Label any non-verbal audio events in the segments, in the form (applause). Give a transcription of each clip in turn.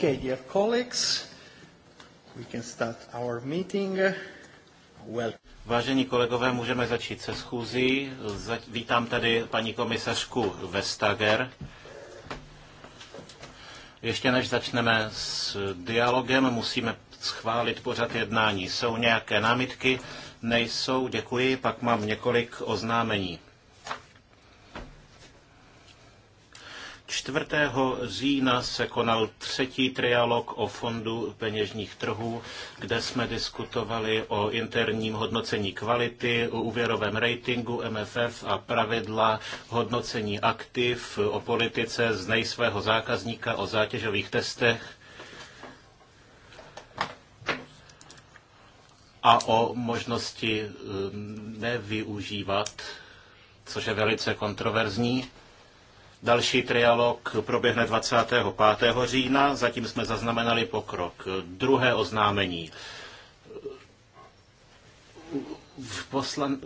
Okay, dear colleagues, we can start our meeting. Well. Vážení kolegové, můžeme začít se schůzí. Vítám tady paní komisařku Vestager. Ještě než začneme s dialogem, musíme schválit pořad jednání. Jsou nějaké námitky? Nejsou, děkuji. Pak mám několik oznámení. 4. října se konal třetí trialog o fondu peněžních trhů, kde jsme diskutovali o interním hodnocení kvality, o úvěrovém ratingu MFF a pravidla hodnocení aktiv, o politice z nejsvého zákazníka, o zátěžových testech a o možnosti eh, nevyužívat, což je velice kontroverzní, Další trialog proběhne 25. října, zatím jsme zaznamenali pokrok. Druhé oznámení. V poslan...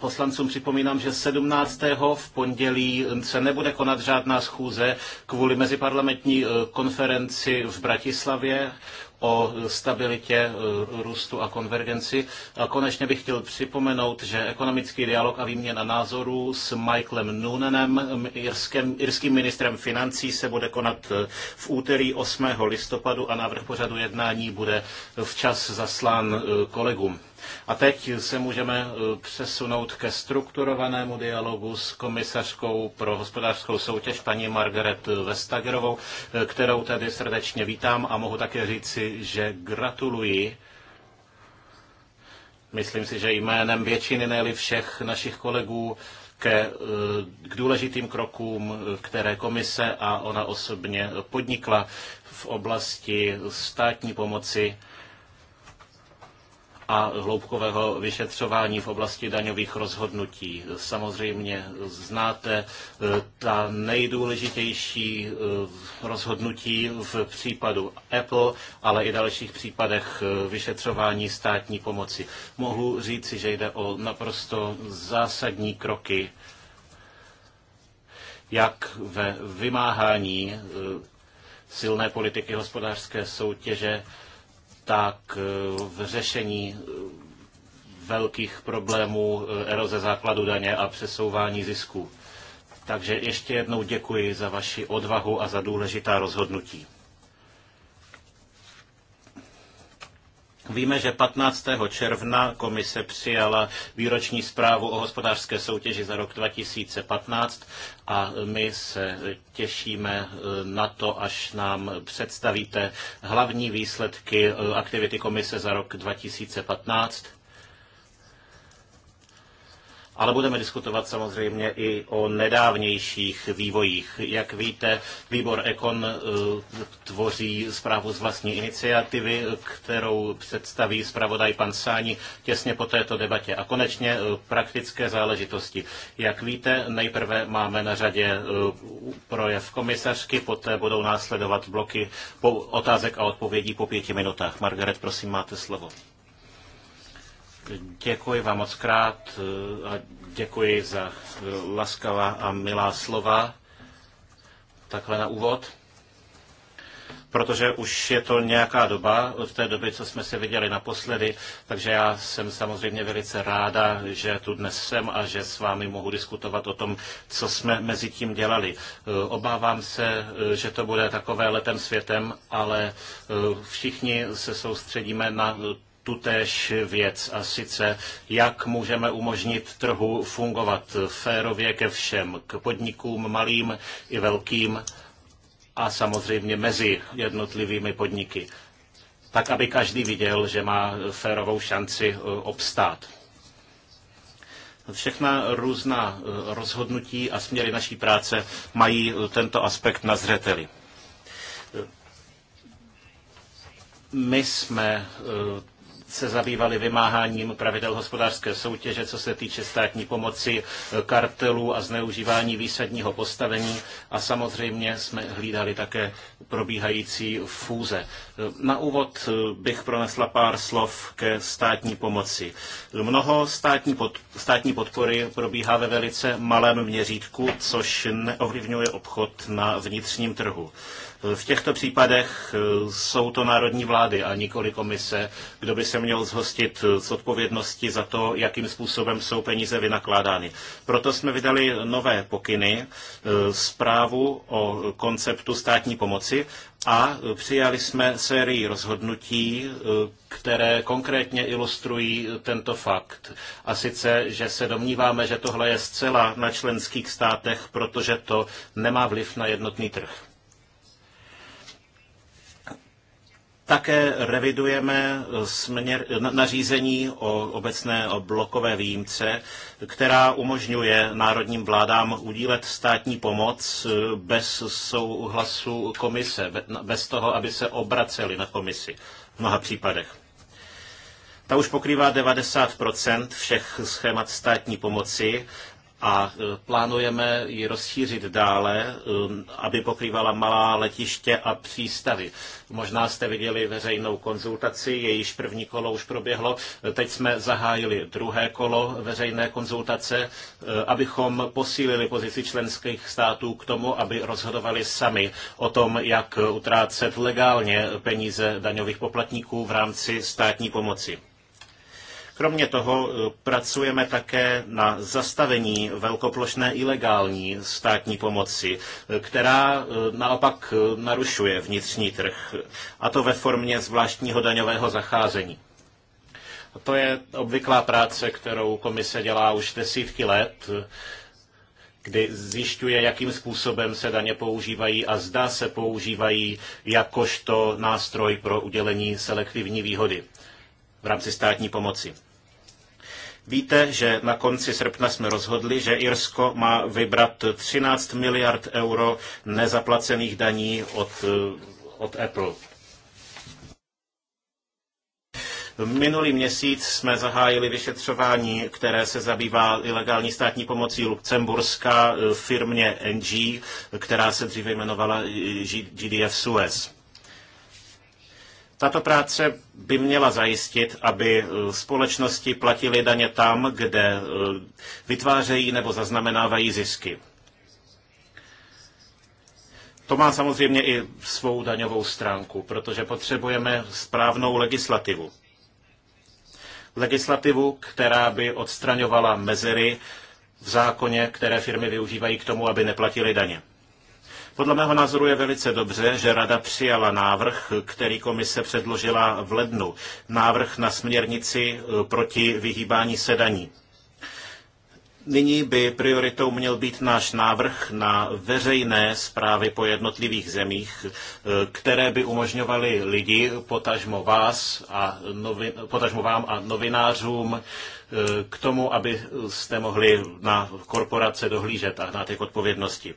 Poslancům připomínám, že 17. v pondělí se nebude konat žádná schůze kvůli meziparlamentní eh, konferenci v Bratislavě o stabilitě, e, růstu a konvergenci. A konečně bych chtěl připomenout, že ekonomický dialog a výměna názorů s Michaelem Noonanem, irském, irským ministrem financí, se bude konat e, v úterý 8. listopadu a návrh pořadu jednání bude včas zaslán e, kolegům. A teď se můžeme eh, přesunout ke strukturovanému dialogu s komisařkou pro hospodářskou soutěž paní Margaret Vestagerovou, eh, kterou tady srdečně vítám a mohu také říci, že gratuluji myslím si, že jménem většiny, ne všech našich kolegů, ke, eh, k důležitým krokům, které komise a ona osobně podnikla v oblasti státní pomoci a hloubkového vyšetřování v oblasti daňových rozhodnutí. Samozřejmě znáte e, ta nejdůležitější e, rozhodnutí v případu Apple, ale i dalších případech e, vyšetřování státní pomoci. Mohu říci, že jde o naprosto zásadní kroky, jak ve vymáhání silné politiky hospodářské soutěže, tak eh, v řešení eh, velkých problémů eh, eroze základu daně a přesouvání zisků. Takže ještě jednou děkuji za vaši odvahu a za důležitá rozhodnutí. Víme, že 15. června komise přijala výroční zprávu o hospodářské soutěži za rok 2015 a my se těšíme e, na to, až nám představíte hlavní výsledky e, aktivity komise za rok 2015 ale budeme diskutovat samozřejmě i o nedávnějších vývojích. Jak víte, výbor Ekon eh, tvoří zprávu z vlastní iniciativy, kterou představí zpravodaj pan Sáni těsně po této debatě. A konečně eh, praktické záležitosti. Jak víte, nejprve máme na řadě eh, projev komisařky, poté budou následovat bloky otázek a odpovědí po pěti minutách. Margaret, prosím, máte slovo. Děkuji vám moc krát eh, a děkuji za laskavá a milá slova takhle na úvod protože už je to nějaká doba od té doby, co jsme se viděli naposledy, takže já jsem samozřejmě velice ráda, že tu dnes jsem a že s vámi mohu diskutovat o tom, co jsme mezi tím dělali. Eh, obávám se, eh, že to bude takové letem světem, ale všichni se soustředíme na tutéž věc a sice, jak můžeme umožnit trhu fungovat férově ke všem, k podnikům malým i velkým a samozřejmě mezi jednotlivými podniky, tak aby každý viděl, že má férovou šanci e, obstát. Všechna různá e, rozhodnutí a směry naší práce mají e, tento aspekt na zřeteli. My jsme se zabývali vymáháním pravidel hospodářské soutěže, co se týče státní pomoci kartelů a zneužívání výsadního postavení a samozřejmě jsme hlídali také probíhající fůze. Na úvod bych pronesla pár slov ke státní pomoci. Mnoho státní, pod, státní podpory probíhá ve velice malém měřítku, což neovlivňuje obchod na vnitřním trhu. V těchto případech eh, jsou to národní vlády a nikoli komise, kdo by se měl zhostit eh, z odpovědnosti za to, jakým způsobem jsou peníze vynakládány. Proto jsme vydali nové pokyny, eh, zprávu o konceptu státní pomoci a přijali jsme sérii rozhodnutí, které konkrétně ilustrují tento fakt. A sice, že se domníváme, že tohle je zcela na členských státech, protože to nemá vliv na jednotný trh. Také revidujeme směr, nařízení o obecné blokové výjimce, která umožňuje národním vládám udílet státní pomoc eh, bez souhlasu komise, bez toho, aby se obraceli na komisi v mnoha případech. Ta už pokrývá 90 všech schémat státní pomoci a e, plánujeme ji rozšířit dále, e, aby pokrývala malá letiště a přístavy. Možná jste viděli veřejnou konzultaci, jejíž první kolo už proběhlo. E, teď jsme zahájili druhé kolo veřejné konzultace, abychom posílili pozici členských států k tomu, aby rozhodovali sami o tom, jak utrácet legálně peníze daňových poplatníků v rámci státní pomoci. Kromě toho e, pracujeme také na zastavení velkoplošné ilegální státní pomoci, e, která e, naopak narušuje vnitřní trh, a to ve formě zvláštního daňového zacházení. To je obvyklá práce, kterou komise dělá už desítky let, kdy zjišťuje, jakým způsobem se daně používají a zda se používají jakožto nástroj pro udělení selektivní výhody v rámci státní pomoci. Víte, že na konci srpna jsme rozhodli, že Irsko má vybrat 13 miliard euro nezaplacených daní od, eh, od Apple. Minulý měsíc jsme zahájili vyšetřování, které se zabývá ilegální státní pomocí Lucemburska eh, firmě NG, která se dříve jmenovala GDF Suez. Tato práce by měla zajistit, aby e, společnosti platily daně tam, kde e, vytvářejí nebo zaznamenávají zisky. To má samozřejmě i svou daňovou stránku, protože potřebujeme správnou legislativu. Legislativu, která by odstraňovala mezery v zákoně, které firmy využívají k tomu, aby neplatily daně. Podle mého názoru je velice dobře, že Rada přijala návrh, který komise předložila v lednu. Návrh na směrnici e, proti vyhýbání sedaní. Nyní by prioritou měl být náš návrh na veřejné zprávy po jednotlivých zemích, e, které by umožňovaly lidi, potažmo, vás a novin, potažmo vám a novinářům, e, k tomu, abyste mohli na korporace dohlížet a na těch odpovědnosti.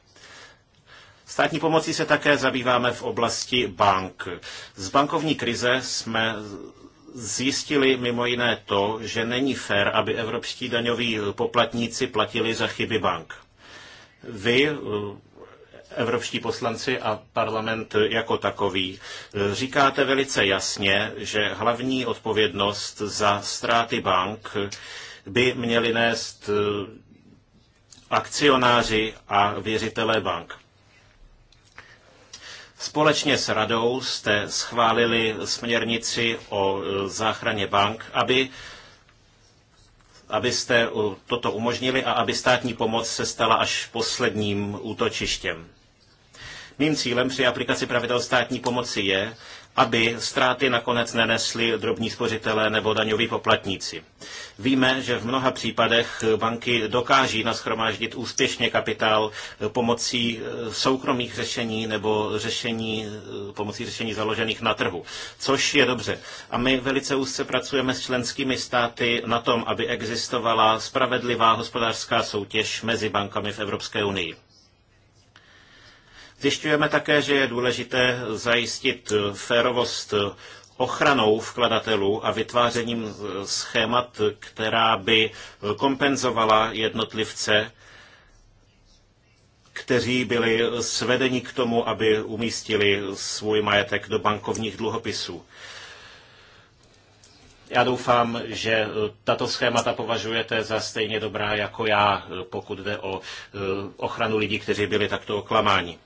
Státní pomocí se také zabýváme v oblasti bank. Z bankovní krize jsme zjistili mimo jiné to, že není fér, aby evropští daňoví poplatníci platili za chyby bank. Vy, evropští poslanci a parlament jako takový, říkáte velice jasně, že hlavní odpovědnost za ztráty bank by měli nést akcionáři a věřitelé bank. Společně s radou jste schválili směrnici o e, záchraně bank, aby abyste e, toto umožnili a aby státní pomoc se stala až posledním útočištěm. Mým cílem při aplikaci pravidel státní pomoci je, aby ztráty nakonec nenesli drobní spořitelé nebo daňoví poplatníci. Víme, že v mnoha případech banky dokáží naschromáždit úspěšně kapitál eh, pomocí eh, soukromých řešení nebo řešení, eh, pomocí řešení založených na trhu, což je dobře. A my velice úzce pracujeme s členskými státy na tom, aby existovala spravedlivá hospodářská soutěž mezi bankami v Evropské unii. Zjišťujeme také, že je důležité zajistit férovost ochranou vkladatelů a vytvářením schémat, která by kompenzovala jednotlivce, kteří byli svedeni k tomu, aby umístili svůj majetek do bankovních dluhopisů. Já doufám, že tato schémata považujete za stejně dobrá jako já, pokud jde o eh, ochranu lidí, kteří byli takto oklamáni.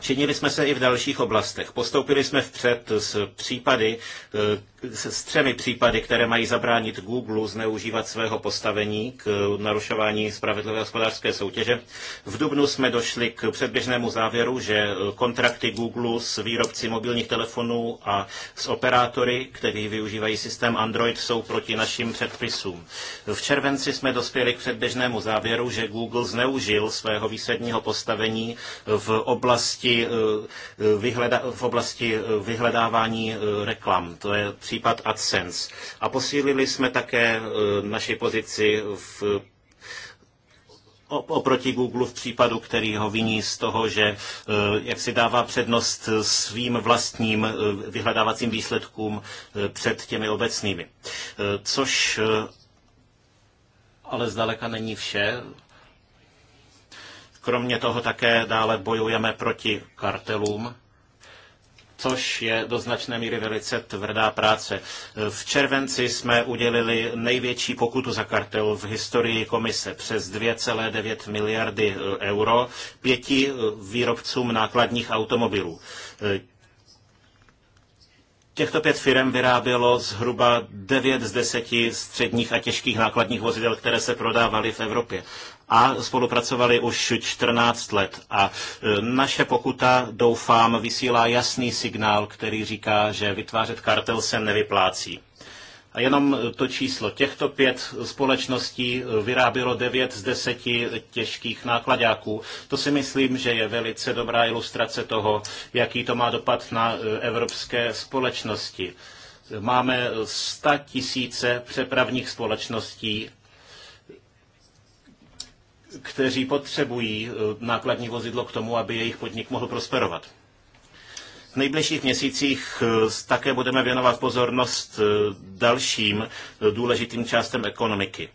Činili jsme se i v dalších oblastech. Postoupili jsme vpřed s případy, eh, s třemi případy, které mají zabránit Google zneužívat svého postavení k narušování spravedlivé hospodářské soutěže. V Dubnu jsme došli k předběžnému závěru, že kontrakty Google s výrobci mobilních telefonů a s operátory, kteří využívají systém Android, jsou proti našim předpisům. V červenci jsme dospěli k předběžnému závěru, že Google zneužil svého výsledního postavení v oblasti, eh, vyhleda- v oblasti eh, vyhledávání eh, reklam. To je případ AdSense. A posílili jsme také e, naši pozici v oproti Google v případu, který ho viní z toho, že e, jak si dává přednost svým vlastním e, vyhledávacím výsledkům před těmi obecnými. Což ale zdaleka není vše. Kromě toho také dále bojujeme proti kartelům což je do značné míry velice tvrdá práce. V červenci jsme udělili největší pokutu za kartel v historii komise přes 2,9 miliardy eh, euro pěti eh, výrobcům nákladních automobilů. Eh, těchto pět firm vyrábělo zhruba 9 z 10 středních a těžkých nákladních vozidel, které se prodávaly v Evropě a spolupracovali už 14 let. A e, naše pokuta, doufám, vysílá jasný signál, který říká, že vytvářet kartel se nevyplácí. A jenom e, to číslo. Těchto pět společností e, vyrábělo devět z deseti těžkých nákladáků. To si myslím, že je velice dobrá ilustrace toho, jaký to má dopad na evropské společnosti. Máme 100 tisíce přepravních společností, kteří potřebují eh, nákladní vozidlo k tomu, aby jejich podnik mohl prosperovat. V nejbližších měsících eh, také budeme věnovat pozornost eh, dalším důležitým částem ekonomiky.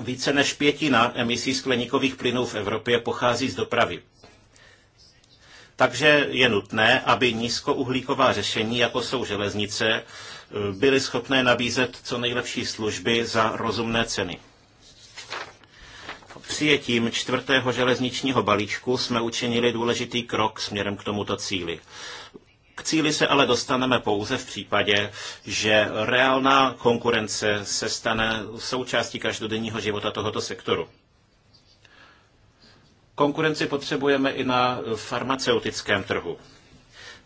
Více než pětina emisí skleníkových plynů v Evropě pochází z dopravy. Takže je nutné, aby nízkouhlíková řešení, jako jsou železnice, byly schopné nabízet co nejlepší služby za rozumné ceny. Přijetím čtvrtého železničního balíčku jsme učinili důležitý krok směrem k tomuto cíli. K cíli se ale dostaneme pouze v případě, že reálná konkurence se stane součástí každodenního života tohoto sektoru. Konkurenci potřebujeme i na farmaceutickém trhu.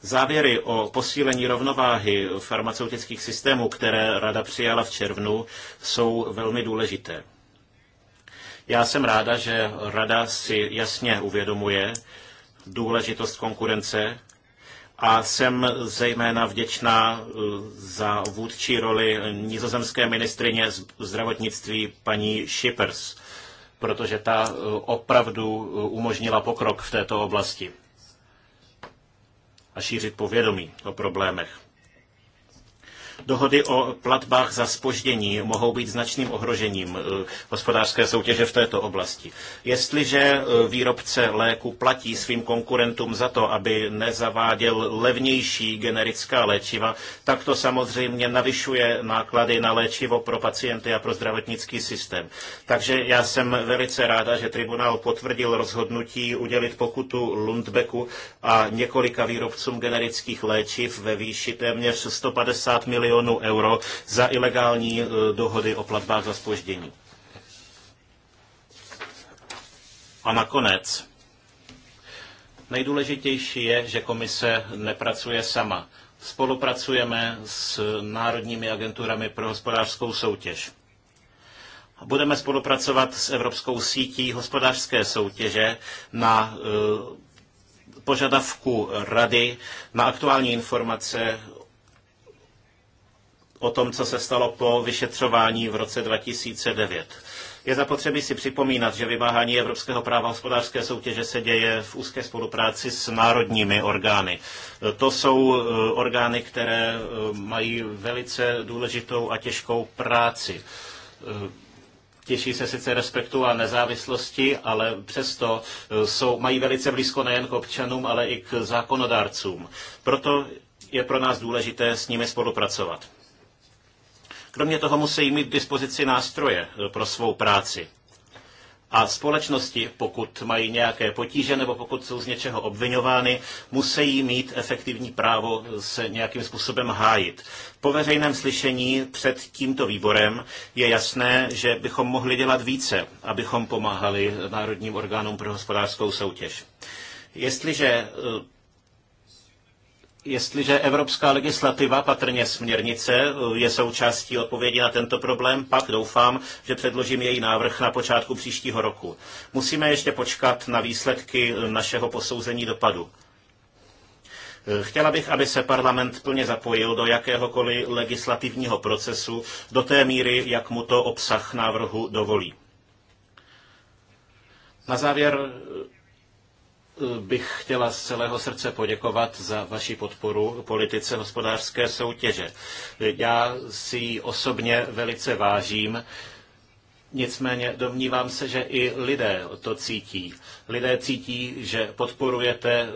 Závěry o posílení rovnováhy farmaceutických systémů, které Rada přijala v červnu, jsou velmi důležité. Já jsem ráda, že Rada si jasně uvědomuje důležitost konkurence a jsem zejména vděčná e, za vůdčí roli nizozemské ministrině zdravotnictví paní Schippers, protože ta e, opravdu e, umožnila pokrok v této oblasti a šířit povědomí o problémech. Dohody o platbách za spoždění mohou být značným ohrožením eh, hospodářské soutěže v této oblasti. Jestliže eh, výrobce léku platí svým konkurentům za to, aby nezaváděl levnější generická léčiva, tak to samozřejmě navyšuje náklady na léčivo pro pacienty a pro zdravotnický systém. Takže já jsem velice ráda, že tribunál potvrdil rozhodnutí udělit pokutu Lundbeku a několika výrobcům generických léčiv ve výši téměř 150 milionů milionů euro za ilegální eh, dohody o platbách za spoždění. A nakonec, nejdůležitější je, že komise nepracuje sama. Spolupracujeme s národními agenturami pro hospodářskou soutěž. Budeme spolupracovat s Evropskou sítí hospodářské soutěže na eh, požadavku rady na aktuální informace o tom, co se stalo po vyšetřování v roce 2009. Je zapotřebí si připomínat, že vymáhání evropského práva hospodářské soutěže se děje v úzké spolupráci s národními orgány. To jsou eh, orgány, které eh, mají velice důležitou a těžkou práci. Eh, těší se sice respektu a nezávislosti, ale přesto jsou, mají velice blízko nejen k občanům, ale i k zákonodárcům. Proto je pro nás důležité s nimi spolupracovat. Kromě toho musí mít k dispozici nástroje eh, pro svou práci. A společnosti, pokud mají nějaké potíže nebo pokud jsou z něčeho obvinovány, musí mít efektivní právo eh, se nějakým způsobem hájit. Po veřejném slyšení před tímto výborem je jasné, že bychom mohli dělat více, abychom pomáhali národním orgánům pro hospodářskou soutěž. Jestliže eh, Jestliže evropská legislativa, patrně směrnice, eh, je součástí odpovědi na tento problém, pak doufám, že předložím její návrh na počátku příštího roku. Musíme ještě počkat na výsledky eh, našeho posouzení dopadu. Eh, chtěla bych, aby se parlament plně zapojil do jakéhokoliv legislativního procesu do té míry, jak mu to obsah návrhu dovolí. Na závěr bych chtěla z celého srdce poděkovat za vaši podporu politice hospodářské soutěže. Já si ji osobně velice vážím. Nicméně domnívám se, že i lidé to cítí. Lidé cítí, že podporujete eh,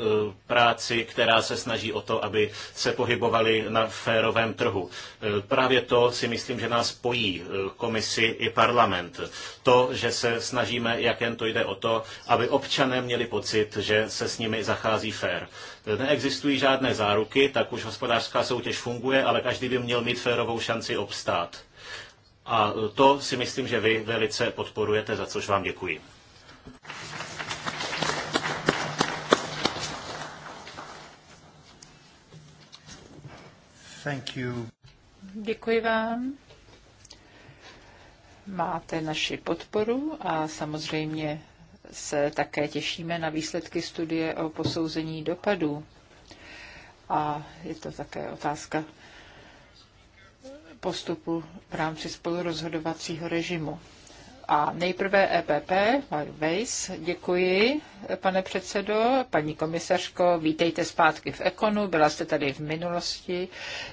práci, která se snaží o to, aby se pohybovali na férovém trhu. Eh, právě to si myslím, že nás pojí eh, komisi i parlament. To, že se snažíme, jak jen to jde o to, aby občané měli pocit, že se s nimi zachází fér. Neexistují žádné záruky, tak už hospodářská soutěž funguje, ale každý by měl mít férovou šanci obstát. A to si myslím, že vy velice podporujete, za což vám děkuji. Thank you. Děkuji vám. Máte naši podporu a samozřejmě se také těšíme na výsledky studie o posouzení dopadů. A je to také otázka postupu v rámci spolurozhodovacího režimu. A nejprve EPP, Mark Weiss. Děkuji, pane předsedo. Paní komisařko, vítejte zpátky v Ekonu. Byla jste tady v minulosti.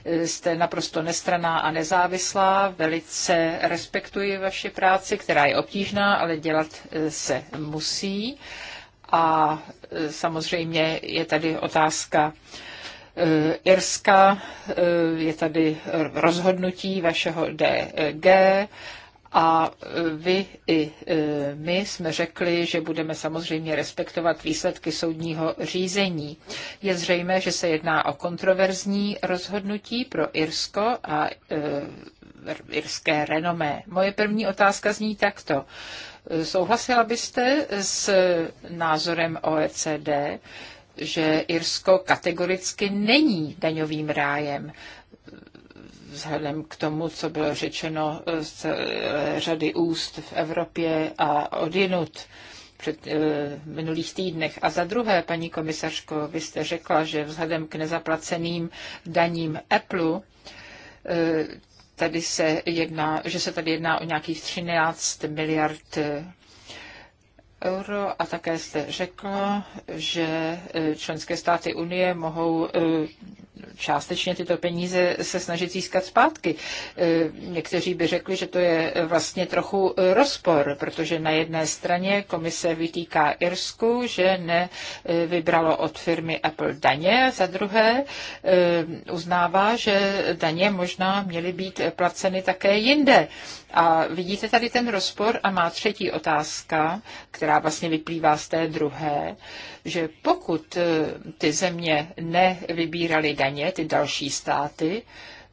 Jste naprosto nestraná a nezávislá. Velice respektuji vaši práci, která je obtížná, ale dělat eh, se musí. A eh, samozřejmě je tady otázka Eh, Irska, eh, je tady rozhodnutí vašeho DG a eh, vy i my jsme řekli, že budeme samozřejmě respektovat výsledky soudního řízení. Je zřejmé, že se jedná o kontroverzní rozhodnutí pro Irsko a irské renomé. Moje první otázka zní takto. Souhlasila byste s názorem OECD, že Irsko kategoricky není daňovým rájem vzhledem k tomu, co bylo řečeno z řady úst v Evropě a odinut před e, minulých týdnech. A za druhé, paní komisařko, vy jste řekla, že vzhledem k nezaplaceným daním Apple, e, tady se jedná, že se tady jedná o nějakých 13 miliard eh, euro a také jste řekla, že eh, členské státy Unie mohou eh, částečně tyto peníze se snažit získat zpátky. E, někteří by řekli, že to je vlastně trochu rozpor, protože na jedné straně komise vytýká Irsku, že nevybralo e, od firmy Apple daně, za druhé e, uznává, že daně možná měly být placeny také jinde. A vidíte tady ten rozpor a má třetí otázka, která vlastně vyplývá z té druhé že pokud eh, ty země nevybíraly daně, ty další státy,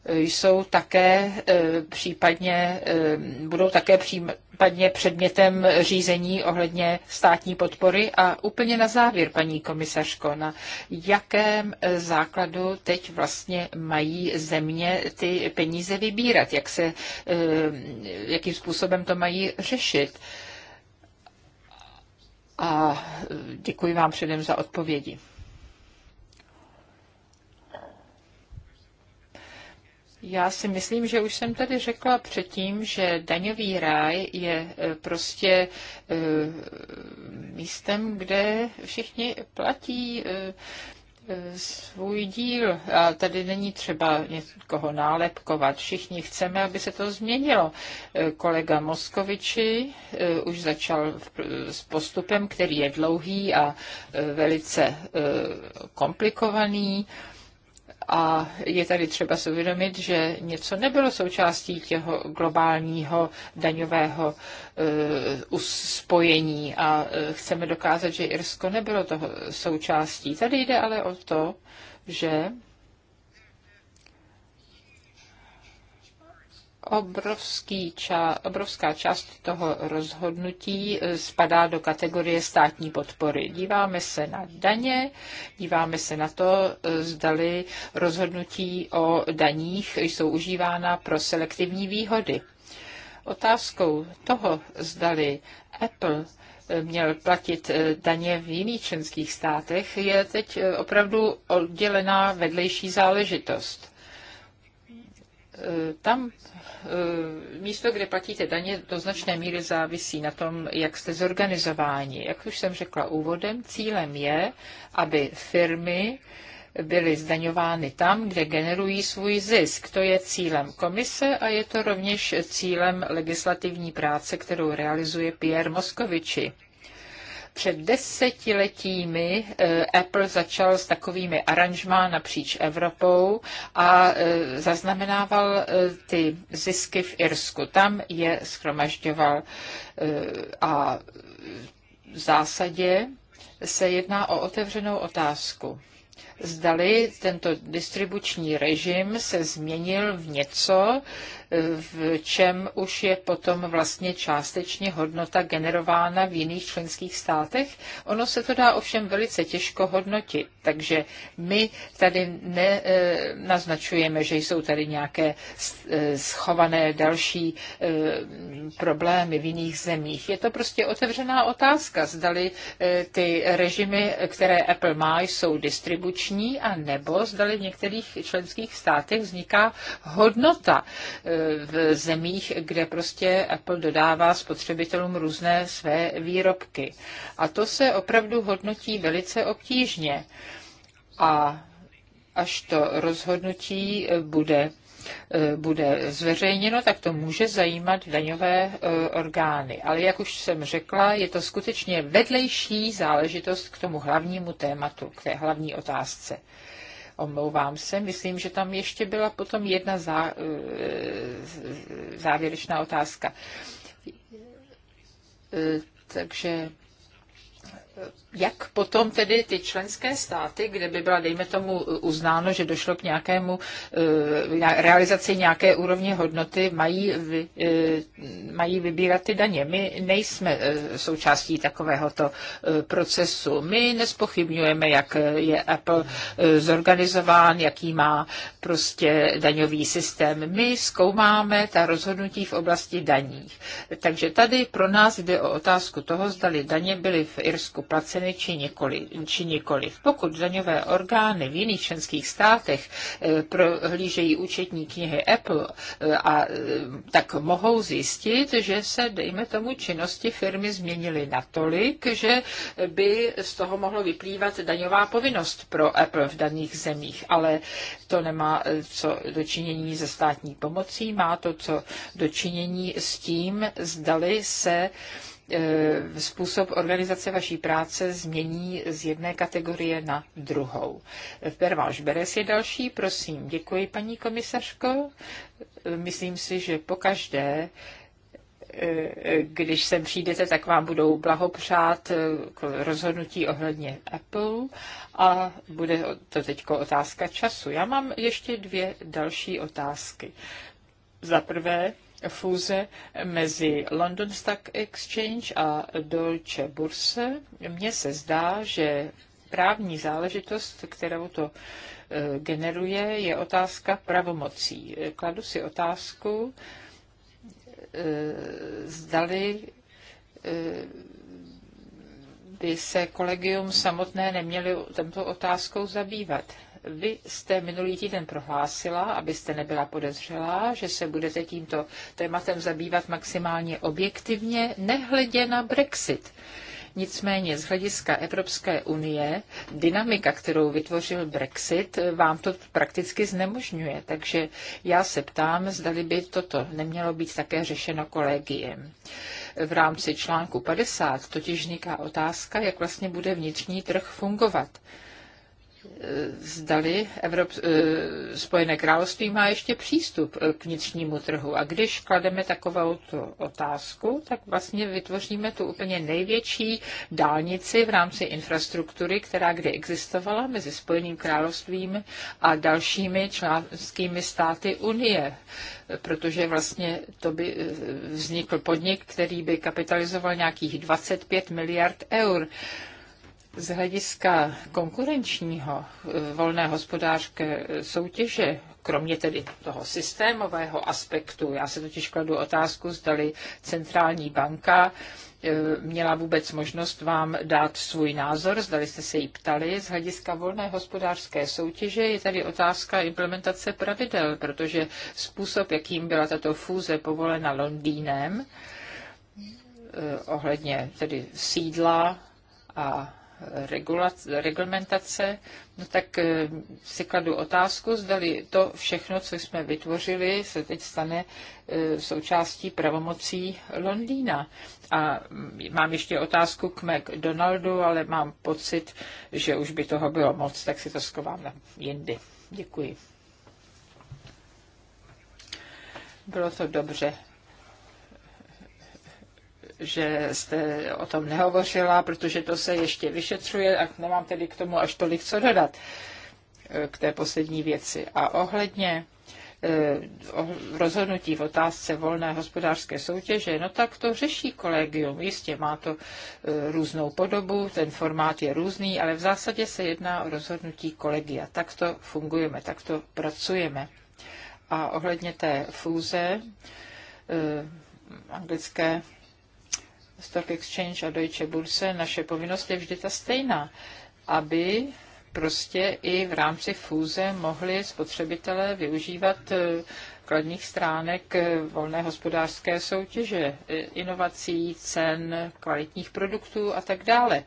eh, jsou také eh, případně, budou také případně předmětem řízení ohledně státní podpory. A úplně na závěr, paní komisařko, na jakém základu teď vlastně mají země ty peníze vybírat, jak se, jakým způsobem to mají řešit a e, děkuji vám předem za odpovědi. Já si myslím, že už jsem tady řekla předtím, že daňový ráj je e, prostě e, místem, kde všichni platí svůj díl a tady není třeba někoho nálepkovat. Všichni chceme, aby se to změnilo. E, kolega Moskoviči e, už začal s postupem, který je dlouhý a e, velice komplikovaný a je tady třeba si uvědomit, že něco nebylo součástí těho globálního daňového eh, uspojení a eh, chceme dokázat, že Irsko nebylo toho součástí. Tady jde ale o to, že Obrovský ča, obrovská část toho rozhodnutí eh, spadá do kategorie státní podpory. Díváme se na daně, díváme se na to, eh, zdali rozhodnutí o daních jsou užívána pro selektivní výhody. Otázkou toho, zdali Apple eh, měl platit daně v jiných členských státech, je teď opravdu oddělená vedlejší záležitost. Eh, tam eh, místo, kde platíte daně, do značné míry závisí na tom, jak jste zorganizováni. Jak už jsem řekla úvodem, cílem je, aby firmy byly zdaňovány tam, kde generují svůj zisk. To je cílem komise a je to rovněž cílem legislativní práce, kterou realizuje Pierre Moskoviči. Před desetiletími eh, Apple začal s takovými aranžmá napříč Evropou a eh, zaznamenával eh, ty zisky v Irsku. Tam je schromažďoval a v zásadě se jedná o otevřenou otázku zdali tento distribuční režim se změnil v něco, v čem už je potom vlastně částečně hodnota generována v jiných členských státech. Ono se to dá ovšem velice těžko hodnotit, takže my tady ne, eh, naznačujeme, že jsou tady nějaké eh, schované další eh, problémy v jiných zemích. Je to prostě otevřená otázka, zdali ty režimy, které Apple má, jsou distribuční funkční, a nebo zdali v některých členských státech vzniká hodnota e, v zemích, kde prostě Apple dodává spotřebitelům různé své výrobky. A to se opravdu hodnotí velice obtížně. A až to rozhodnutí bude Eh, bude zveřejněno, tak to může zajímat daňové eh, orgány. Ale jak už jsem řekla, je to skutečně vedlejší záležitost k tomu hlavnímu tématu, k té hlavní otázce. Omlouvám se, myslím, že tam ještě byla potom jedna zá, eh, závěrečná otázka. Takže jak potom tedy ty členské státy, kde by byla, dejme tomu, uznáno, že došlo k nějakému eh, realizaci nějaké úrovně hodnoty, mají, eh, mají vybírat ty daně. My nejsme eh, součástí takovéhoto procesu. My nespochybňujeme, jak je Apple zorganizován, jaký má prostě daňový systém. My zkoumáme ta rozhodnutí v oblasti daní. Takže tady pro nás jde o otázku toho, zda daně byly v Irsku placené placeny či, nikoli, či nikoliv. Pokud daňové orgány v jiných členských státech eh, prohlížejí účetní knihy Apple, eh, a, eh, tak mohou zjistit, že se, dejme tomu, činnosti firmy změnily natolik, že by z toho mohlo vyplývat daňová povinnost pro Apple v daných zemích. Ale to nemá co dočinění ze státní pomocí, má to co dočinění s tím, zdali se Eh, způsob organizace vaší práce změní z jedné kategorie na druhou. Perváš Beres je další, prosím. Děkuji, paní komisařko. Myslím si, že pokaždé eh, když sem přijdete, tak vám budou blahopřát eh, k rozhodnutí ohledně Apple a bude to teď otázka času. Já mám ještě dvě další otázky. Za prvé, fúze mezi London Stock Exchange a Deutsche Börse. Mně se zdá, že právní záležitost, kterou to eh, generuje, je otázka pravomocí. Kladu si otázku, eh, zdali eh, by se kolegium samotné neměli tento otázkou zabývat. Vy jste minulý týden prohlásila, abyste nebyla podezřelá, že se budete tímto tématem zabývat maximálně objektivně, nehledě na Brexit. Nicméně z hlediska Evropské unie dynamika, kterou vytvořil Brexit, vám to prakticky znemožňuje. Takže já se ptám, zdali by toto nemělo být také řešeno kolegiem. V rámci článku 50 totiž vzniká otázka, jak vlastně bude vnitřní trh fungovat zdali Evrop, eh, Spojené království má ještě přístup eh, k vnitřnímu trhu. A když klademe takovou tu otázku, tak vlastně vytvoříme tu úplně největší dálnici v rámci infrastruktury, která kdy existovala mezi Spojeným královstvím a dalšími členskými státy Unie protože vlastně to by eh, vznikl podnik, který by kapitalizoval nějakých 25 miliard eur z hlediska konkurenčního eh, volné hospodářské soutěže, kromě tedy toho systémového aspektu, já se totiž kladu otázku, zdali centrální banka eh, měla vůbec možnost vám dát svůj názor, zdali jste se jí ptali. Z hlediska volné hospodářské soutěže je tady otázka implementace pravidel, protože způsob, jakým byla tato fúze povolena Londýnem, eh, ohledně tedy sídla a regulace, reglementace, no tak eh, si kladu otázku, zdali to všechno, co jsme vytvořili, se teď stane eh, součástí pravomocí Londýna. A mám ještě otázku k McDonaldu, ale mám pocit, že už by toho bylo moc, tak si to schovám jindy. Děkuji. Bylo to dobře že jste o tom nehovořila, protože to se ještě vyšetřuje a nemám tedy k tomu až tolik co dodat eh, k té poslední věci. A ohledně eh, rozhodnutí v otázce volné hospodářské soutěže, no tak to řeší kolegium. Jistě má to eh, různou podobu, ten formát je různý, ale v zásadě se jedná o rozhodnutí kolegia. Takto fungujeme, takto pracujeme. A ohledně té fůze anglické Stock Exchange a Deutsche Börse, naše povinnost je vždy ta stejná, aby prostě i v rámci fúze mohli spotřebitelé využívat eh, kladních stránek eh, volné hospodářské soutěže, eh, inovací, cen, kvalitních produktů a tak dále.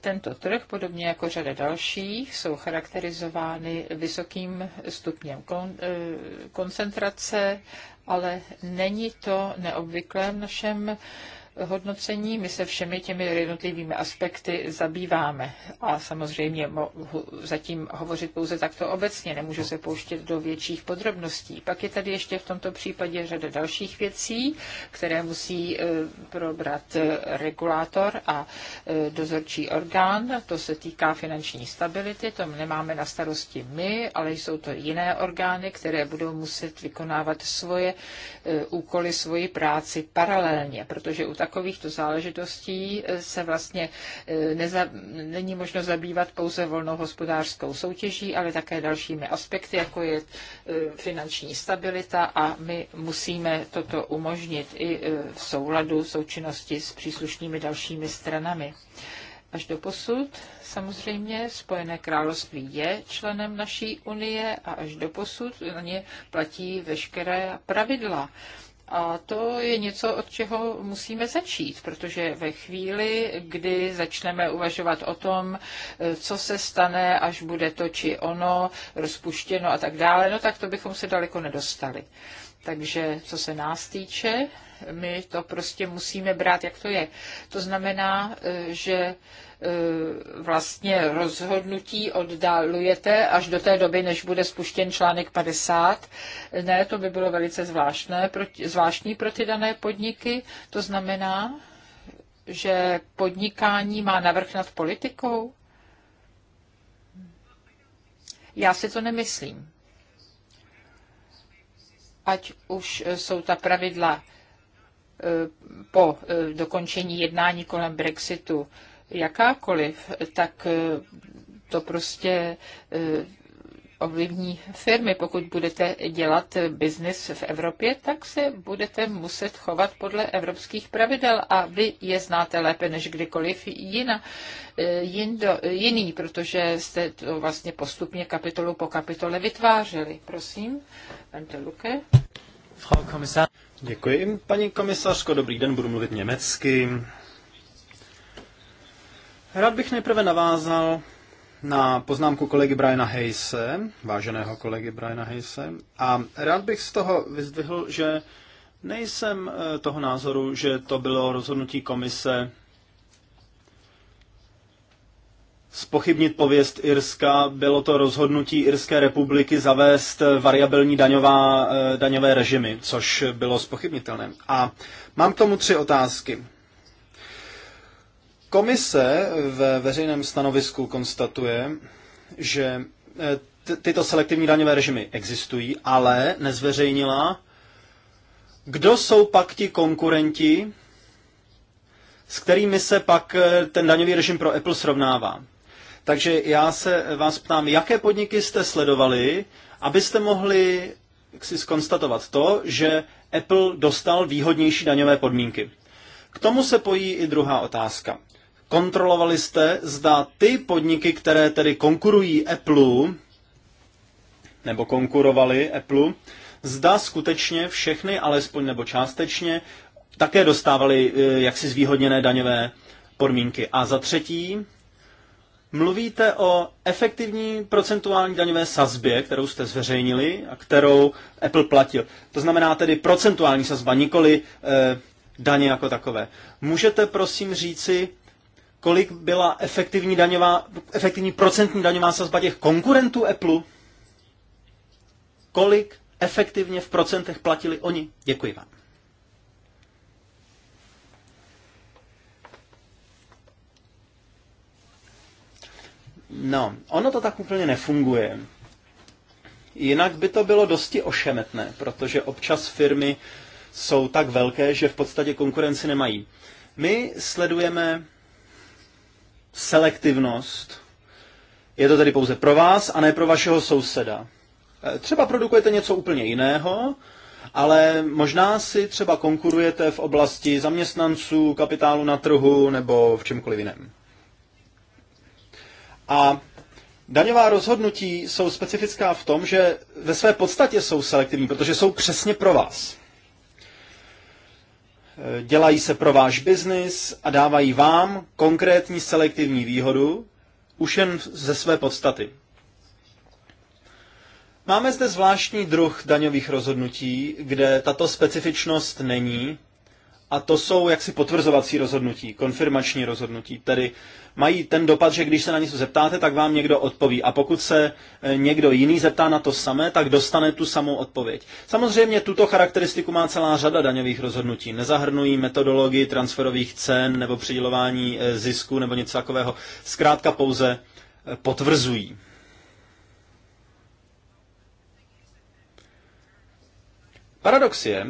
Tento trh, podobně jako řada dalších, jsou charakterizovány vysokým stupněm kon, koncentrace, ale není to neobvyklé v našem hodnocení. My se všemi těmi jednotlivými aspekty zabýváme a samozřejmě mohu zatím hovořit pouze takto obecně, nemůžu se pouštět do větších podrobností. Pak je tady ještě v tomto případě řada dalších věcí, které musí eh, probrat eh, regulátor a eh, dozorčí orgán. To se týká finanční stability, to nemáme na starosti my, ale jsou to jiné orgány, které budou muset vykonávat svoje úkoly, svoji práci paralelně, protože u tak takovýchto záležitostí eh, se vlastně eh, neza, není možno zabývat pouze volnou hospodářskou soutěží, ale také dalšími aspekty, jako je eh, finanční stabilita a my musíme toto umožnit i v souladu součinnosti s příslušnými dalšími stranami. Až do posud samozřejmě Spojené království je členem naší unie a až do posud na ně platí veškeré pravidla. A to je něco, od čeho musíme začít, protože ve chvíli, kdy začneme uvažovat o tom, eh, co se stane, až bude to či ono rozpuštěno a tak dále, no tak to bychom se daleko nedostali. Takže co se nás týče, my to prostě musíme brát, jak to je. To znamená, eh, že Eh, vlastně rozhodnutí oddalujete až do té doby, než bude spuštěn článek 50. Ne, to by bylo velice zvláštné, zvláštní pro ty dané podniky. To znamená, že podnikání má navrh nad politikou? Já si to nemyslím. Ať už jsou ta pravidla eh, po eh, dokončení jednání kolem Brexitu jakákoliv, tak eh, to prostě eh, ovlivní firmy. Pokud budete dělat biznis v Evropě, tak se budete muset chovat podle evropských pravidel a vy je znáte lépe než kdykoliv jina, eh, jindo, jiný, protože jste to vlastně postupně kapitolu po kapitole vytvářeli. Prosím, Vente Luke. Frau Kommissar. Děkuji. Paní komisařko, dobrý den, budu mluvit německy. Rád bych nejprve navázal na poznámku kolegy Briana Hayse, váženého kolegy Briana Hayse, a rád bych z toho vyzdvihl, že nejsem eh, toho názoru, že to bylo rozhodnutí komise spochybnit pověst Irska, bylo to rozhodnutí Irské republiky zavést variabilní daňová, eh, daňové režimy, což bylo spochybnitelné. A mám k tomu tři otázky. Komise ve veřejném stanovisku konstatuje, že eh, tyto selektivní daňové režimy existují, ale nezveřejnila, kdo jsou pak ti konkurenti, s kterými se pak eh, ten daňový režim pro Apple srovnává. Takže já se vás ptám, jaké podniky jste sledovali, abyste mohli si skonstatovat to, že Apple dostal výhodnější daňové podmínky. K tomu se pojí i druhá otázka. Kontrolovali jste, zda ty podniky, které tedy konkurují Apple, nebo konkurovali Apple, zda skutečně všechny, alespoň nebo částečně, také dostávali eh, jaksi zvýhodněné daňové podmínky. A za třetí, mluvíte o efektivní procentuální daňové sazbě, kterou jste zveřejnili a kterou Apple platil. To znamená tedy procentuální sazba, nikoli eh, daně jako takové. Můžete prosím říci, kolik byla efektivní, daňová, efektivní procentní daňová sazba těch konkurentů Apple? Kolik efektivně v procentech platili oni? Děkuji vám. No, ono to tak úplně nefunguje. Jinak by to bylo dosti ošemetné, protože občas firmy jsou tak velké, že v podstatě konkurenci nemají. My sledujeme selektivnost. Je to tedy pouze pro vás a ne pro vašeho souseda. E, třeba produkujete něco úplně jiného, ale možná si třeba konkurujete v oblasti zaměstnanců, kapitálu na trhu nebo v čemkoliv jiném. A daňová rozhodnutí jsou specifická v tom, že ve své podstatě jsou selektivní, protože jsou přesně pro vás. Eh, dělají se pro váš biznis a dávají vám konkrétní selektivní výhodu už jen ze své podstaty. Máme zde zvláštní druh daňových rozhodnutí, kde tato specifičnost není a to jsou jaksi potvrzovací rozhodnutí, konfirmační rozhodnutí. Tedy mají ten dopad, že když se na něco zeptáte, tak vám někdo odpoví. A pokud se e, někdo jiný zeptá na to samé, tak dostane tu samou odpověď. Samozřejmě tuto charakteristiku má celá řada daňových rozhodnutí. Nezahrnují metodologii transferových cen nebo přidělování e, zisku nebo něco takového. Zkrátka pouze e, potvrzují. Paradox je,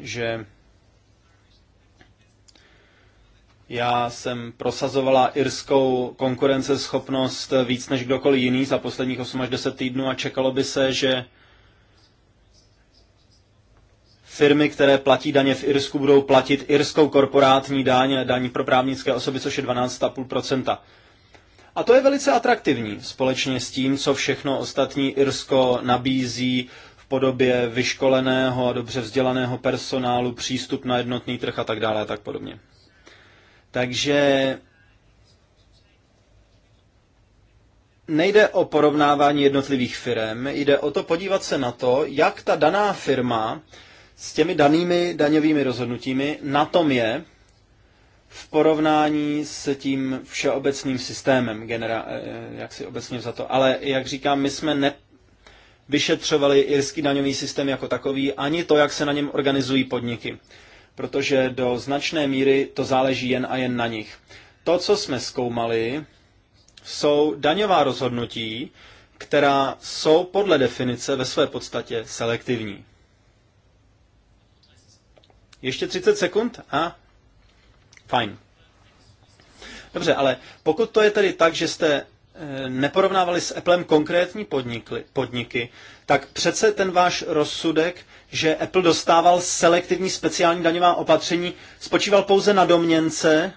že Já jsem prosazovala irskou konkurenceschopnost víc než kdokoliv jiný za posledních 8 až 10 týdnů a čekalo by se, že firmy, které platí daně v Irsku, budou platit irskou korporátní daň, daň pro právnické osoby, což je 12,5%. A to je velice atraktivní, společně s tím, co všechno ostatní Irsko nabízí v podobě vyškoleného a dobře vzdělaného personálu, přístup na jednotný trh a tak dále a tak podobně. Takže nejde o porovnávání jednotlivých firm, jde o to podívat se na to, jak ta daná firma s těmi danými daňovými rozhodnutími na tom je v porovnání s tím všeobecným systémem, genera- eh, jak si obecně za to. Ale jak říkám, my jsme ne- vyšetřovali irský daňový systém jako takový, ani to, jak se na něm organizují podniky protože do značné míry to záleží jen a jen na nich. To, co jsme zkoumali, jsou daňová rozhodnutí, která jsou podle definice ve své podstatě selektivní. Ještě 30 sekund a fajn. Dobře, ale pokud to je tedy tak, že jste eh, neporovnávali s Applem konkrétní podniky, tak přece ten váš rozsudek že Apple dostával selektivní speciální daňová opatření, spočíval pouze na domněnce,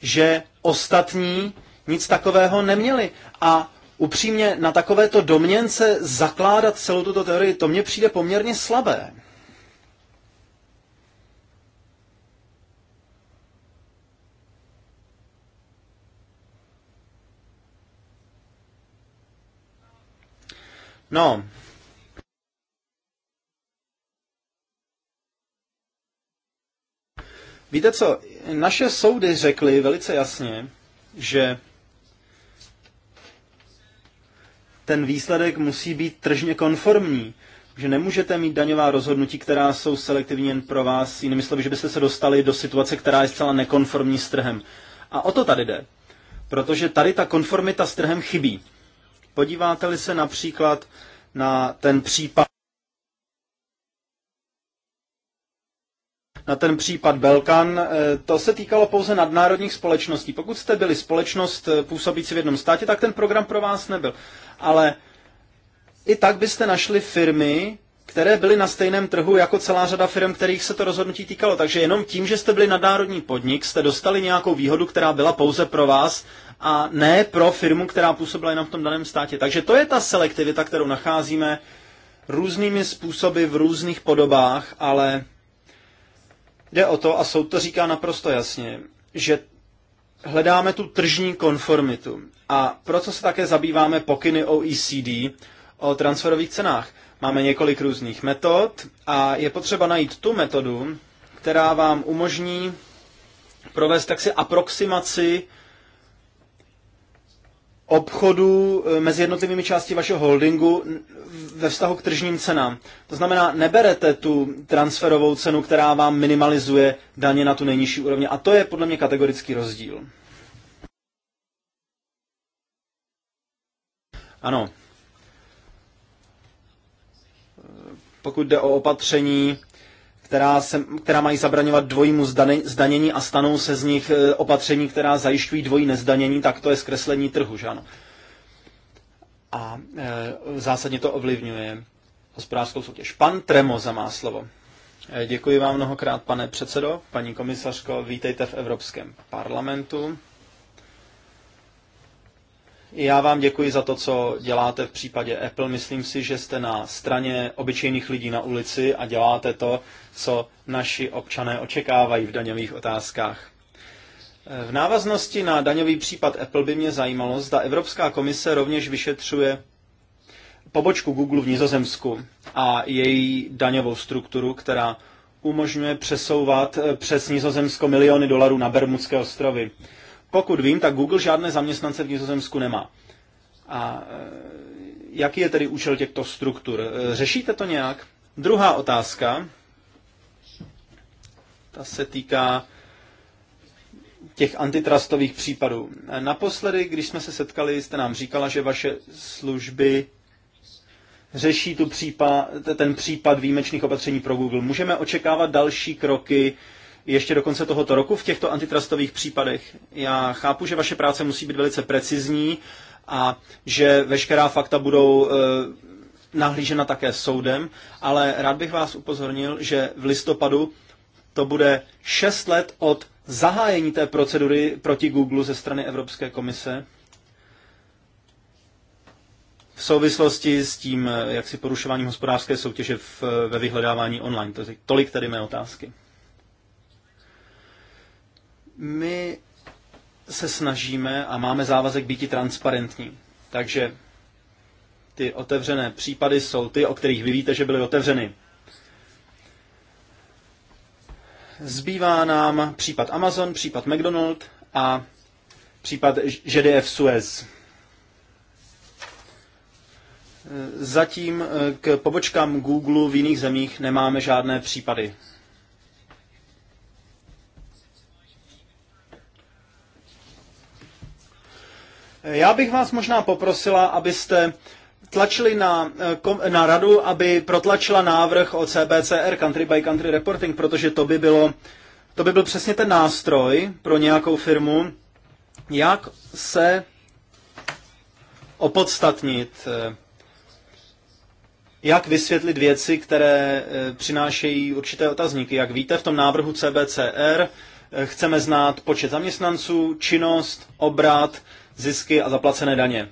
že ostatní nic takového neměli. A upřímně na takovéto domněnce zakládat celou tuto teorii, to mně přijde poměrně slabé. No, Víte co, naše soudy řekly velice jasně, že ten výsledek musí být tržně konformní. Že nemůžete mít daňová rozhodnutí, která jsou selektivní jen pro vás. Jinými slovy, že byste se dostali do situace, která je zcela nekonformní s trhem. A o to tady jde. Protože tady ta konformita s trhem chybí. Podíváte-li se například na ten případ na ten případ Belkan. Eh, to se týkalo pouze nadnárodních společností. Pokud jste byli společnost eh, působící v jednom státě, tak ten program pro vás nebyl. Ale i tak byste našli firmy, které byly na stejném trhu jako celá řada firm, kterých se to rozhodnutí týkalo. Takže jenom tím, že jste byli nadnárodní podnik, jste dostali nějakou výhodu, která byla pouze pro vás a ne pro firmu, která působila jenom v tom daném státě. Takže to je ta selektivita, kterou nacházíme různými způsoby v různých podobách, ale Jde o to, a soud to říká naprosto jasně, že hledáme tu tržní konformitu. A proč se také zabýváme pokyny OECD o transferových cenách. Máme několik různých metod a je potřeba najít tu metodu, která vám umožní provést taksi aproximaci Obchodu eh, mezi jednotlivými části vašeho holdingu ve vztahu k tržním cenám. To znamená, neberete tu transferovou cenu, která vám minimalizuje daně na tu nejnižší úrovni. A to je podle mě kategorický rozdíl. Ano. Eh, pokud jde o opatření která, se, která mají zabraňovat dvojímu zdanění a stanou se z nich e, opatření, která zajišťují dvojí nezdanění, tak to je zkreslení trhu, že ano? A e, zásadně to ovlivňuje hospodářskou soutěž. Pan za má slovo. E, děkuji vám mnohokrát, pane předsedo, paní komisařko, vítejte v Evropském parlamentu. Já vám děkuji za to, co děláte v případě Apple. Myslím si, že jste na straně obyčejných lidí na ulici a děláte to, co naši občané očekávají v daňových otázkách. V návaznosti na daňový případ Apple by mě zajímalo, zda Evropská komise rovněž vyšetřuje pobočku Google v Nizozemsku a její daňovou strukturu, která umožňuje přesouvat přes Nizozemsko miliony dolarů na Bermudské ostrovy. Pokud vím, tak Google žádné zaměstnance v Nizozemsku nemá. A e, jaký je tedy účel těchto struktur? E, řešíte to nějak? Druhá otázka, ta se týká těch antitrustových případů. E, naposledy, když jsme se setkali, jste nám říkala, že vaše služby řeší tu případ, ten případ výjimečných opatření pro Google. Můžeme očekávat další kroky ještě do konce tohoto roku v těchto antitrustových případech? Já chápu, že vaše práce musí být velice precizní a že veškerá fakta budou eh, nahlížena také soudem, ale rád bych vás upozornil, že v listopadu to bude 6 let od zahájení té procedury proti Google ze strany Evropské komise v souvislosti s tím, eh, jak si porušováním hospodářské soutěže v, eh, ve vyhledávání online. To je tolik tedy mé otázky. My se snažíme a máme závazek býti transparentní. Takže ty otevřené případy jsou ty, o kterých vy víte, že byly otevřeny. Zbývá nám případ Amazon, případ McDonald a případ JDF Suez. Zatím k pobočkám Google v jiných zemích nemáme žádné případy. Já bych vás možná poprosila, abyste tlačili na, eh, na radu, aby protlačila návrh o CBCR, Country by Country Reporting, protože to by, bylo, to by byl přesně ten nástroj pro nějakou firmu, jak se opodstatnit, eh, jak vysvětlit věci, které eh, přinášejí určité otazníky. Jak víte, v tom návrhu CBCR chceme znát počet zaměstnanců, činnost, obrat, zisky a zaplacené daně.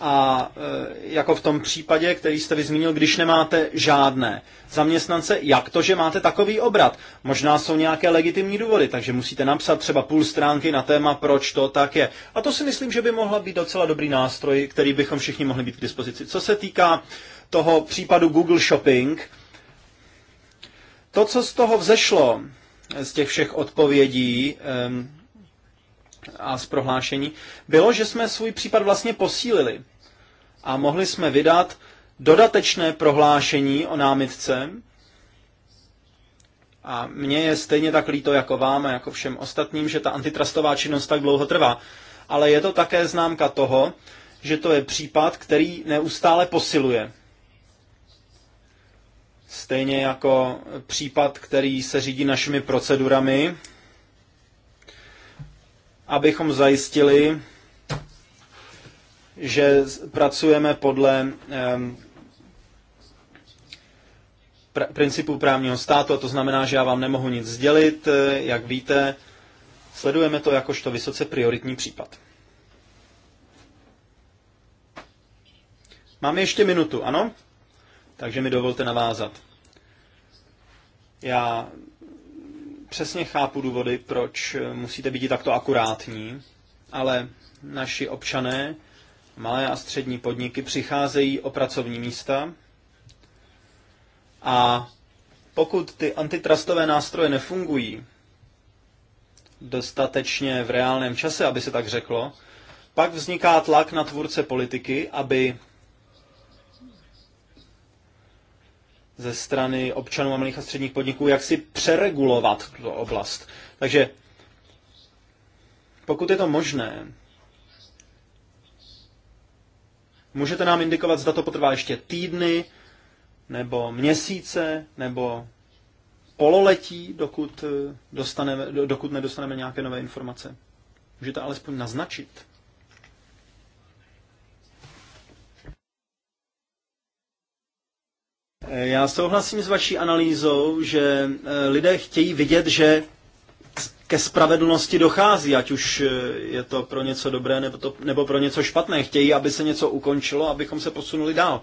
A e, jako v tom případě, který jste vyzmínil, když nemáte žádné zaměstnance, jak to, že máte takový obrat? Možná jsou nějaké legitimní důvody, takže musíte napsat třeba půl stránky na téma, proč to tak je. A to si myslím, že by mohla být docela dobrý nástroj, který bychom všichni mohli být k dispozici. Co se týká toho případu Google Shopping, to, co z toho vzešlo, z těch všech odpovědí, a z prohlášení, bylo, že jsme svůj případ vlastně posílili a mohli jsme vydat dodatečné prohlášení o námitce. A mně je stejně tak líto jako vám a jako všem ostatním, že ta antitrustová činnost tak dlouho trvá. Ale je to také známka toho, že to je případ, který neustále posiluje. Stejně jako případ, který se řídí našimi procedurami, abychom zajistili, že pracujeme podle pr- právního státu, a to znamená, že já vám nemohu nic sdělit, eh, jak víte, sledujeme to jakožto vysoce prioritní případ. Mám ještě minutu, ano? Takže mi dovolte navázat. Já přesně chápu důvody, proč musíte být takto akurátní, ale naši občané, malé a střední podniky přicházejí o pracovní místa a pokud ty antitrustové nástroje nefungují dostatečně v reálném čase, aby se tak řeklo, pak vzniká tlak na tvůrce politiky, aby ze strany občanů a malých a středních podniků, jak si přeregulovat tuto oblast. Takže pokud je to možné, můžete nám indikovat, zda to potrvá ještě týdny, nebo měsíce, nebo pololetí, dokud, dostaneme, dokud nedostaneme nějaké nové informace. Můžete alespoň naznačit. Eh, já souhlasím s vaší analýzou, že eh, lidé chtějí vidět, že ke spravedlnosti dochází, ať už eh, je to pro něco dobré nebo, to, nebo pro něco špatné. Chtějí, aby se něco ukončilo, abychom se posunuli dál.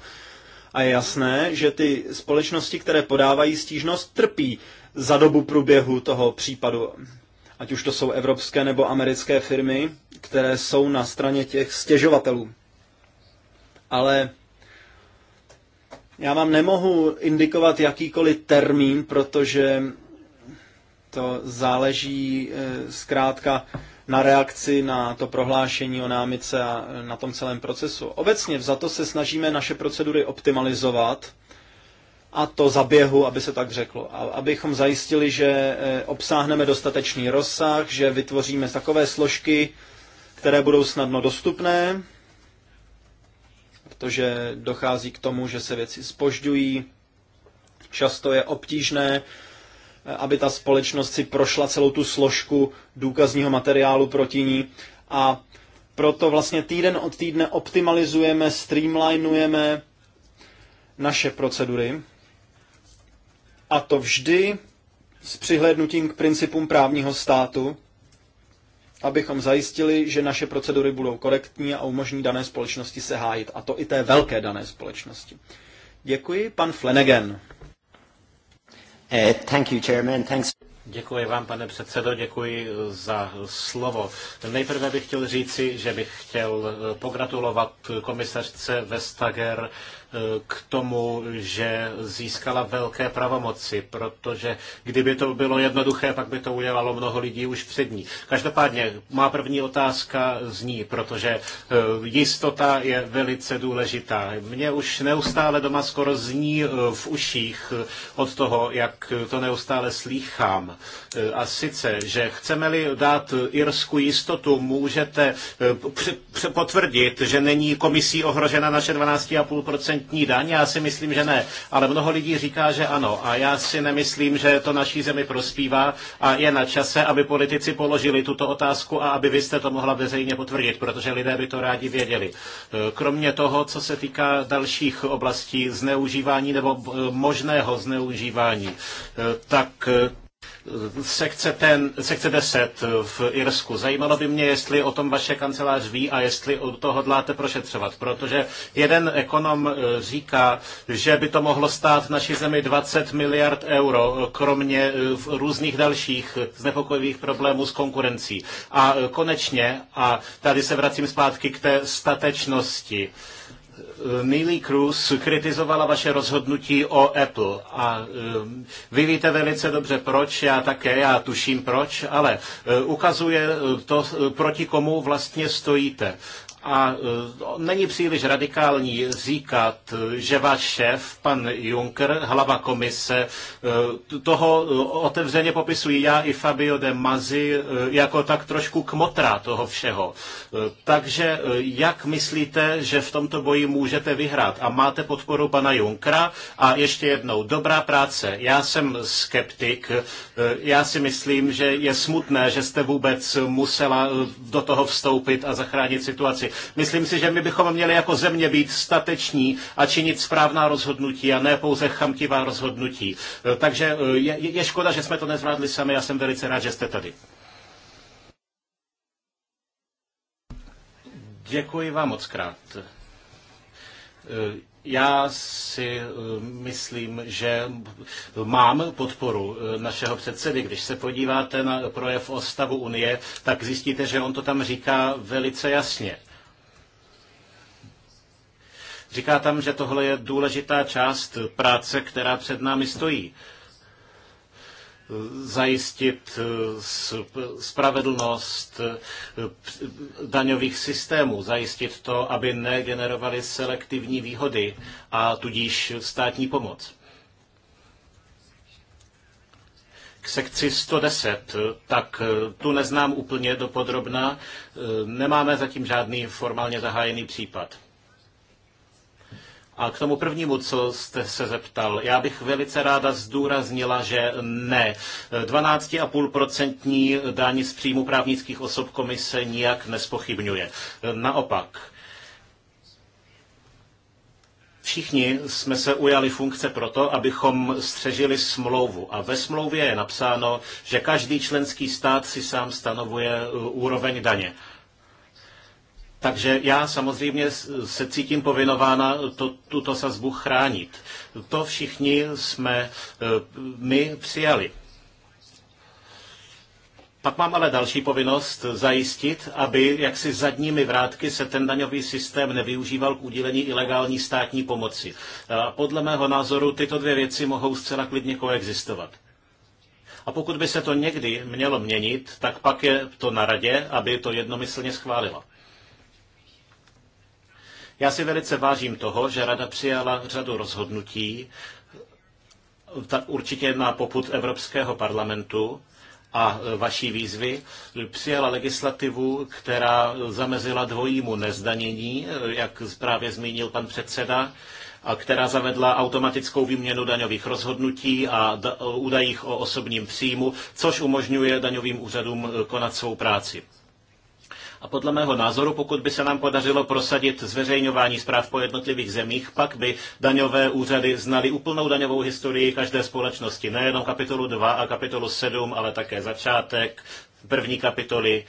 A je jasné, že ty společnosti, které podávají stížnost, trpí za dobu průběhu toho případu. Ať už to jsou evropské nebo americké firmy, které jsou na straně těch stěžovatelů. Ale já vám nemohu indikovat jakýkoliv termín, protože to záleží eh, zkrátka na reakci na to prohlášení o námice a eh, na tom celém procesu. Obecně za to se snažíme naše procedury optimalizovat a to za běhu, aby se tak řeklo. abychom zajistili, že eh, obsáhneme dostatečný rozsah, že vytvoříme takové složky, které budou snadno dostupné, protože dochází k tomu, že se věci spožďují, často je obtížné, eh, aby ta společnost si prošla celou tu složku důkazního materiálu proti ní a proto vlastně týden od týdne optimalizujeme, streamlinujeme naše procedury a to vždy s přihlédnutím k principům právního státu, abychom zajistili, že naše procedury budou korektní a umožní dané společnosti se hájit, a to i té velké dané společnosti. Děkuji, pan Flanagan. Eh, thank you, Chairman. Thanks. Děkuji vám, pane předsedo, děkuji eh, za slovo. Nejprve bych chtěl říci, že bych chtěl eh, pogratulovat komisařce Vestager k tomu, že získala velké pravomoci, protože kdyby to bylo jednoduché, pak by to udělalo mnoho lidí už před ní. Každopádně má první otázka zní, protože e, jistota je velice důležitá. Mně už neustále doma skoro zní e, v uších e, od toho, jak to neustále slýchám. A sice, že chceme-li dát Irsku jistotu, můžete potvrdit, že není komisí ohrožena naše 12,5% procentní daň? Já si myslím, že ne. Ale mnoho lidí říká, že ano. A já si nemyslím, že to naší zemi prospívá a je na čase, aby politici položili tuto otázku a aby vy jste to mohla veřejně potvrdit, protože lidé by to rádi věděli. Kromě toho, co se týká dalších oblastí zneužívání nebo eh, možného zneužívání, eh, tak eh, Sekce, ten, sekce 10 v Irsku. Zajímalo by mě, jestli o tom vaše kancelář ví a jestli to hodláte prošetřovat, protože jeden ekonom eh, říká, že by to mohlo stát naší zemi 20 miliard euro, eh, kromě eh, různých dalších znepokojivých problémů s konkurencí. A konečně, a tady se vracím zpátky k té statečnosti, Eh, Milý Cruz kritizovala vaše rozhodnutí o Apple a eh, vy víte velice dobře proč, já také, já tuším proč, ale eh, ukazuje to, proti komu vlastně stojíte. A e, není příliš radikální říkat, že váš šéf, pan Juncker, hlava komise, e, toho e, otevřeně popisují já i Fabio de Mazi jako tak trošku kmotra toho všeho. Takže jak myslíte, že v tomto boji můžete vyhrát? A máte podporu pana Junkera? A ještě jednou, dobrá práce. Já jsem skeptik. Já si myslím, že je smutné, že jste vůbec musela do toho vstoupit a zachránit situaci. Myslím si, že my bychom měli jako země být stateční a činit správná rozhodnutí a ne pouze chamtivá rozhodnutí. E, takže e, je, je škoda, že jsme to nezvládli sami. Já jsem velice rád, že jste tady. Děkuji vám moc krát. E, já si myslím, že mám podporu našeho předsedy. Když se podíváte na projev o stavu Unie, tak zjistíte, že on to tam říká velice jasně. Říká tam, že tohle je důležitá část práce, která před námi stojí zajistit eh, spravedlnost eh, daňových systémů, zajistit to, aby negenerovaly selektivní výhody a tudíž státní pomoc. K sekci 110, eh, tak tu neznám úplně dopodrobná. Nemáme zatím žádný formálně zahájený případ. A k tomu prvnímu, co jste se zeptal, já bych velice ráda zdůraznila, že ne. 12,5% daň z příjmu právnických osob komise nijak nespochybňuje. Naopak, Všichni jsme se ujali funkce proto, abychom střežili smlouvu. A ve smlouvě je napsáno, že každý členský stát si sám stanovuje uh, úroveň daně. Takže já samozřejmě se cítím povinována to, tuto sazbu chránit. To všichni jsme e, my přijali. Pak mám ale další povinnost zajistit, aby jaksi zadními vrátky se ten daňový systém nevyužíval k udělení ilegální státní pomoci. E, podle mého názoru tyto dvě věci mohou zcela klidně koexistovat. A pokud by se to někdy mělo měnit, tak pak je to na radě, aby to jednomyslně schválila. Já si velice vážím toho, že Rada přijala řadu rozhodnutí, určitě na poput Evropského parlamentu, a e, vaší výzvy přijala legislativu, která zamezila dvojímu nezdanění, e, jak právě zmínil pan předseda, a která zavedla automatickou výměnu daňových rozhodnutí a e, údajích o osobním příjmu, což umožňuje daňovým úřadům konat svou práci. A podle mého názoru, pokud by se nám podařilo prosadit zveřejňování zpráv po jednotlivých zemích, pak by daňové úřady znali úplnou daňovou historii každé společnosti, nejenom kapitolu 2 a kapitolu 7, ale také začátek, první kapitoly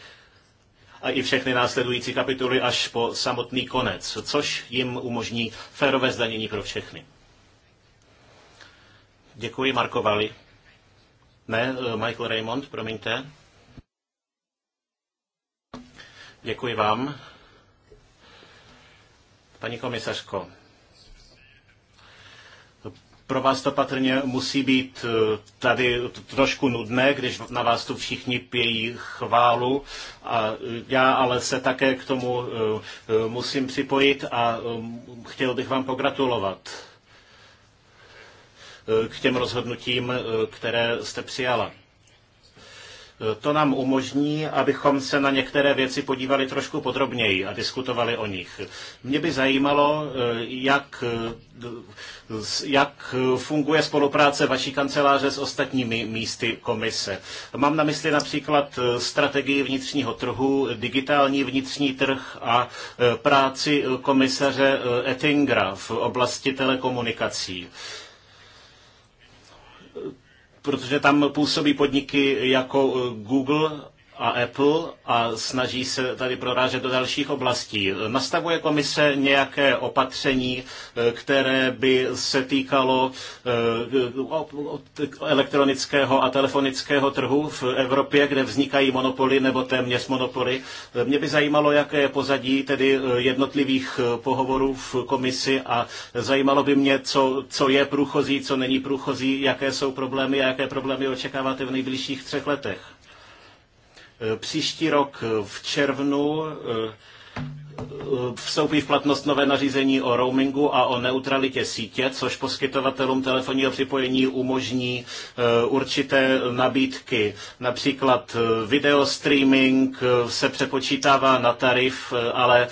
a i všechny následující kapitoly až po samotný konec, což jim umožní férové zdanění pro všechny. Děkuji, Marko Vali. Ne, eh, Michael Raymond, promiňte. Děkuji vám. Paní komisařko, pro vás to patrně musí být eh, tady trošku nudné, když na vás tu všichni pějí chválu. A eh, já ale se také k tomu eh, musím připojit a chtěl bych vám pogratulovat k těm rozhodnutím, které jste přijala. To nám umožní, abychom se na některé věci podívali trošku podrobněji a diskutovali o nich. Mě by zajímalo, eh, jak, eh, jak funguje spolupráce vaší kanceláře s ostatními místy komise. Mám na mysli například eh, strategii vnitřního trhu, digitální vnitřní trh a práci komisaře Ettingera v oblasti telekomunikací protože tam působí podniky jako eh, Google a Apple a snaží se tady prorážet do dalších oblastí. Nastavuje komise nějaké opatření, e, které by se týkalo e, elektronického a telefonického trhu v Evropě, kde vznikají monopoly nebo téměř monopoly. E, mě by zajímalo, jaké je pozadí tedy jednotlivých pohovorů v komisi a zajímalo by mě, co, co je průchozí, co není průchozí, jaké jsou problémy a jaké problémy očekáváte v nejbližších třech letech. Příští rok v červnu vstoupí v platnost nové nařízení o roamingu a o neutralitě sítě, což poskytovatelům telefonního připojení umožní e, určité nabídky. Například e, video streaming e, se přepočítává na tarif, ale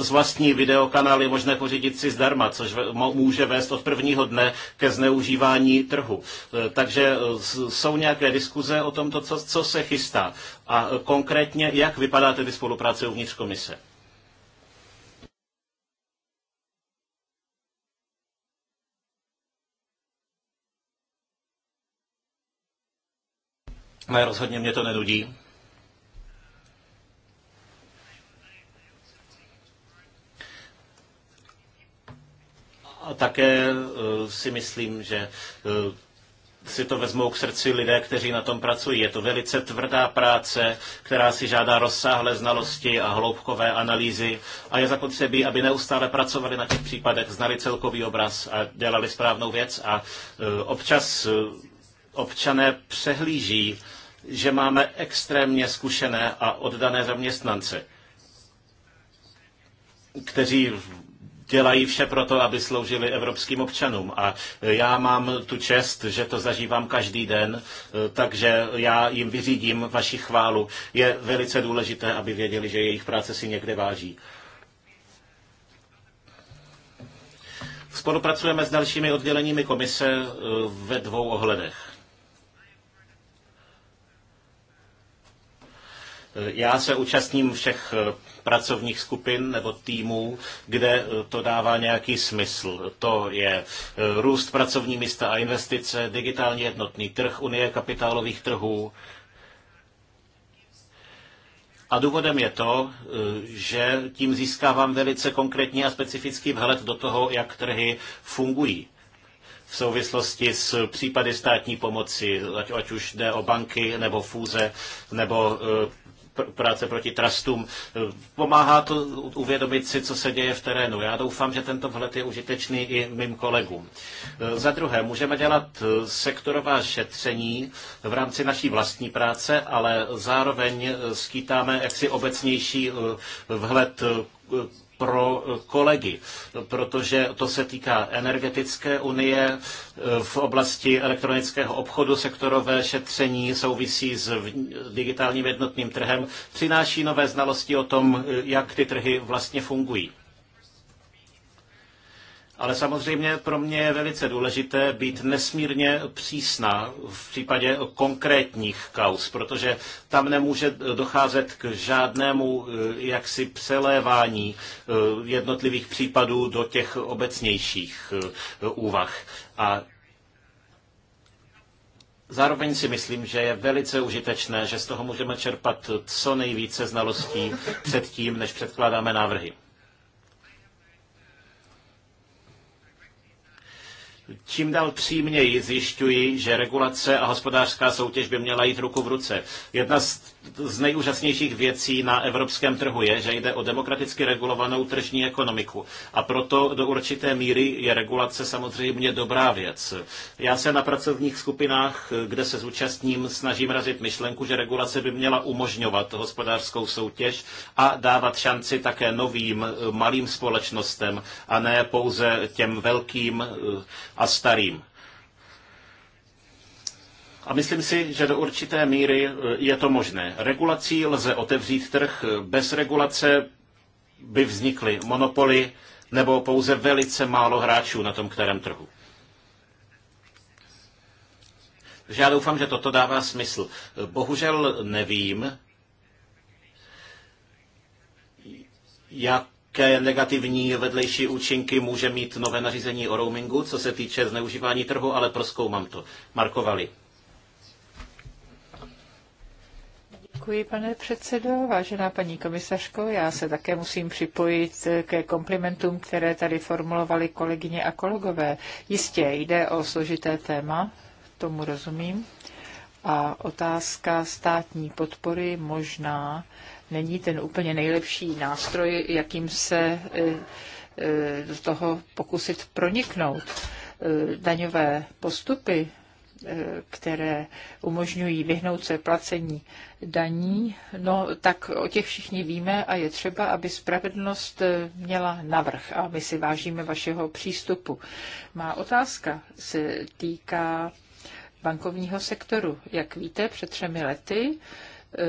z vlastní videokanál je možné pořídit si zdarma, což může vést od prvního dne ke zneužívání trhu. Takže jsou nějaké diskuze o tom, co, co se chystá a konkrétně, jak vypadá tedy spolupráce uvnitř komise. Ale rozhodně mě to nenudí. A také eh, si myslím, že eh, si to vezmou k srdci lidé, kteří na tom pracují. Je to velice tvrdá práce, která si žádá rozsáhlé znalosti a hloubkové analýzy a je zapotřebí, aby neustále pracovali na těch případech, znali celkový obraz a dělali správnou věc a eh, občas občané přehlíží že máme extrémně zkušené a oddané zaměstnance, kteří dělají vše pro to, aby sloužili evropským občanům. A já mám tu čest, že to zažívám každý den, takže já jim vyřídím vaši chválu. Je velice důležité, aby věděli, že jejich práce si někde váží. Spolupracujeme s dalšími odděleními komise eh, ve dvou ohledech. Já se účastním všech eh, pracovních skupin nebo týmů, kde eh, to dává nějaký smysl. To je eh, růst pracovní místa a investice, digitálně jednotný trh, unie kapitálových trhů. A důvodem je to, že tím získávám velice konkrétní a specifický vhled do toho, jak trhy fungují v souvislosti s případy státní pomoci, ať, už jde o banky nebo fúze nebo práce proti trustům. Pomáhá to uvědomit si, co se děje v terénu. Já doufám, že tento vhled je užitečný i mým kolegům. E, za druhé, můžeme dělat e, sektorová šetření v rámci naší vlastní práce, ale zároveň e, skýtáme jaksi obecnější vhled pro eh, kolegy, protože to se týká energetické unie eh, v oblasti elektronického obchodu, sektorové šetření souvisí s digitálním jednotným trhem, přináší nové znalosti o tom, eh, jak ty trhy vlastně fungují. Ale samozřejmě pro mě je velice důležité být nesmírně přísná v případě konkrétních kaus, protože tam nemůže docházet k žádnému eh, jaksi přelévání eh, jednotlivých případů do těch obecnějších eh, úvah. A Zároveň si myslím, že je velice užitečné, že z toho můžeme čerpat co nejvíce znalostí předtím, než předkládáme návrhy. čím dál přímněji zjišťuji, že regulace a hospodářská soutěž by měla jít ruku v ruce. Jedna z z nejúžasnějších věcí na evropském trhu je, že jde o demokraticky regulovanou tržní ekonomiku. A proto do určité míry je regulace samozřejmě dobrá věc. Já se na pracovních skupinách, kde se zúčastním, snažím razit myšlenku, že regulace by měla umožňovat hospodářskou soutěž a dávat šanci také novým malým společnostem a ne pouze těm velkým eh, a starým. A myslím si, že do určité míry e, je to možné. Regulací lze otevřít trh, e, bez regulace by vznikly monopoly nebo pouze velice málo hráčů na tom kterém trhu. Takže já doufám, že toto dává smysl. E, bohužel nevím, jaké negativní vedlejší účinky může mít nové nařízení o roamingu, co se týče zneužívání trhu, ale proskoumám to. Markovali. Děkuji, pane předsedo. Vážená paní komisařko, já se také musím připojit ke komplimentům, které tady formulovali kolegyně a kolegové. Jistě jde o složité téma, tomu rozumím. A otázka státní podpory možná není ten úplně nejlepší nástroj, jakým se e, e, do toho pokusit proniknout. E, daňové postupy Eh, které umožňují vyhnout se placení daní, no tak o těch všichni víme a je třeba, aby spravedlnost eh, měla navrh a my si vážíme vašeho přístupu. Má otázka se týká bankovního sektoru. Jak víte, před třemi lety eh,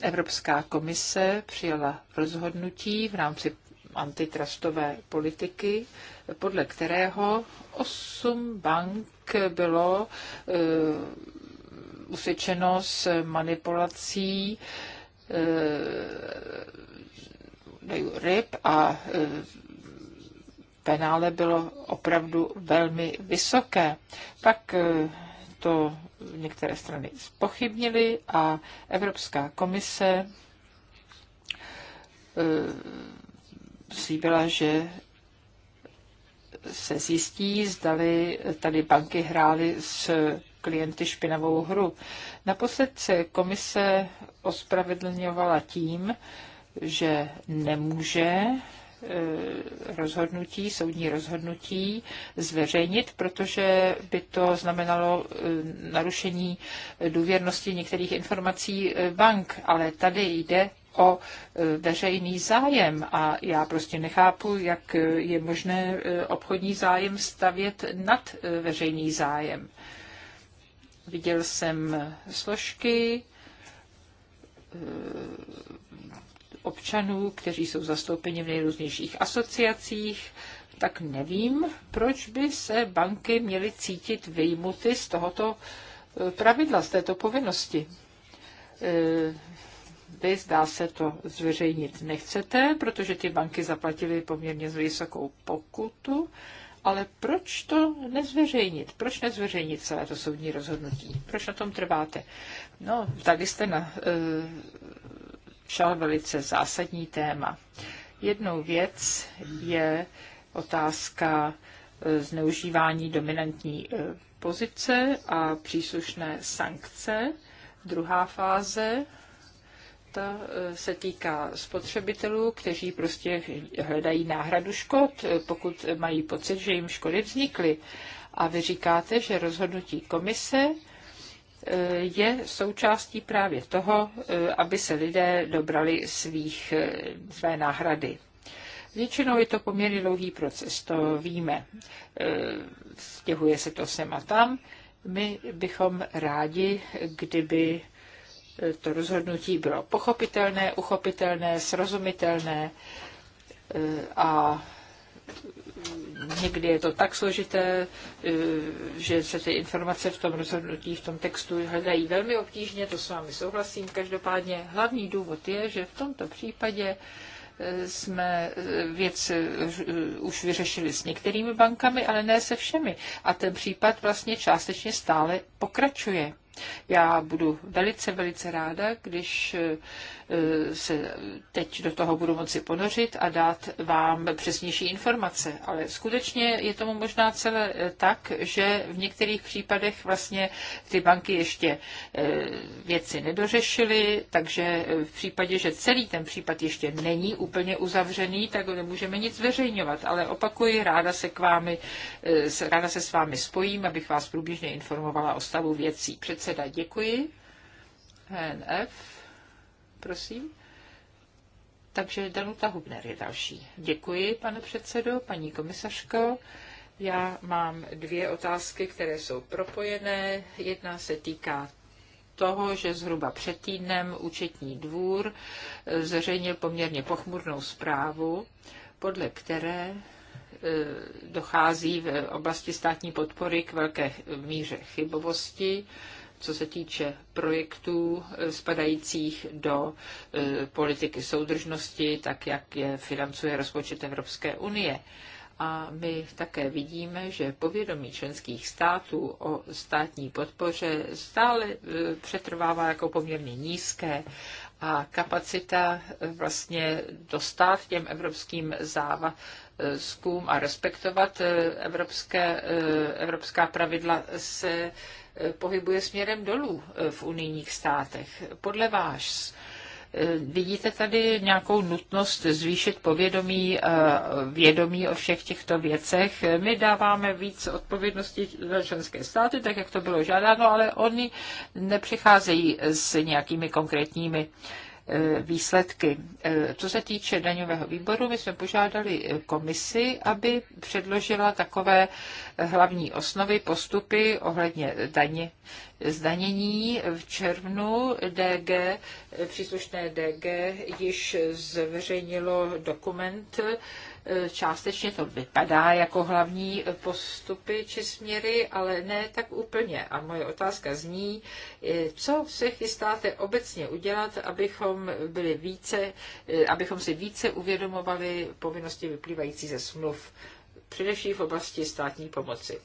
Evropská komise přijala rozhodnutí v rámci antitrustové politiky, podle kterého osm bank bylo bylo eh, usvědčeno s manipulací eh, ryb a eh, penále bylo opravdu velmi vysoké. Pak to některé strany spochybnili a Evropská komise slíbila, že se zjistí, zdali tady banky hrály s klienty špinavou hru. Naposled se komise ospravedlňovala tím, že nemůže e, rozhodnutí, soudní rozhodnutí zveřejnit, protože by to znamenalo e, narušení důvěrnosti některých informací e, bank. Ale tady jde o e, veřejný zájem a já prostě nechápu, jak je možné e, obchodní zájem stavět nad e, veřejný zájem. Viděl jsem složky občanů, kteří jsou zastoupeni v nejrůznějších asociacích, tak nevím, proč by se banky měly cítit vyjmuty z tohoto pravidla, z této povinnosti vy, zdá se, to zveřejnit nechcete, protože ty banky zaplatily poměrně vysokou pokutu. Ale proč to nezveřejnit? Proč nezveřejnit celé to soudní rozhodnutí? Proč na tom trváte? No, tady jste na, eh, šel velice zásadní téma. Jednou věc je otázka eh, zneužívání dominantní eh, pozice a příslušné sankce. Druhá fáze ta eh, se týká spotřebitelů, kteří prostě hledají náhradu škod, eh, pokud mají pocit, že jim škody vznikly. A vy říkáte, že rozhodnutí komise eh, je součástí právě toho, aby se lidé dobrali svých, své náhrady. Většinou je to poměrně dlouhý proces, to víme. Stěhuje se to sem a tam. My bychom rádi, kdyby to rozhodnutí bylo pochopitelné, uchopitelné, srozumitelné eh, a někdy je to tak složité, eh, že se ty informace v tom rozhodnutí, v tom textu hledají velmi obtížně, to s vámi souhlasím. Každopádně hlavní důvod je, že v tomto případě eh, jsme věc už vyřešili s některými bankami, ale ne se všemi. A ten případ vlastně částečně stále pokračuje. Já budu velice, velice ráda, když Eh, se teď do toho budu moci ponořit a dát vám přesnější informace. Ale skutečně je tomu možná celé eh, tak, že v některých případech vlastně ty banky ještě eh, věci nedořešily, takže v případě, že celý ten případ ještě není úplně uzavřený, tak nemůžeme nic zveřejňovat. Ale opakuji, ráda se, k vámi, ráda se s vámi spojím, abych vás průběžně informovala o stavu věcí. Předseda, děkuji. NF. Prosím. Takže Danuta Hubner je další. Děkuji, pane předsedo, paní komisařko. Já mám dvě otázky, které jsou propojené. Jedna se týká toho, že zhruba před týdnem účetní dvůr zřejmil poměrně pochmurnou zprávu, podle které e, dochází v oblasti státní podpory k velké míře chybovosti co se týče projektů eh, spadajících do eh, politiky soudržnosti, tak jak je financuje rozpočet Evropské unie. A my také vidíme, že povědomí členských států o státní podpoře stále eh, přetrvává jako poměrně nízké a kapacita vlastně dostat těm evropským závazkům a respektovat evropské, evropská pravidla se Eh, pohybuje směrem dolů eh, v unijních státech. Podle vás, eh, Vidíte tady nějakou nutnost zvýšit povědomí, vědomí o všech těchto věcech? My dáváme víc odpovědnosti za členské státy, tak jak to bylo žádáno, ale oni nepřicházejí s nějakými konkrétními E, výsledky. E, co se týče daňového výboru, my jsme požádali e, komisi, aby předložila takové hlavní osnovy, postupy ohledně daně, zdanění. V červnu DG, příslušné DG již zveřejnilo dokument, částečně to vypadá jako hlavní postupy či směry, ale ne tak úplně. A moje otázka zní, eh, co se chystáte obecně udělat, abychom, byli více, eh, abychom si více uvědomovali povinnosti vyplývající ze smluv, především v oblasti státní pomoci.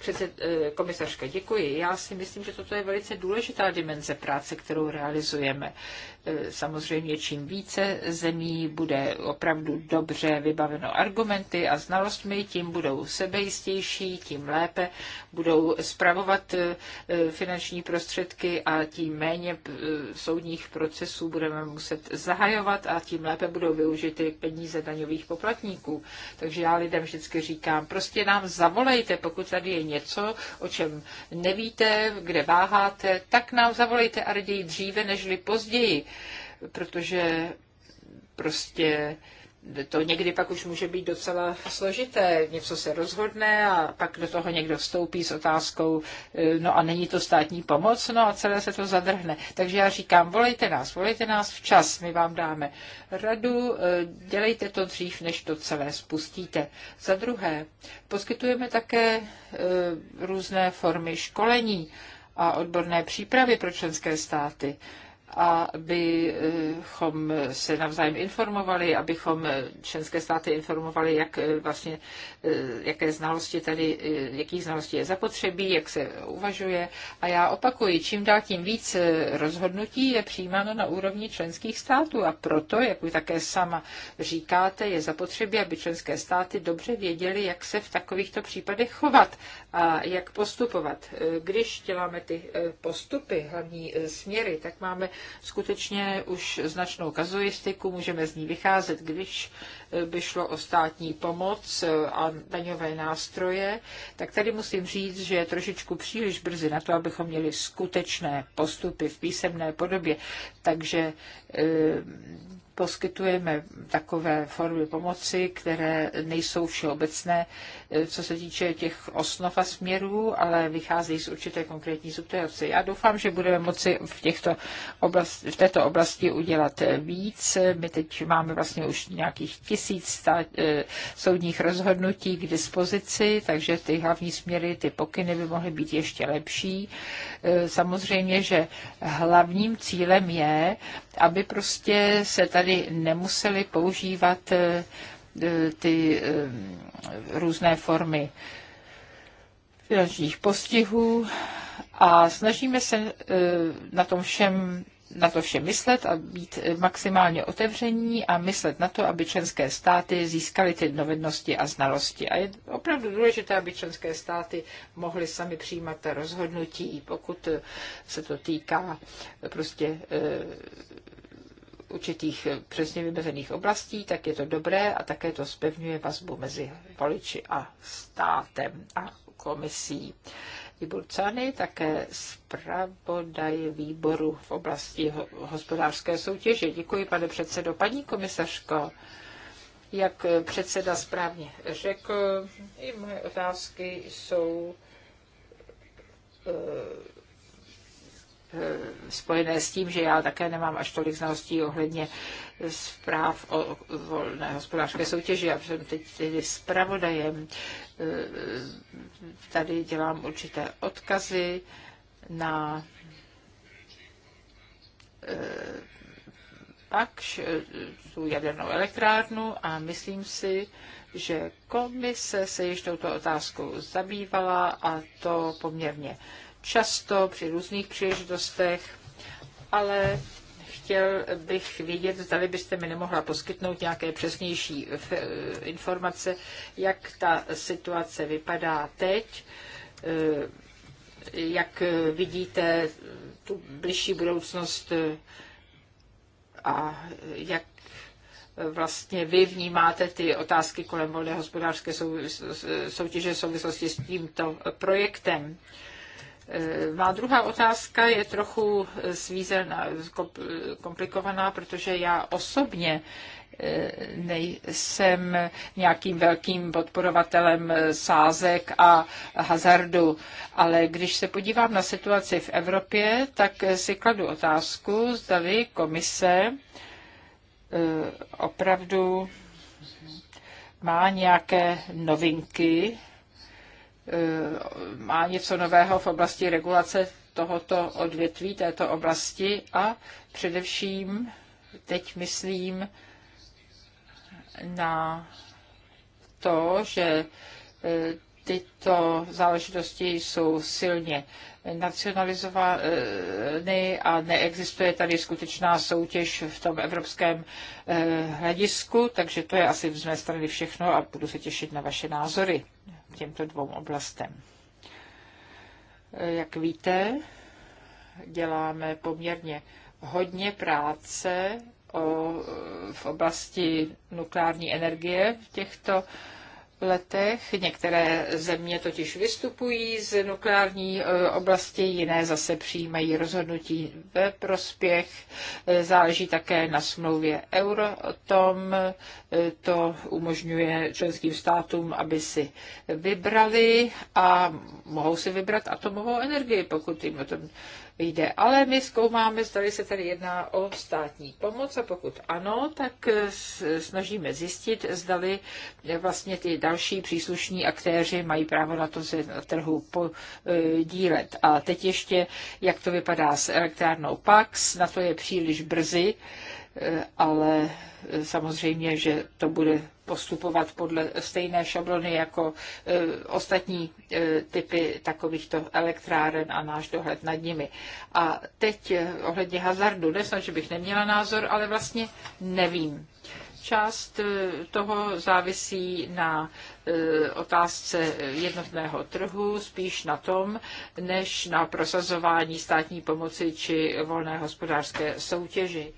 Předsed, eh, komisařka, děkuji. Já si myslím, že toto je velice důležitá dimenze práce, kterou realizujeme. Eh, samozřejmě čím více zemí bude opravdu dobře vybaveno argumenty a znalostmi, tím budou sebejistější, tím lépe budou spravovat eh, finanční prostředky a tím méně soudních procesů budeme muset zahajovat a tím lépe budou využity peníze daňových poplatníků. Takže já lidem vždycky říkám, prostě nám zavolejte, pokud tady je něco, o čem nevíte, kde váháte, tak nám zavolejte a raději dříve nežli později, protože prostě uh, to někdy pak už může být docela složité. Něco se rozhodne a pak do toho někdo vstoupí s otázkou, e, no a není to státní pomoc, no a celé se to zadrhne. Takže já říkám, volejte nás, volejte nás včas, my vám dáme radu, e, dělejte to dřív, než to celé spustíte. Za druhé, poskytujeme také e, různé formy školení a odborné přípravy pro členské státy abychom se navzájem informovali, abychom členské státy informovali, jak eh, vlastně, eh, jaké znalosti tady, eh, jakých znalostí je zapotřebí, jak se uvažuje. A já opakuji, čím dál tím víc rozhodnutí je přijímáno na úrovni členských států a proto, jak vy také sama říkáte, je zapotřebí, aby členské státy dobře věděli, jak se v takovýchto případech chovat a jak postupovat. Když děláme ty postupy, hlavní směry, tak máme skutečně už značnou kazuistiku, můžeme z ní vycházet, když by šlo o státní pomoc a daňové nástroje, tak tady musím říct, že je trošičku příliš brzy na to, abychom měli skutečné postupy v písemné podobě. Takže eh, poskytujeme takové formy pomoci, které nejsou všeobecné, eh, co se týče těch osnov a směrů, ale vycházejí z určité konkrétní situace. Já doufám, že budeme moci v, těchto oblast, v této oblasti udělat víc. My teď máme vlastně už nějakých tisíc tisíc eh, soudních rozhodnutí k dispozici, takže ty hlavní směry, ty pokyny by mohly být ještě lepší. Eh, samozřejmě, že hlavním cílem je, aby prostě se tady nemuseli používat eh, ty různé formy finančních postihů a snažíme se na tom všem na to vše myslet a být maximálně otevření a myslet na to, aby členské státy získaly ty dovednosti a znalosti. A je opravdu důležité, aby členské státy mohly sami přijímat ta rozhodnutí, pokud se to týká eh, prostě eh, určitých eh, přesně vymezených oblastí, tak je to dobré a také to spevňuje vazbu mezi voliči a státem a komisí. Ibulcany, také zpravodaj výboru v oblasti hospodářské soutěže. Děkuji, pane předsedo. Paní komisařko, jak předseda správně řekl, i moje otázky jsou Eh, spojené s tím, že já také nemám až tolik znalostí ohledně zpráv o volné hospodářské soutěži. Já jsem teď tedy zpravodajem. Eh, tady dělám určité odkazy na eh, pak tu jadernou elektrárnu a myslím si, že komise se již touto otázkou zabývala a to poměrně často při různých příležitostech, ale chtěl bych vědět, zda byste mi nemohla poskytnout nějaké přesnější eh, informace, jak ta situace vypadá teď, eh, jak vidíte tu blížší budoucnost eh, a jak vlastně vy vnímáte ty otázky kolem volné hospodářské soutěže v souvislosti s tímto projektem. Má druhá otázka je trochu eh, svízelná, komplikovaná, protože já osobně eh, nejsem nějakým velkým podporovatelem eh, sázek a hazardu, ale když se podívám na situaci v Evropě, tak si kladu otázku, zdali komise opravdu má nějaké novinky má něco nového v oblasti regulace tohoto odvětví, této oblasti a především teď myslím na to, že e, tyto záležitosti jsou silně nacionalizovány a neexistuje tady skutečná soutěž v tom evropském e, hledisku, takže to je asi z mé strany všechno a budu se těšit na vaše názory těmto dvou oblastem. Jak víte, děláme poměrně hodně práce o, v oblasti nukleární energie v těchto letech. Některé země totiž vystupují z nukleární e, oblasti, jiné zase přijímají rozhodnutí ve prospěch. E, záleží také na smlouvě tom e, To umožňuje členským státům, aby si vybrali a mohou si vybrat atomovou energii, pokud jim o tom jde. Ale my zkoumáme, zda se tady jedná o státní pomoc a pokud ano, tak snažíme zjistit, zda vlastně ty další příslušní aktéři mají právo na to se na trhu podílet. A teď ještě, jak to vypadá s elektrárnou PAX, na to je příliš brzy ale samozřejmě, že to bude postupovat podle stejné šablony jako e, ostatní e, typy takovýchto elektráren a náš dohled nad nimi. A teď e, ohledně hazardu, nesnad, že bych neměla názor, ale vlastně nevím. Část toho závisí na otázce jednotného trhu, spíš na tom, než na prosazování státní pomoci či volné hospodářské soutěži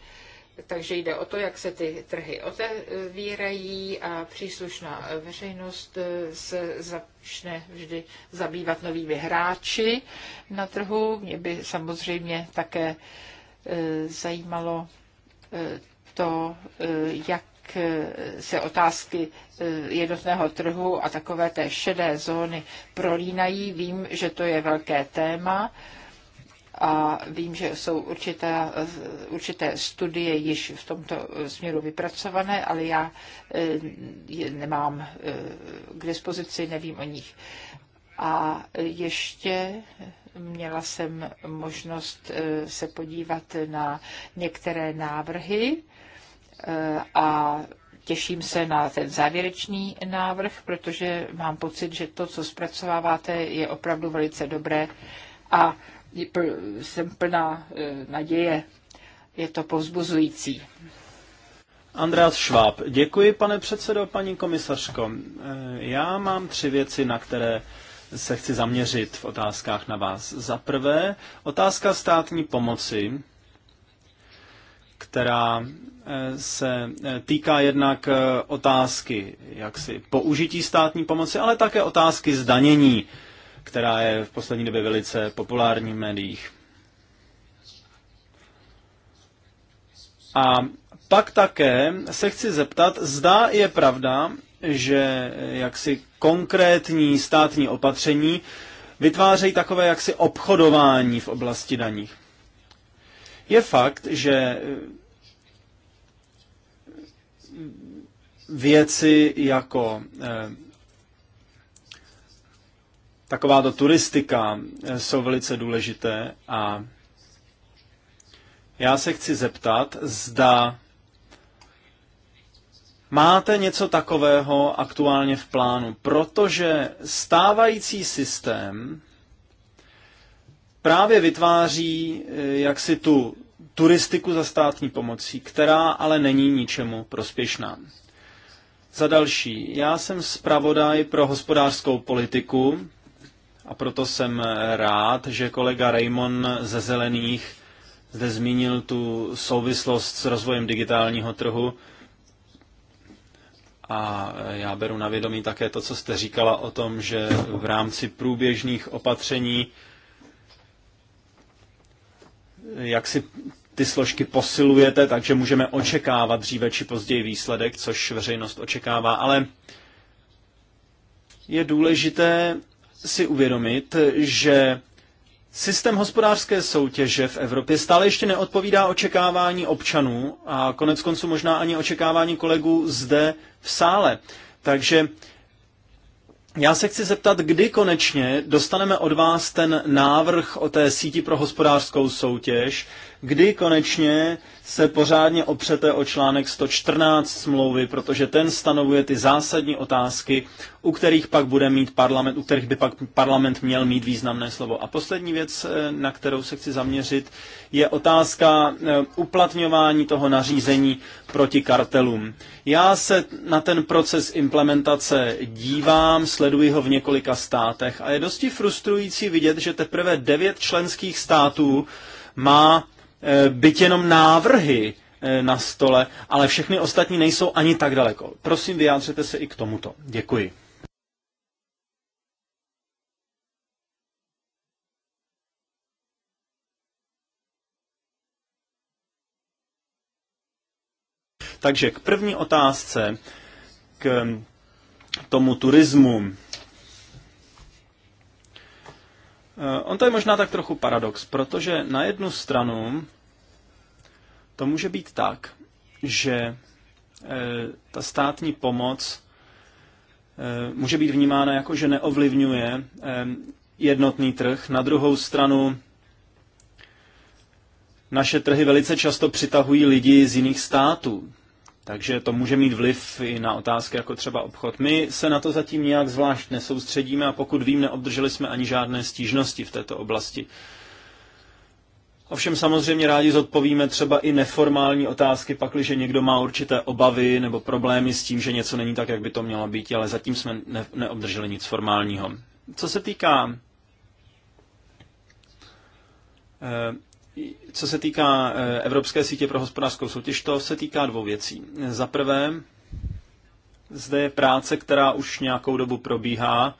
takže jde o to, jak se ty trhy otevírají a příslušná veřejnost eh, se začne vždy zabývat novými hráči na trhu. Mě by samozřejmě také eh, zajímalo eh, to, jak se otázky jednotného trhu a takové té šedé zóny prolínají. Vím, že to je velké téma a vím, že jsou určité, určité studie již v tomto směru vypracované, ale já eh, je nemám eh, k dispozici, nevím o nich. A ještě měla jsem možnost eh, se podívat na některé návrhy a těším se na ten závěrečný návrh, protože mám pocit, že to, co zpracováváte, je opravdu velice dobré a jsem plná e, naděje. Je to povzbuzující. Andreas Schwab, Děkuji, pane předsedo, paní komisařko. E, já mám tři věci, na které se chci zaměřit v otázkách na vás. Za prvé, otázka státní pomoci, která e, se týká jednak otázky jaksi použití státní pomoci, ale také otázky zdanění která je v poslední době velice populární v médiích. A pak také se chci zeptat, zda je pravda, že jaksi konkrétní státní opatření vytvářejí takové jaksi obchodování v oblasti daní. Je fakt, že věci jako eh, takováto turistika eh, jsou velice důležité a já se chci zeptat, zda máte něco takového aktuálně v plánu, protože stávající systém právě vytváří eh, jaksi tu turistiku za státní pomocí, která ale není ničemu prospěšná. Za další, já jsem zpravodaj pro hospodářskou politiku a proto jsem rád, že kolega Raymond ze Zelených zde zmínil tu souvislost s rozvojem digitálního trhu. A já beru na vědomí také to, co jste říkala o tom, že v rámci průběžných opatření jak si ty složky posilujete, takže můžeme očekávat dříve či později výsledek, což veřejnost očekává, ale je důležité si uvědomit, že systém hospodářské soutěže v Evropě stále ještě neodpovídá očekávání občanů a konec konců možná ani očekávání kolegů zde v sále. Takže já se chci zeptat, kdy konečně dostaneme od vás ten návrh o té síti pro hospodářskou soutěž, kdy konečně se pořádně opřete o článek 114 smlouvy, protože ten stanovuje ty zásadní otázky, u kterých pak bude mít parlament, u kterých by pak parlament měl mít významné slovo. A poslední věc, eh, na kterou se chci zaměřit, je otázka eh, uplatňování toho nařízení proti kartelům. Já se na ten proces implementace dívám, sleduji ho v několika státech a je dosti frustrující vidět, že teprve devět členských států má Eh, byť jenom návrhy eh, na stole, ale všechny ostatní nejsou ani tak daleko. Prosím, vyjádřete se i k tomuto. Děkuji. Takže k první otázce, k mm, tomu turismu, Eh, on to je možná tak trochu paradox, protože na jednu stranu to může být tak, že eh, ta státní pomoc eh, může být vnímána jako, že neovlivňuje jednotný trh. Na druhou stranu naše trhy velice často přitahují lidi z jiných států. Takže to může mít vliv i na otázky jako třeba obchod. My se na to zatím nějak zvlášť nesoustředíme a pokud vím, neobdrželi jsme ani žádné stížnosti v této oblasti. Ovšem samozřejmě rádi zodpovíme třeba i neformální otázky, pakliže někdo má určité obavy nebo problémy s tím, že něco není tak, jak by to mělo být, ale zatím jsme ne- neobdrželi nic formálního. Co se týká eh, co se týká eh, Evropské sítě pro hospodářskou soutěž, to se týká dvou věcí. Za prvé, zde je práce, která už nějakou dobu probíhá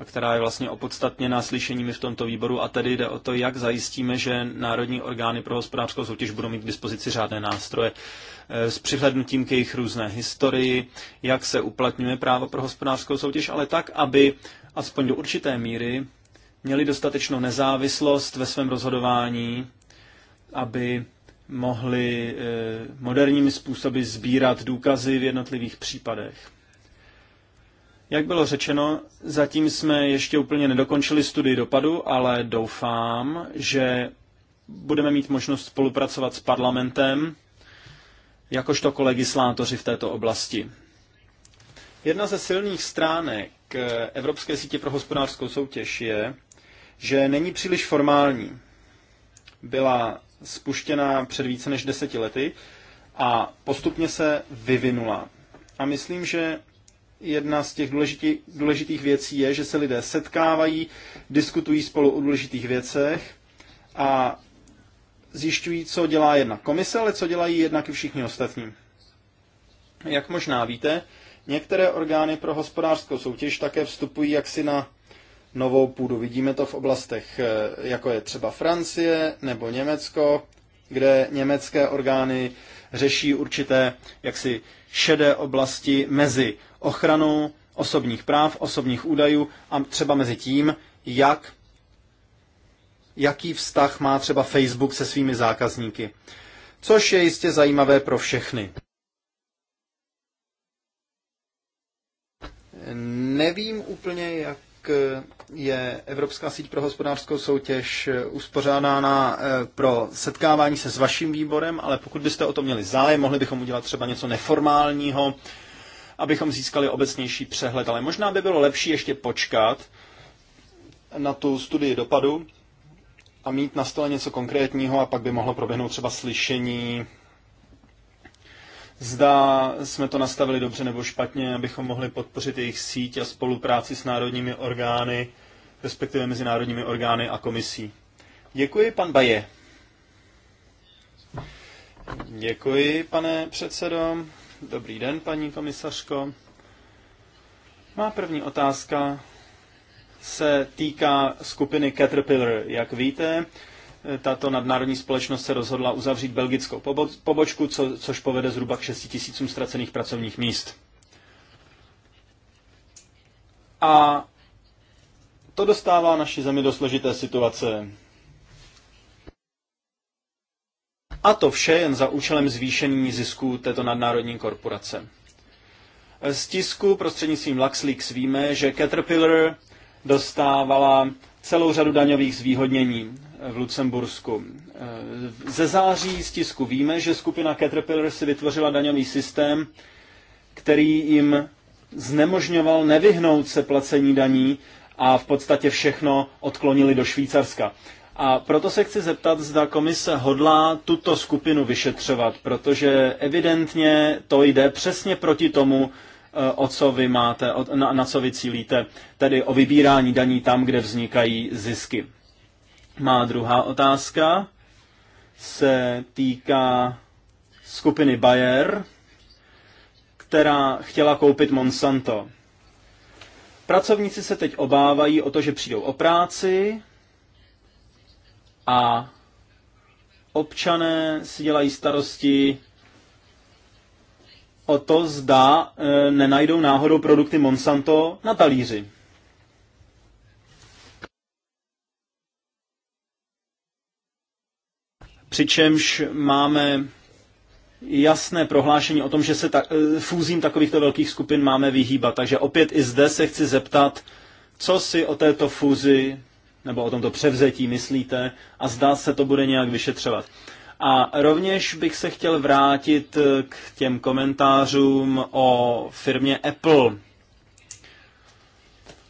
a která je vlastně opodstatněna slyšeními v tomto výboru a tedy jde o to, jak zajistíme, že národní orgány pro hospodářskou soutěž budou mít k dispozici řádné nástroje eh, s přihlednutím k jejich různé historii, jak se uplatňuje právo pro hospodářskou soutěž, ale tak, aby aspoň do určité míry měli dostatečnou nezávislost ve svém rozhodování, aby mohli eh, moderními způsoby sbírat důkazy v jednotlivých případech. Jak bylo řečeno, zatím jsme ještě úplně nedokončili studii dopadu, ale doufám, že budeme mít možnost spolupracovat s parlamentem, jakožto kolegislátoři v této oblasti. Jedna ze silných stránek eh, Evropské sítě pro hospodářskou soutěž je, že není příliš formální. Byla spuštěna před více než deseti lety a postupně se vyvinula. A myslím, že jedna z těch důležitý, důležitých věcí je, že se lidé setkávají, diskutují spolu o důležitých věcech a zjišťují, co dělá jedna komise, ale co dělají jednak i všichni ostatní. Jak možná víte, některé orgány pro hospodářskou soutěž také vstupují jaksi na novou půdu. Vidíme to v oblastech, eh, jako je třeba Francie nebo Německo, kde německé orgány řeší určité jaksi šedé oblasti mezi ochranou osobních práv, osobních údajů a třeba mezi tím, jak, jaký vztah má třeba Facebook se svými zákazníky. Což je jistě zajímavé pro všechny. Nevím úplně, jak Eh, je Evropská síť pro hospodářskou soutěž eh, uspořádána eh, pro setkávání se s vaším výborem, ale pokud byste o to měli zájem, mohli bychom udělat třeba něco neformálního, abychom získali obecnější přehled. Ale možná by bylo lepší ještě počkat na tu studii dopadu a mít na stole něco konkrétního a pak by mohlo proběhnout třeba slyšení zda jsme to nastavili dobře nebo špatně, abychom mohli podpořit jejich síť a spolupráci s národními orgány, respektive mezinárodními orgány a komisí. Děkuji, pan Baje. Děkuji, pane předsedo. Dobrý den, paní komisařko. Má první otázka se týká skupiny Caterpillar. Jak víte, tato nadnárodní společnost se rozhodla uzavřít belgickou pobočku, co, což povede zhruba k 6 tisícům ztracených pracovních míst. A to dostává naši zemi do složité situace. A to vše jen za účelem zvýšení zisků této nadnárodní korporace. Z tisku prostřednictvím LuxLeaks víme, že Caterpillar dostávala celou řadu daňových zvýhodnění eh, v Lucembursku. Eh, ze září z tisku víme, že skupina Caterpillar si vytvořila daňový systém, který jim znemožňoval nevyhnout se placení daní a v podstatě všechno odklonili do Švýcarska. A proto se chci zeptat, zda komise hodlá tuto skupinu vyšetřovat, protože evidentně to jde přesně proti tomu, Eh, o co vy máte, na, na co vy cílíte, tedy o vybírání daní tam, kde vznikají zisky. Má druhá otázka se týká skupiny Bayer, která chtěla koupit Monsanto. Pracovníci se teď obávají o to, že přijdou o práci a občané si dělají starosti o to, zda e, nenajdou náhodou produkty Monsanto na talíři. Přičemž máme jasné prohlášení o tom, že se ta, e, fúzím takovýchto velkých skupin máme vyhýbat. Takže opět i zde se chci zeptat, co si o této fúzi nebo o tomto převzetí myslíte a zdá se to bude nějak vyšetřovat. A rovněž bych se chtěl vrátit eh, k těm komentářům o firmě Apple,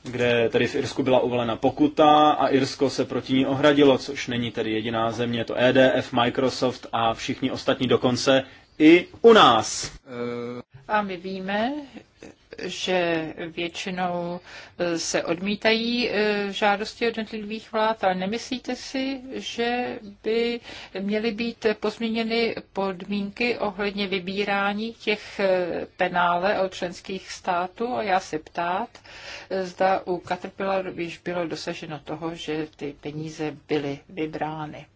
kde tedy v Irsku byla uvolena pokuta a Irsko se proti ní ohradilo, což není tedy jediná země, to EDF, Microsoft a všichni ostatní dokonce i u nás. A my víme, že většinou eh, se odmítají eh, žádosti jednotlivých vlád, ale nemyslíte si, že by měly být pozměněny podmínky ohledně vybírání těch eh, penále od členských států? A já se ptát, zda u Caterpillar již bylo dosaženo toho, že ty peníze byly vybrány.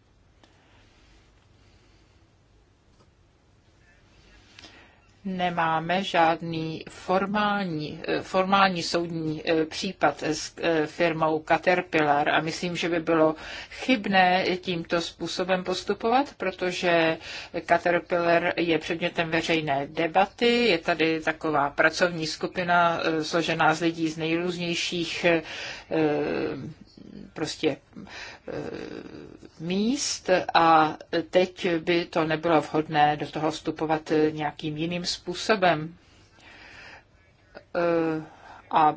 nemáme žádný formální, eh, formální soudní eh, případ s eh, firmou Caterpillar a myslím, že by bylo chybné tímto způsobem postupovat, protože Caterpillar je předmětem veřejné debaty, je tady taková pracovní skupina složená z lidí z nejrůznějších prostě míst a teď by to nebylo vhodné do toho vstupovat nějakým jiným způsobem. Eh, a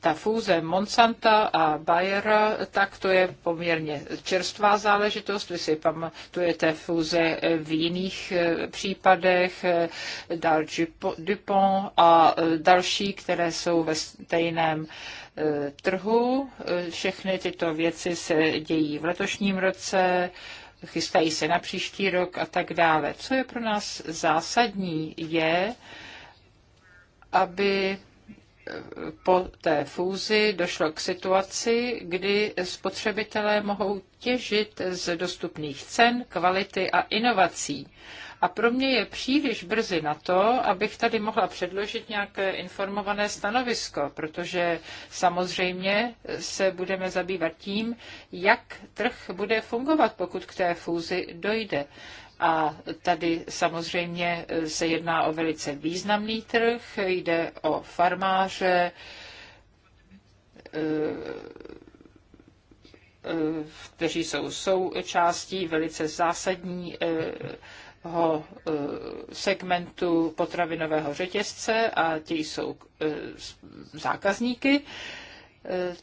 ta fúze Monsanta a Bayer, tak to je poměrně čerstvá záležitost. Vy si pamatujete fúze v jiných eh, případech, eh, Dal Dupont a další, které jsou ve stejném Eh, trhu. Eh, všechny tyto věci se dějí v letošním roce, chystají se na příští rok a tak dále. Co je pro nás zásadní, je, aby eh, po té fúzi došlo k situaci, kdy spotřebitelé mohou těžit z dostupných cen, kvality a inovací. A pro mě je příliš brzy na to, abych tady mohla předložit nějaké informované stanovisko, protože samozřejmě se budeme zabývat tím, jak trh bude fungovat, pokud k té fúzi dojde. A tady samozřejmě se jedná o velice významný trh, jde o farmáře, eh, eh, kteří jsou součástí velice zásadní eh, Eh, segmentu potravinového řetězce a ti jsou eh, zákazníky, eh,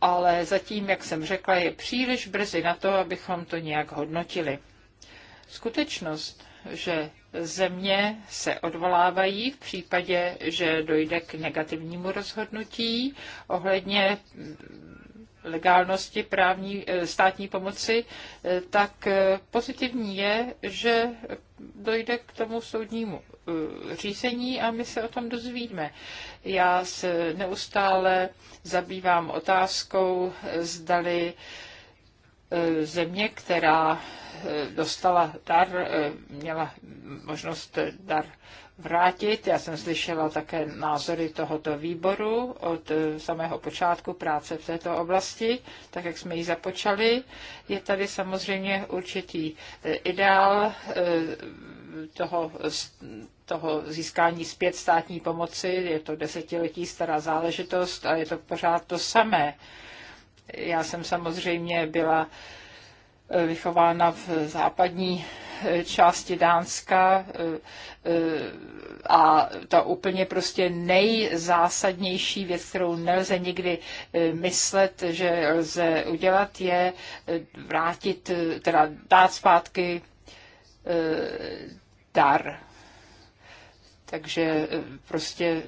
ale zatím, jak jsem řekla, je příliš brzy na to, abychom to nějak hodnotili. Skutečnost, že země se odvolávají v případě, že dojde k negativnímu rozhodnutí ohledně legálnosti právní eh, státní pomoci, eh, tak eh, pozitivní je, že dojde k tomu soudnímu řízení a my se o tom dozvíme. Já se neustále zabývám otázkou, zdali země, která dostala dar, měla možnost dar vrátit. Já jsem slyšela také názory tohoto výboru od eh, samého počátku práce v této oblasti, tak jak jsme ji započali. Je tady samozřejmě určitý eh, ideál eh, toho, toho získání zpět státní pomoci. Je to desetiletí stará záležitost a je to pořád to samé. Já jsem samozřejmě byla vychována v západní eh, části Dánska eh, eh, a ta úplně prostě nejzásadnější věc, kterou nelze nikdy myslet, že lze udělat, je vrátit, teda dát zpátky dar. Takže prostě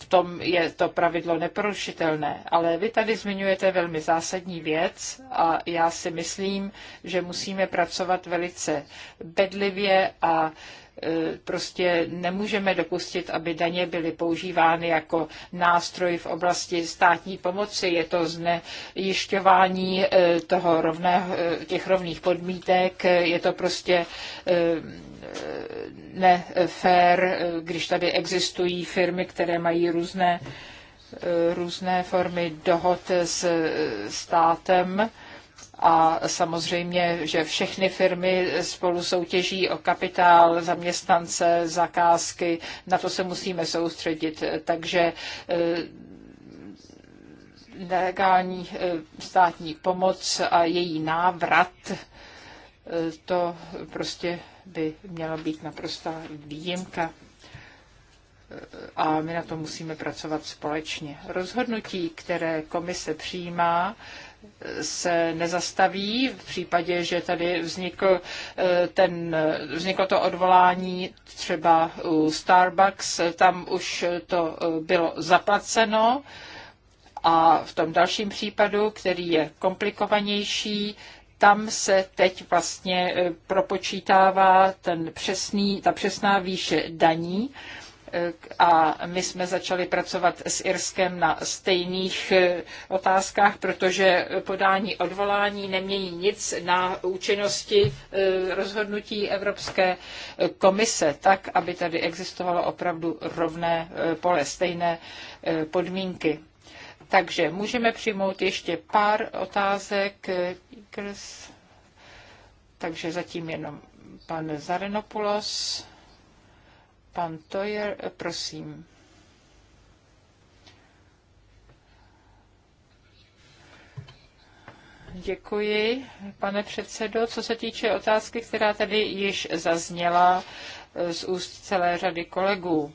v tom je to pravidlo neporušitelné. Ale vy tady zmiňujete velmi zásadní věc a já si myslím, že musíme pracovat velice bedlivě a E, prostě nemůžeme dopustit, aby daně byly používány jako nástroj v oblasti státní pomoci. Je to znejišťování e, toho rovného, e, těch rovných podmítek, je to prostě nefér, když tady existují firmy, které mají různé, různé formy dohod s státem a samozřejmě, že všechny firmy spolu soutěží o kapitál, zaměstnance, zakázky, na to se musíme soustředit. Takže eh, nelegální eh, státní pomoc a její návrat, eh, to prostě by měla být naprostá výjimka a my na to musíme pracovat společně. Rozhodnutí, které komise přijímá, se nezastaví v případě, že tady vznikl eh, ten, eh, vzniklo to odvolání třeba u Starbucks, tam už to eh, bylo zaplaceno a v tom dalším případu, který je komplikovanější, tam se teď vlastně propočítává ten přesný, ta přesná výše daní a my jsme začali pracovat s Irskem na stejných eh, otázkách, protože podání odvolání nemění nic na účinnosti eh, rozhodnutí Evropské eh, komise, tak, aby tady existovalo opravdu rovné pole, stejné podmínky. Takže můžeme přijmout ještě pár otázek. Takže zatím jenom pan Zarenopoulos. Pan Toyer, prosím. Děkuji, pane předsedo. Co se týče otázky, která tady již zazněla eh, z úst celé řady kolegů.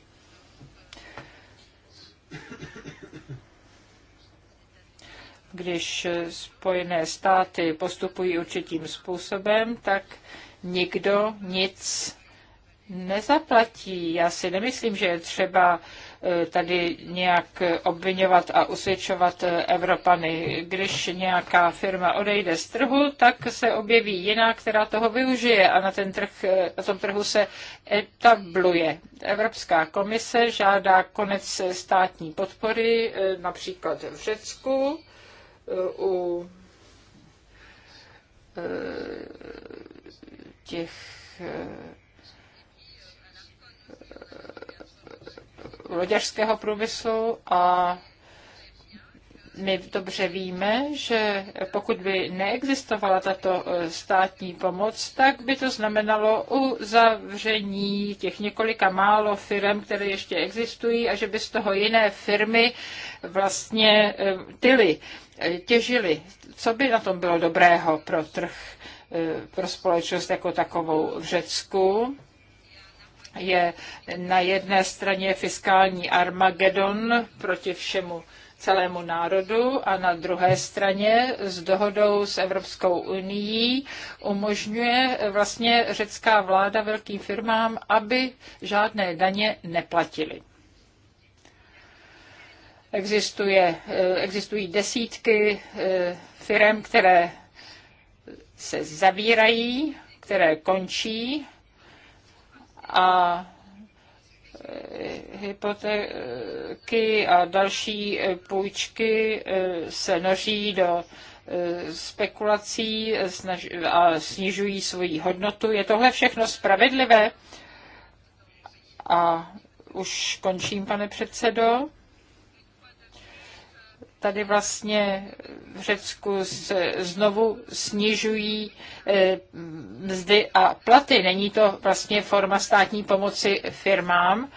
Když Spojené státy postupují určitým způsobem, tak nikdo nic nezaplatí. Já si nemyslím, že je třeba eh, tady nějak obvinovat a usvědčovat eh, Evropany. Když nějaká firma odejde z trhu, tak se objeví jiná, která toho využije a na, ten trh, eh, na tom trhu se etabluje. Evropská komise žádá konec státní podpory, například v Řecku, u těch loďařského průmyslu a my dobře víme, že pokud by neexistovala tato e, státní pomoc, tak by to znamenalo uzavření těch několika málo firm, které ještě existují a že by z toho jiné firmy vlastně e, tyly, e, těžily. Co by na tom bylo dobrého pro trh, pro společnost jako takovou v Řecku? je na jedné straně fiskální Armagedon proti všemu celému národu a na druhé straně s dohodou s Evropskou unii umožňuje vlastně řecká vláda velkým firmám, aby žádné daně neplatili. Existuje, eh, existují desítky eh, firm, které se zavírají, které končí a eh, hypotéky a další eh, půjčky eh, se noří do spekulací a snižují svoji hodnotu. Je tohle všechno spravedlivé? A už končím, pane předsedo tady vlastně v Řecku se znovu snižují eh, mzdy a platy. Není to vlastně forma státní pomoci firmám.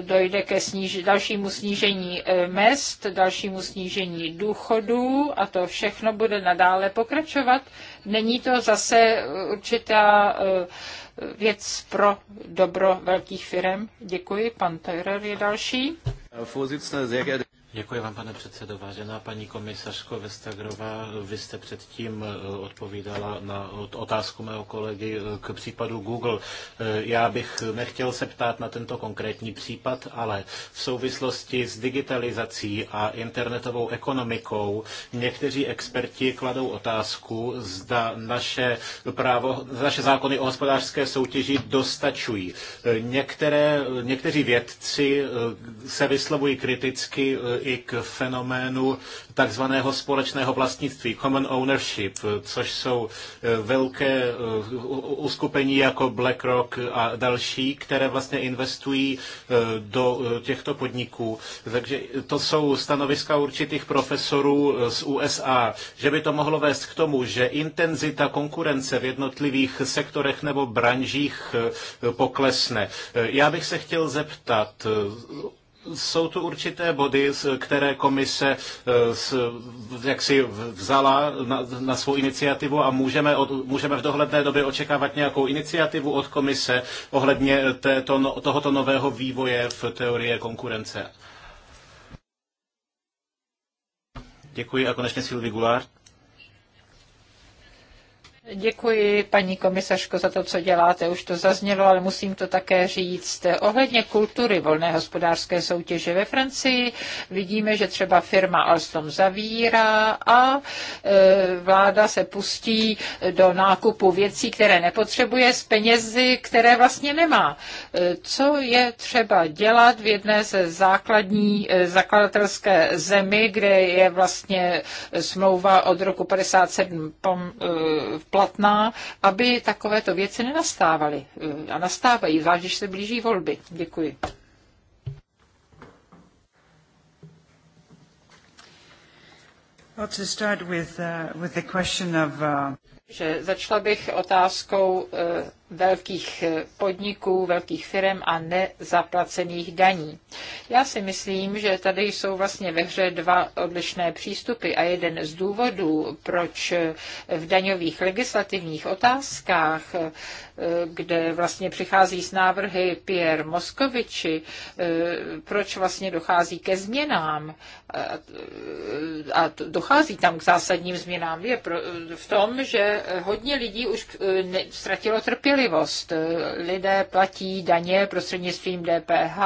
Dojde ke sníž- dalšímu snížení eh, mest, dalšímu snížení důchodů a to všechno bude nadále pokračovat. Není to zase určitá eh, věc pro dobro velkých firm. Děkuji. Pan Teurer je další. Děkuji vám, pane předsedo. Vážená paní komisařko Vestagrová, vy jste předtím eh, odpovídala na otázku mého kolegy eh, k případu Google. Eh, já bych nechtěl se ptát na tento konkrétní případ, ale v souvislosti s digitalizací a internetovou ekonomikou někteří experti kladou otázku, zda naše, právo, naše zákony o hospodářské soutěži dostačují. Některé, někteří vědci se vyslovují kriticky i k fenoménu takzvaného společného vlastnictví, common ownership, což jsou e, velké e, uskupení jako BlackRock a další, které vlastně investují e, do těchto podniků. Takže to jsou stanoviska určitých profesorů z USA, že by to mohlo vést k tomu, že intenzita konkurence v jednotlivých sektorech nebo branžích poklesne. Já bych se chtěl zeptat, jsou tu určité body, které komise e, jaksi vzala na, na svou iniciativu a můžeme, od, můžeme v dohledné době očekávat nějakou iniciativu od komise ohledně této, no, tohoto nového vývoje v teorie konkurence. Děkuji a konečně Sylvie Goulart. Děkuji, paní komisařko, za to, co děláte. Už to zaznělo, ale musím to také říct. Ohledně kultury volné hospodářské soutěže ve Francii vidíme, že třeba firma Alstom zavírá a e, vláda se pustí do nákupu věcí, které nepotřebuje, z penězi, které vlastně nemá. E, co je třeba dělat v jedné ze základní e, zakladatelské zemi, kde je vlastně smlouva od roku 57 v platná, aby takovéto věci nenastávaly. Eh, a nastávají, zvlášť když se blíží volby. Děkuji. Uh, uh, Že začala bych otázkou eh, velkých eh, podniků, velkých firm a nezaplacených daní. Já si myslím, že tady jsou vlastně ve hře dva odlišné přístupy a jeden z důvodů, proč eh, v daňových legislativních otázkách, eh, kde vlastně přichází s návrhy Pierre Moskoviči, proč vlastně dochází ke změnám a dochází tam k zásadním změnám, je v tom, že hodně lidí už ztratilo trpělivost trpělivost. Lidé platí daně prostřednictvím DPH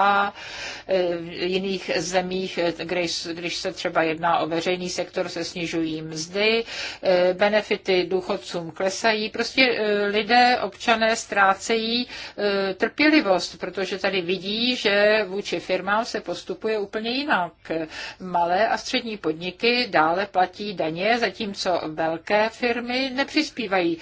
eh, v jiných zemích, když, se třeba jedná o veřejný sektor, se snižují mzdy, eh, benefity důchodcům klesají. Prostě eh, lidé, občané ztrácejí trpělivost, protože tady vidí, že vůči firmám se postupuje úplně jinak. Malé a střední podniky dále platí daně, zatímco velké firmy nepřispívají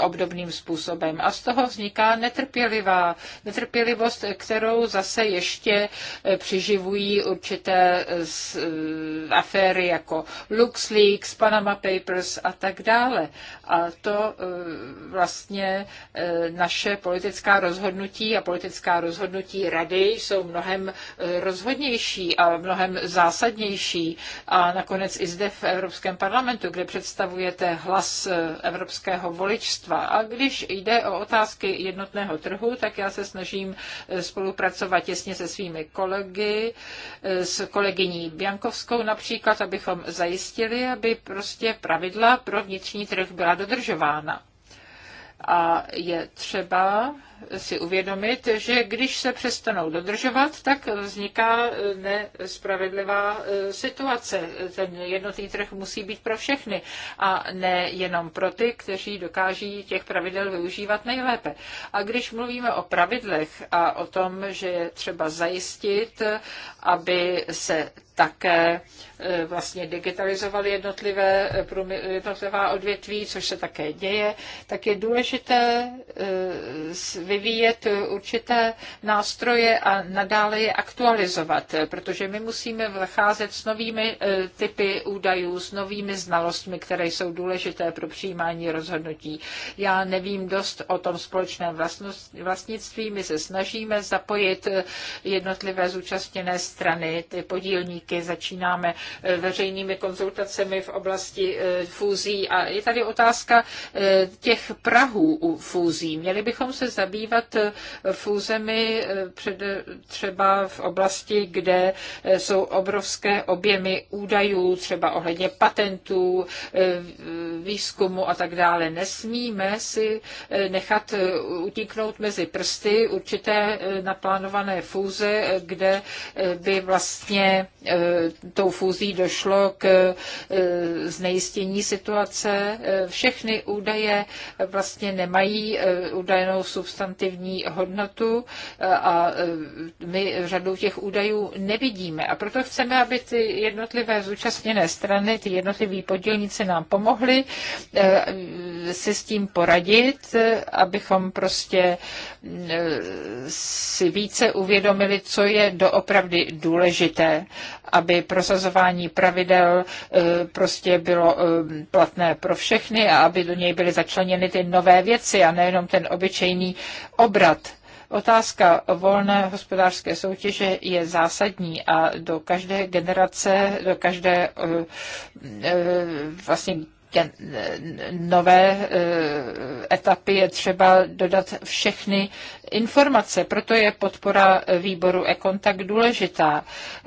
obdobným způsobem. A z toho vzniká netrpělivá. Netrpělivost, kterou zase ještě eh, přiživují určité eh, eh, aféry jako LuxLeaks, Panama Papers a tak dále. A to e, vlastně e, naše politická rozhodnutí a politická rozhodnutí rady jsou mnohem e, rozhodnější a mnohem zásadnější. A nakonec i zde v Evropském parlamentu, kde představujete hlas evropského voličstva. A když jde o otázky jednotného trhu, tak já se snažím spolupracovat těsně se svými kolegy, s kolegyní Biankovskou například, abychom zajistili, aby prostě pravidla pro vnitřní trh byla dodržována. A je třeba si uvědomit, že když se přestanou dodržovat, tak vzniká eh, nespravedlivá eh, situace. Ten jednotný trh musí být pro všechny a ne jenom pro ty, kteří dokáží těch pravidel využívat nejlépe. A když mluvíme o pravidlech a o tom, že je třeba zajistit, eh, aby se také Eh, vlastně digitalizovali jednotlivé, eh, jednotlivá odvětví, což se také děje, tak je důležité eh, vyvíjet určité nástroje a nadále je aktualizovat, protože my musíme vcházet s novými typy údajů, s novými znalostmi, které jsou důležité pro přijímání rozhodnutí. Já nevím dost o tom společném vlastnictví, my se snažíme zapojit jednotlivé zúčastněné strany, ty podílníky, začínáme Eh, veřejnými konzultacemi v oblasti eh, fúzí. A je tady otázka eh, těch prahů u fúzí. Měli bychom se zabývat fúzemi před, třeba v oblasti, kde jsou obrovské objemy údajů, třeba ohledně patentů, výzkumu a tak dále. Nesmíme si nechat utíknout mezi prsty určité naplánované fúze, kde by vlastně tou fúzí školství došlo k e, znejistění situace. E, všechny údaje vlastně nemají e, údajnou substantivní hodnotu a my řadu těch údajů nevidíme. A proto chceme, aby ty jednotlivé zúčastněné strany, ty jednotlivé podílníci nám pomohly se s tím poradit, abychom prostě si více uvědomili, co je doopravdy důležité, aby prosazování pravidel eh, prostě bylo eh, platné pro všechny a aby do něj byly začleněny ty nové věci a nejenom ten obyčejný obrat Otázka volné hospodářské soutěže je zásadní a do každé generace, do každé eh, vlastně té eh, nové eh, etapy je třeba dodat všechny informace. Proto je podpora výboru Ekon tak důležitá,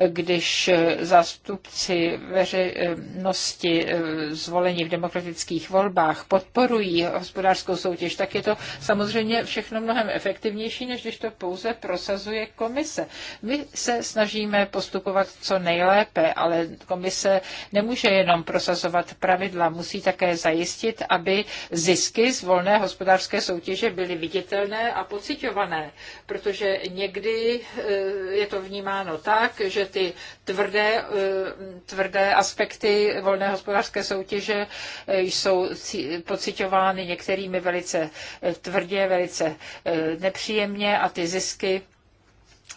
když zástupci veřejnosti eh, zvolení v demokratických volbách podporují hospodářskou soutěž, tak je to samozřejmě všechno mnohem efektivnější, než když to pouze prosazuje komise. My se snažíme postupovat co nejlépe, ale komise nemůže jenom prosazovat pravidla, musí také zajistit, aby zisky z volné hospodářské soutěže byly viditelné a pocitové kombinované, protože někdy eh, je to vnímáno tak, že ty tvrdé, eh, tvrdé aspekty volné hospodářské soutěže eh, jsou pocitovány některými velice tvrdě, velice nepříjemně a ty zisky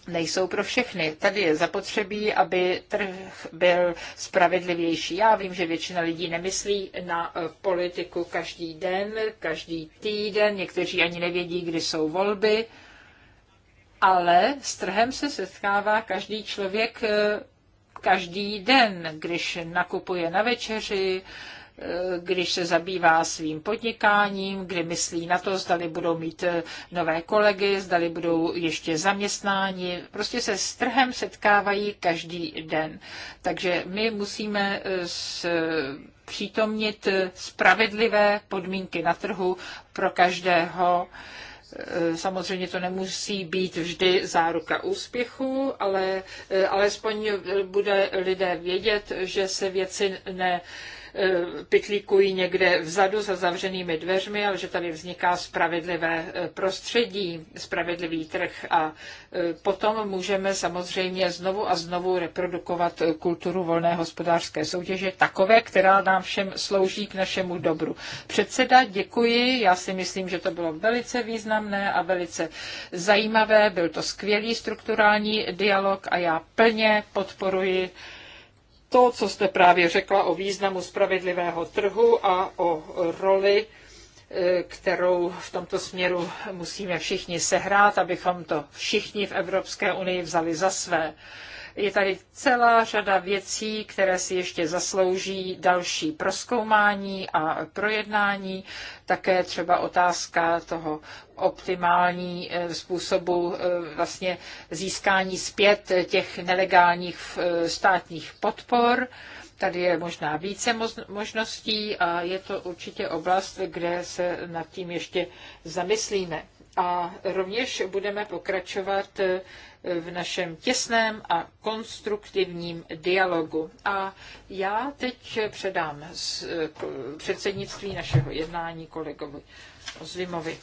nejsou pro všechny. Tady je zapotřebí, aby trh byl spravedlivější. Já vím, že většina lidí nemyslí na eh, politiku každý den, každý týden, někteří ani nevědí, kdy jsou volby, ale s trhem se setkává každý člověk eh, každý den, když nakupuje na večeři, když se zabývá svým podnikáním, kdy myslí na to, zdali budou mít eh, nové kolegy, zdali budou ještě zaměstnáni. Prostě se s trhem setkávají každý den. Takže my musíme eh, s přítomnit eh, spravedlivé podmínky na trhu pro každého. Samozřejmě to nemusí být vždy záruka úspěchu, ale alespoň bude lidé vědět, že se věci ne, E, pytlíkují někde vzadu za zavřenými dveřmi, ale že tady vzniká spravedlivé e, prostředí, spravedlivý trh a e, potom můžeme samozřejmě znovu a znovu reprodukovat kulturu volné hospodářské soutěže, takové, která nám všem slouží k našemu dobru. Předseda, děkuji, já si myslím, že to bylo velice významné a velice zajímavé, byl to skvělý strukturální dialog a já plně podporuji to, co jste právě řekla o významu spravedlivého trhu a o roli, e, kterou v tomto směru musíme všichni sehrát, abychom to všichni v Evropské unii vzali za své. Je tady celá řada věcí, které si ještě zaslouží další proskoumání a projednání. Také třeba otázka toho optimální eh, způsobu eh, vlastně získání zpět těch nelegálních eh, státních podpor. Tady je možná více možností a je to určitě oblast, kde se nad tím ještě zamyslíme a rovněž budeme pokračovat eh, v našem těsném a konstruktivním dialogu. A já teď předám eh, předsednictví našeho jednání kolegovi Ozvimovi.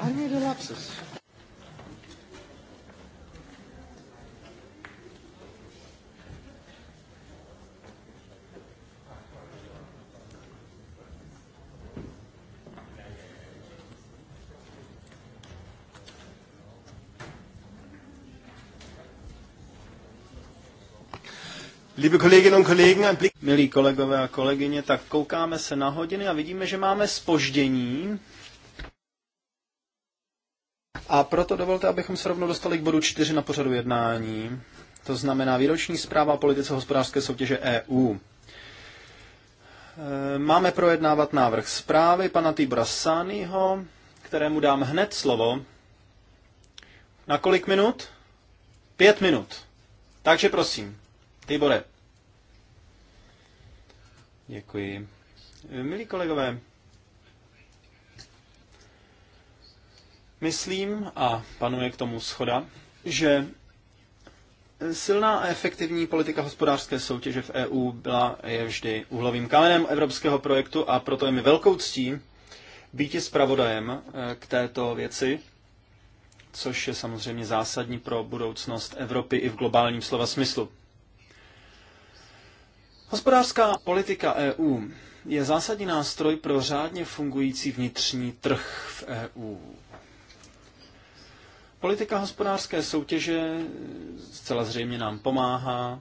I made a Liebe Kolleginnen und Kollegen, ein Blick. Milí kolegové a kolegyně, tak koukáme se na hodiny a vidíme, že máme spoždění. A proto dovolte, abychom se rovnou dostali k bodu 4 na pořadu jednání. To znamená výroční zpráva o politice hospodářské soutěže EU. E, máme projednávat návrh zprávy pana Tibora Sányho, kterému dám hned slovo. Na kolik minut? Pět minut. Takže prosím. Tibore. Děkuji. Milí kolegové, myslím, a panuje k tomu schoda, že silná a efektivní politika hospodářské soutěže v EU byla je vždy uhlovým kamenem evropského projektu a proto je mi velkou ctí s zpravodajem eh, k této věci, což je samozřejmě zásadní pro budoucnost Evropy i v globálním slova smyslu. Hospodářská politika EU je zásadní nástroj pro řádně fungující vnitřní trh v EU. Politika hospodářské soutěže zcela zřejmě nám pomáhá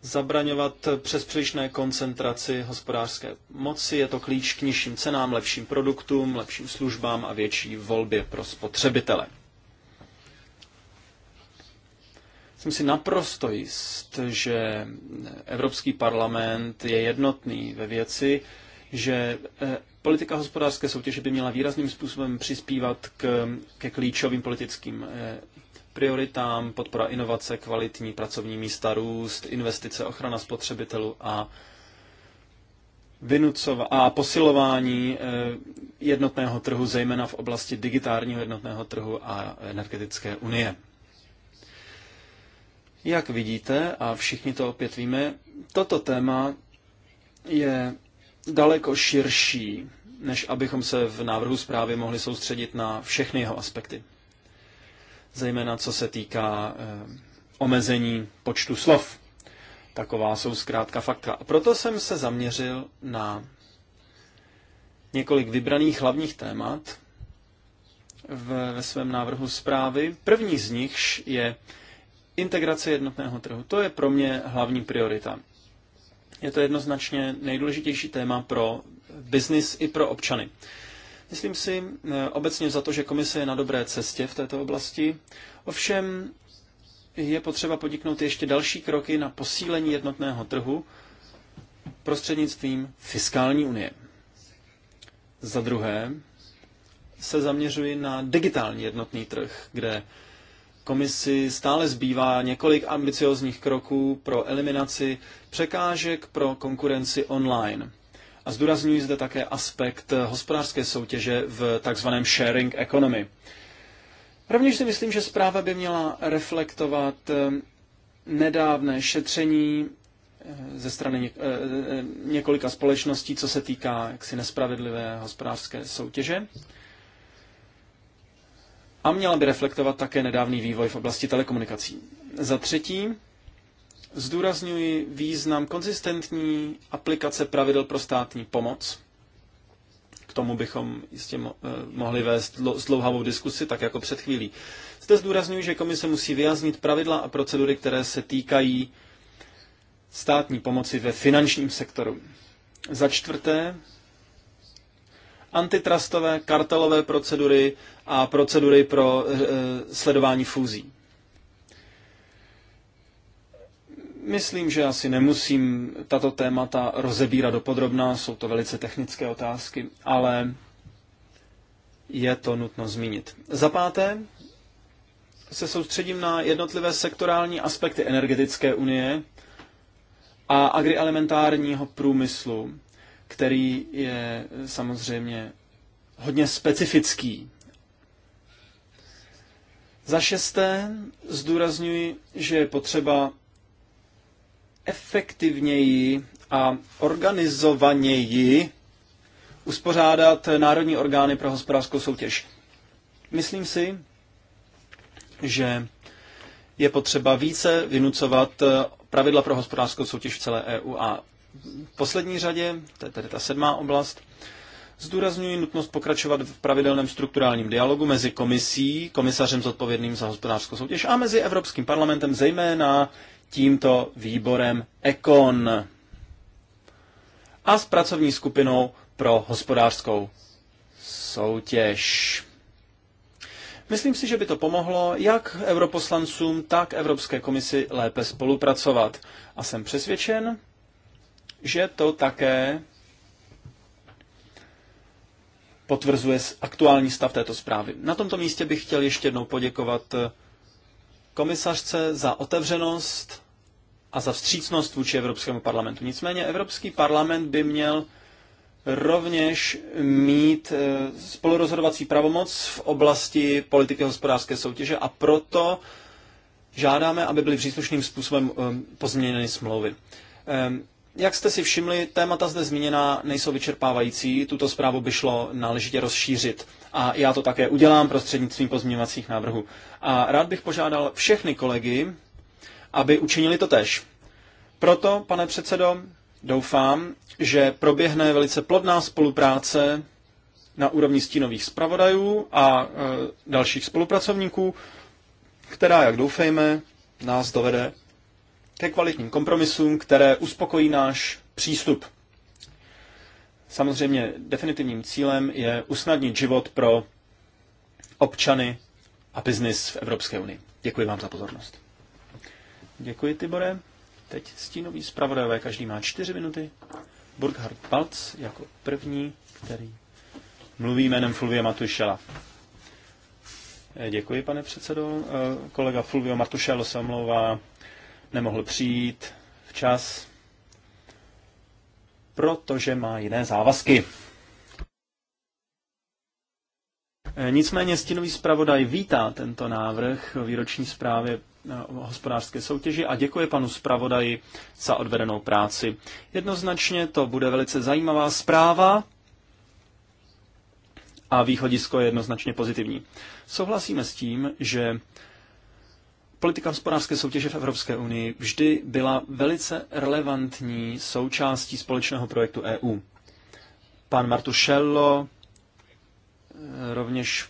zabraňovat přes přílišné koncentraci hospodářské moci. Je to klíč k nižším cenám, lepším produktům, lepším službám a větší volbě pro spotřebitele. Jsem si naprosto jist, že Evropský parlament je jednotný ve věci, že eh, politika hospodářské soutěže by měla výrazným způsobem přispívat k, ke klíčovým politickým eh, prioritám, podpora inovace, kvalitní pracovní místa, růst, investice, ochrana spotřebitelů a a posilování eh, jednotného trhu, zejména v oblasti digitálního jednotného trhu a energetické unie. Jak vidíte, a všichni to opět víme, toto téma je daleko širší, než abychom se v návrhu zprávy mohli soustředit na všechny jeho aspekty. Zejména co se týká eh, omezení počtu slov. Taková jsou zkrátka fakta. A proto jsem se zaměřil na několik vybraných hlavních témat ve svém návrhu zprávy. První z nich je Integrace jednotného trhu, to je pro mě hlavní priorita. Je to jednoznačně nejdůležitější téma pro biznis i pro občany. Myslím si eh, obecně za to, že komise je na dobré cestě v této oblasti. Ovšem je potřeba podniknout ještě další kroky na posílení jednotného trhu prostřednictvím fiskální unie. Za druhé se zaměřuji na digitální jednotný trh, kde komisi stále zbývá několik ambiciozních kroků pro eliminaci překážek pro konkurenci online. A zdůrazňuji zde také aspekt hospodářské soutěže v tzv. sharing economy. Rovněž si myslím, že zpráva by měla reflektovat eh, nedávné šetření eh, ze strany eh, několika společností, co se týká jaksi nespravedlivé hospodářské soutěže a měla by reflektovat také nedávný vývoj v oblasti telekomunikací. Za třetí, zdůrazňuji význam konzistentní aplikace pravidel pro státní pomoc. K tomu bychom jistě eh, mohli vést zdlouhavou diskusi, tak jako před chvílí. Zde zdůrazňuji, že komise musí vyjasnit pravidla a procedury, které se týkají státní pomoci ve finančním sektoru. Za čtvrté, antitrustové, kartelové procedury a procedury pro e, sledování fúzí. Myslím, že asi nemusím tato témata rozebírat dopodrobná, jsou to velice technické otázky, ale je to nutno zmínit. Za páté se soustředím na jednotlivé sektorální aspekty energetické unie a agrielementárního průmyslu který je eh, samozřejmě hodně specifický. Za šesté zdůrazňuji, že je potřeba efektivněji a organizovaněji uspořádat národní orgány pro hospodářskou soutěž. Myslím si, že je potřeba více vynucovat eh, pravidla pro hospodářskou soutěž v celé EU a v poslední řadě, to je tedy ta sedmá oblast, zdůrazňuji nutnost pokračovat v pravidelném strukturálním dialogu mezi komisí, komisařem zodpovědným za hospodářskou soutěž a mezi Evropským parlamentem, zejména tímto výborem ECON a s pracovní skupinou pro hospodářskou soutěž. Myslím si, že by to pomohlo jak europoslancům, tak Evropské komisi lépe spolupracovat. A jsem přesvědčen, že to také potvrzuje aktuální stav této zprávy. Na tomto místě bych chtěl ještě jednou poděkovat eh, komisařce za otevřenost a za vstřícnost vůči Evropskému parlamentu. Nicméně Evropský parlament by měl rovněž mít eh, spolurozhodovací pravomoc v oblasti politiky hospodářské soutěže a proto žádáme, aby byly příslušným způsobem eh, pozměněny smlouvy. Ehm, jak jste si všimli, témata zde zmíněná nejsou vyčerpávající, tuto zprávu by šlo náležitě rozšířit. A já to také udělám prostřednictvím pozměňovacích návrhů. A rád bych požádal všechny kolegy, aby učinili to tež. Proto, pane předsedo, doufám, že proběhne velice plodná spolupráce na úrovni stínových zpravodajů a e, dalších spolupracovníků, která, jak doufejme, nás dovede ke kvalitním kompromisům, které uspokojí náš přístup. Samozřejmě definitivním cílem je usnadnit život pro občany a biznis v Evropské unii. Děkuji vám za pozornost. Děkuji, Tibore. Teď stínový zpravodajové, každý má čtyři minuty. Burkhard Palc jako první, který mluví jménem Fulvia Matušela. Děkuji, pane předsedo. Kolega Fulvio Martušelo se omlouvá nemohl přijít včas, protože má jiné závazky. E, nicméně stínový zpravodaj vítá tento návrh výroční zprávy e, o hospodářské soutěži a děkuje panu zpravodaji za odvedenou práci. Jednoznačně to bude velice zajímavá zpráva a východisko je jednoznačně pozitivní. Souhlasíme s tím, že Politika hospodářské soutěže v Evropské unii vždy byla velice relevantní součástí společného projektu EU. Pan Martušello eh, rovněž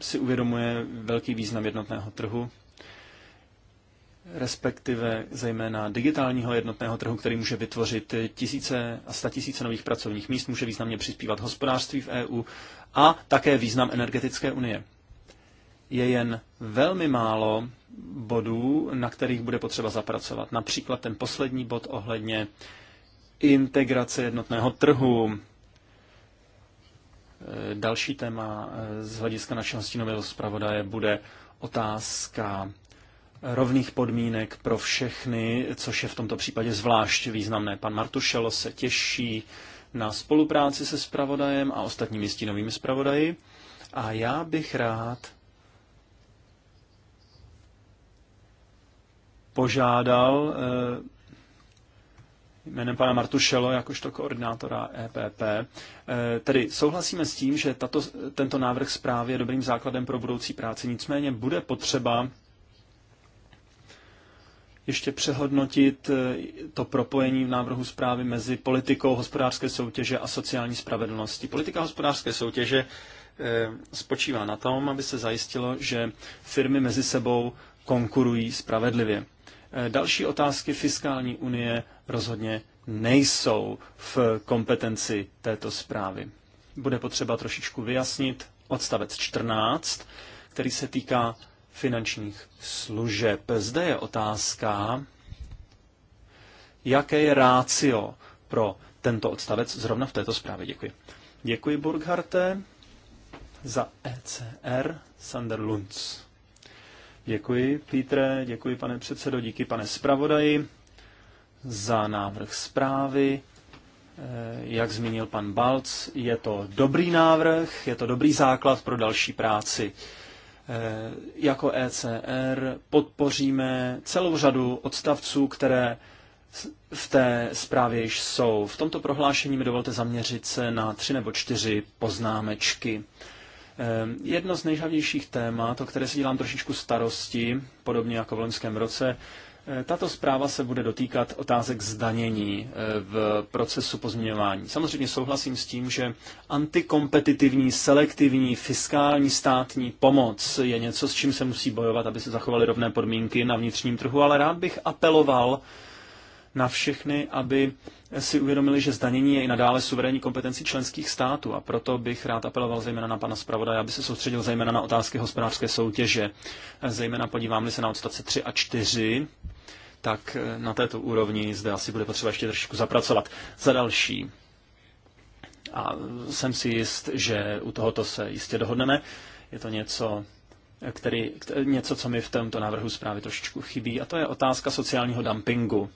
si uvědomuje velký význam jednotného trhu, respektive zejména digitálního jednotného trhu, který může vytvořit tisíce a statisíce nových pracovních míst, může významně přispívat hospodářství v EU a také význam energetické unie je jen velmi málo bodů, na kterých bude potřeba zapracovat. Například ten poslední bod ohledně integrace jednotného trhu. E, další téma e, z hlediska našeho stínového zpravodaje bude otázka rovných podmínek pro všechny, což je v tomto případě zvlášť významné. Pan Martušelo se těší na spolupráci se zpravodajem a ostatními stínovými zpravodaji. A já bych rád požádal eh, jménem pana Martušelo, jakožto koordinátora EPP. Eh, tedy souhlasíme s tím, že tato, tento návrh zprávy je dobrým základem pro budoucí práci, nicméně bude potřeba ještě přehodnotit eh, to propojení v návrhu zprávy mezi politikou hospodářské soutěže a sociální spravedlnosti. Politika hospodářské soutěže spočívá na tom, aby se zajistilo, že firmy mezi sebou konkurují spravedlivě. Eh, další otázky fiskální unie rozhodně nejsou v kompetenci této zprávy. Bude potřeba trošičku vyjasnit odstavec 14, který se týká finančních služeb. Zde je otázka, jaké je rácio pro tento odstavec zrovna v této zprávě. Děkuji. Děkuji, Burgharte, za ECR Sander Lunds. Děkuji, Pítre, děkuji, pane předsedo, díky, pane zpravodaji, za návrh zprávy. Eh, jak zmínil pan Balc, je to dobrý návrh, je to dobrý základ pro další práci. Eh, jako ECR podpoříme celou řadu odstavců, které v té zprávě již jsou. V tomto prohlášení mi dovolte zaměřit se na tři nebo čtyři poznámečky. Ehm, jedno z nejžavějších témat, o které si dělám trošičku starosti, podobně jako v loňském roce, eh, tato zpráva se bude dotýkat otázek zdanění eh, v procesu pozměňování. Samozřejmě souhlasím s tím, že antikompetitivní, selektivní, fiskální státní pomoc je něco, s čím se musí bojovat, aby se zachovaly rovné podmínky na vnitřním trhu, ale rád bych apeloval na všechny, aby si uvědomili, že zdanění je i nadále suverénní kompetenci členských států a proto bych rád apeloval zejména na pana zpravodaje, aby se soustředil zejména na otázky hospodářské soutěže. Zejména podívám se na odstavce 3 a 4, tak eh, na této úrovni zde asi bude potřeba ještě trošku zapracovat. Za další, a eh, jsem si jist, že u tohoto se jistě dohodneme, je to něco, eh, který, něco, co mi v tomto návrhu zprávy trošičku chybí, a to je otázka sociálního dumpingu.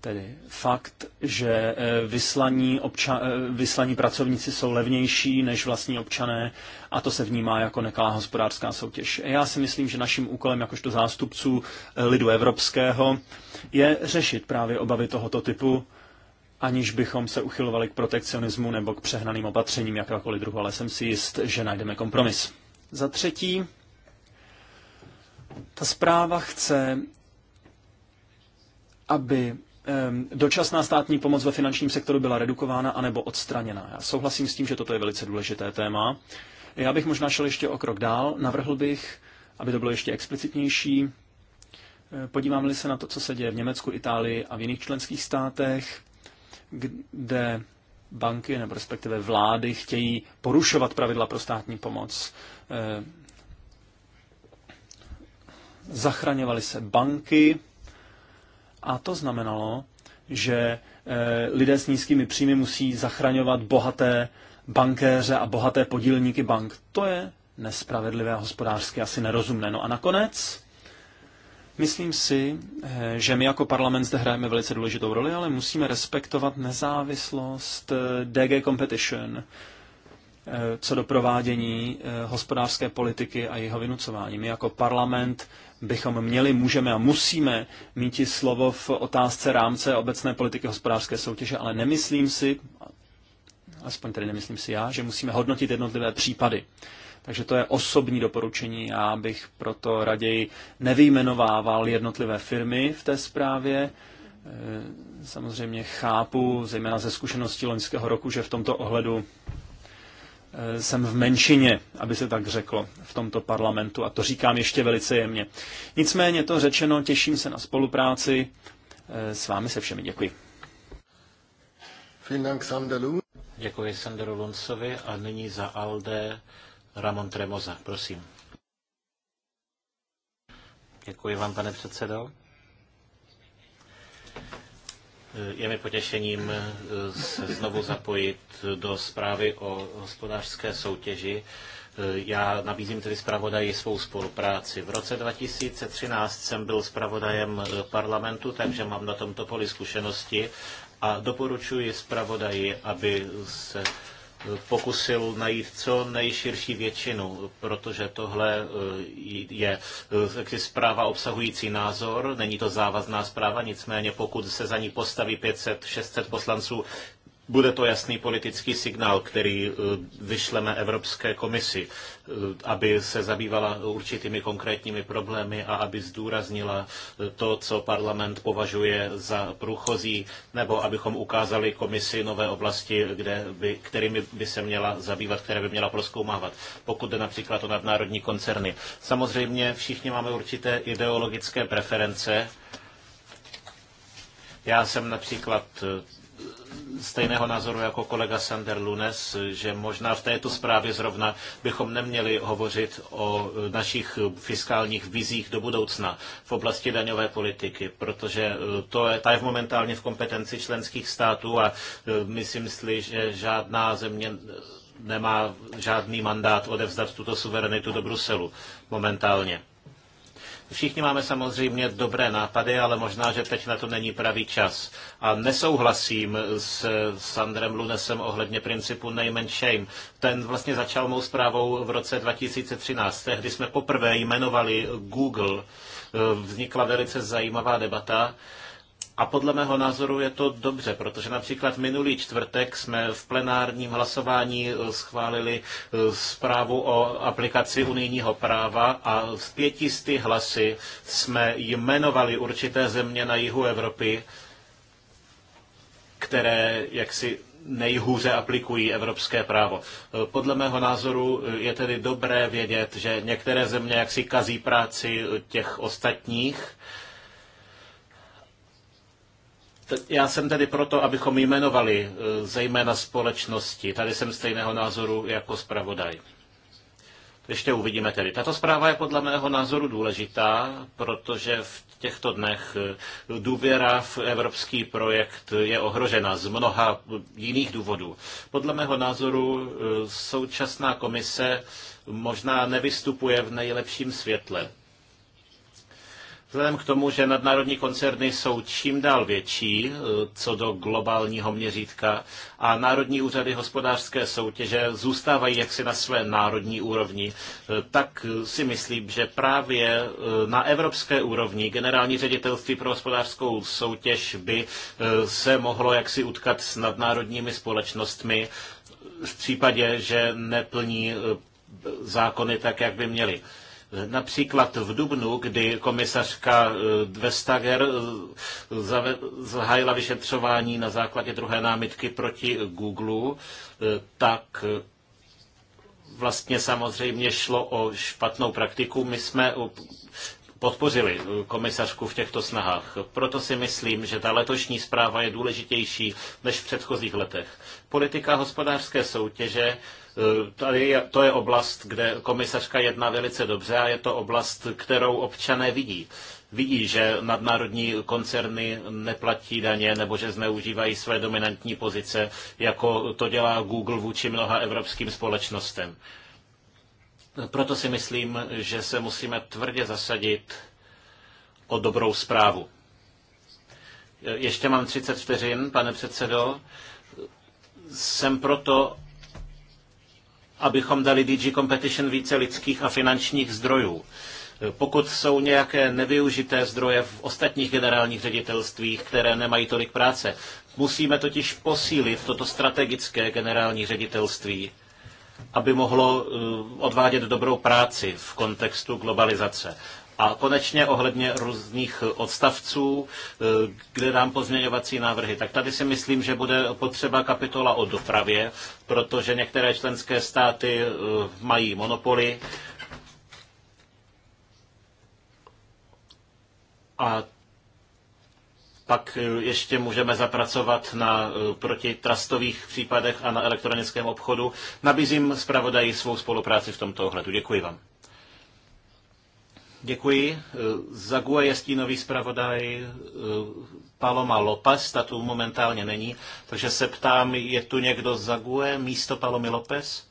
Tedy fakt, že eh, vyslaní, obča- eh, vyslaní pracovníci jsou levnější než vlastní občané a to se vnímá jako nekalá hospodářská soutěž. Já si myslím, že naším úkolem jakožto zástupců eh, lidu evropského je řešit právě obavy tohoto typu, aniž bychom se uchylovali k protekcionismu nebo k přehnaným opatřením jakéhokoliv druhu, ale jsem si jist, že najdeme kompromis. Za třetí, ta zpráva chce, aby dočasná státní pomoc ve finančním sektoru byla redukována anebo odstraněna. Já souhlasím s tím, že toto je velice důležité téma. Já bych možná šel ještě o krok dál. Navrhl bych, aby to bylo ještě explicitnější. Podíváme-li se na to, co se děje v Německu, Itálii a v jiných členských státech, kde banky nebo respektive vlády chtějí porušovat pravidla pro státní pomoc. Zachraňovaly se banky, a to znamenalo, že eh, lidé s nízkými příjmy musí zachraňovat bohaté bankéře a bohaté podílníky bank. To je nespravedlivé a hospodářsky asi nerozumné. No a nakonec, myslím si, eh, že my jako parlament zde hrajeme velice důležitou roli, ale musíme respektovat nezávislost eh, DG Competition, Eh, co do provádění eh, hospodářské politiky a jeho vynucování. My jako parlament bychom měli, můžeme a musíme mít i slovo v otázce rámce obecné politiky hospodářské soutěže, ale nemyslím si, aspoň tedy nemyslím si já, že musíme hodnotit jednotlivé případy. Takže to je osobní doporučení. Já bych proto raději nevyjmenovával jednotlivé firmy v té zprávě. Eh, samozřejmě chápu, zejména ze zkušenosti loňského roku, že v tomto ohledu Eh, jsem v menšině, aby se tak řeklo, v tomto parlamentu a to říkám ještě velice jemně. Nicméně to řečeno, těším se na spolupráci eh, s vámi se všemi. Děkuji. Děkuji Sandro Luncovi a nyní za Alde Ramon Tremoza. Prosím. Děkuji vám, pane předsedo. Je mi potěšením eh, se znovu zapojit do zprávy o hospodářské soutěži. Eh, Já nabízím tedy zpravodaji svou spolupráci. V roce 2013 jsem byl zpravodajem eh, parlamentu, takže mám na tomto poli zkušenosti a doporučuji zpravodaji, aby se pokusil najít co nejširší většinu, protože tohle e, je e, zpráva obsahující názor, není to závazná zpráva, nicméně pokud se za ní postaví 500-600 poslanců, bude to jasný politický signál, který eh, vyšleme Evropské komisi, eh, aby se zabývala určitými konkrétními problémy a aby zdůraznila eh, to, co parlament považuje za průchozí, nebo abychom ukázali komisi nové oblasti, kde by, kterými by se měla zabývat, které by měla proskoumávat, pokud jde například o nadnárodní koncerny. Samozřejmě všichni máme určité ideologické preference. Já jsem například stejného názoru jako kolega Sander Lunes, že možná v této zprávě zrovna bychom neměli hovořit o našich fiskálních vizích do budoucna v oblasti daňové politiky, protože e, to je, ta je momentálně v kompetenci členských států a e, myslím si, že žádná země nemá žádný mandát odevzdat tuto suverenitu do Bruselu momentálně. Všichni máme samozřejmě dobré nápady, ale možná, že teď na to není pravý čas. A nesouhlasím s Sandrem Lunesem ohledně principu name and shame. Ten vlastně začal mou zprávou v roce 2013. kdy jsme poprvé jmenovali Google. Vznikla velice zajímavá debata a podle mého názoru je to dobře, protože například minulý čtvrtek jsme v plenárním hlasování eh, schválili eh, zprávu o aplikaci unijního práva a v pětisty hlasy jsme jmenovali určité země na jihu Evropy, které jaksi nejhůře aplikují evropské právo. Eh, podle mého názoru je tedy dobré vědět, že některé země jaksi kazí práci těch ostatních já jsem tedy proto, abychom jmenovali eh, zejména společnosti. Tady jsem stejného názoru jako zpravodaj. Ještě uvidíme tedy. Tato zpráva je podle mého názoru důležitá, protože v těchto dnech eh, důvěra v evropský projekt je ohrožena z mnoha eh, jiných důvodů. Podle mého názoru současná komise možná nevystupuje v nejlepším světle. Vzhledem k tomu, že nadnárodní koncerny jsou čím dál větší, eh, co do globálního měřítka, a národní úřady hospodářské soutěže zůstávají jaksi na své národní úrovni, eh, tak eh, si myslím, že právě na evropské úrovni generální ředitelství pro hospodářskou soutěž by se mohlo jaksi utkat s nadnárodními společnostmi v případě, že neplní zákony tak, jak by měly. Například v Dubnu, kdy komisařka eh, Vestager eh, zahájila vyšetřování na základě druhé námitky proti Google, eh, tak vlastně samozřejmě šlo o špatnou praktiku. My jsme podpořili komisařku v těchto snahách. Proto si myslím, že ta letošní zpráva je důležitější než v předchozích letech. Politika hospodářské soutěže Tady je, to je oblast, kde komisařka jedná velice dobře a je to oblast, kterou občané vidí. Vidí, že nadnárodní koncerny neplatí daně nebo že zneužívají své dominantní pozice, jako to dělá Google vůči mnoha evropským společnostem. Proto si myslím, že se musíme tvrdě zasadit o dobrou zprávu. Ještě mám 30 vteřin, pane předsedo. Jsem proto, abychom dali DG Competition více lidských a finančních zdrojů. Pokud jsou nějaké nevyužité zdroje v ostatních generálních ředitelstvích, které nemají tolik práce, musíme totiž posílit toto strategické generální ředitelství, aby mohlo eh, odvádět dobrou práci v kontextu globalizace. A konečně ohledně různých eh, odstavců, eh, kde dám pozměňovací návrhy, tak tady si myslím, že bude potřeba kapitola o dopravě, protože některé členské státy eh, mají monopoly. A pak ještě můžeme zapracovat na protitrastových případech a na elektronickém obchodu. Nabízím zpravodaji svou spolupráci v tomto ohledu. Děkuji vám. Děkuji. E, Zaguje je stínový zpravodaj e, Paloma Lopez, ta tu momentálně není, takže se ptám, je tu někdo Zaguje místo Palomy Lopez?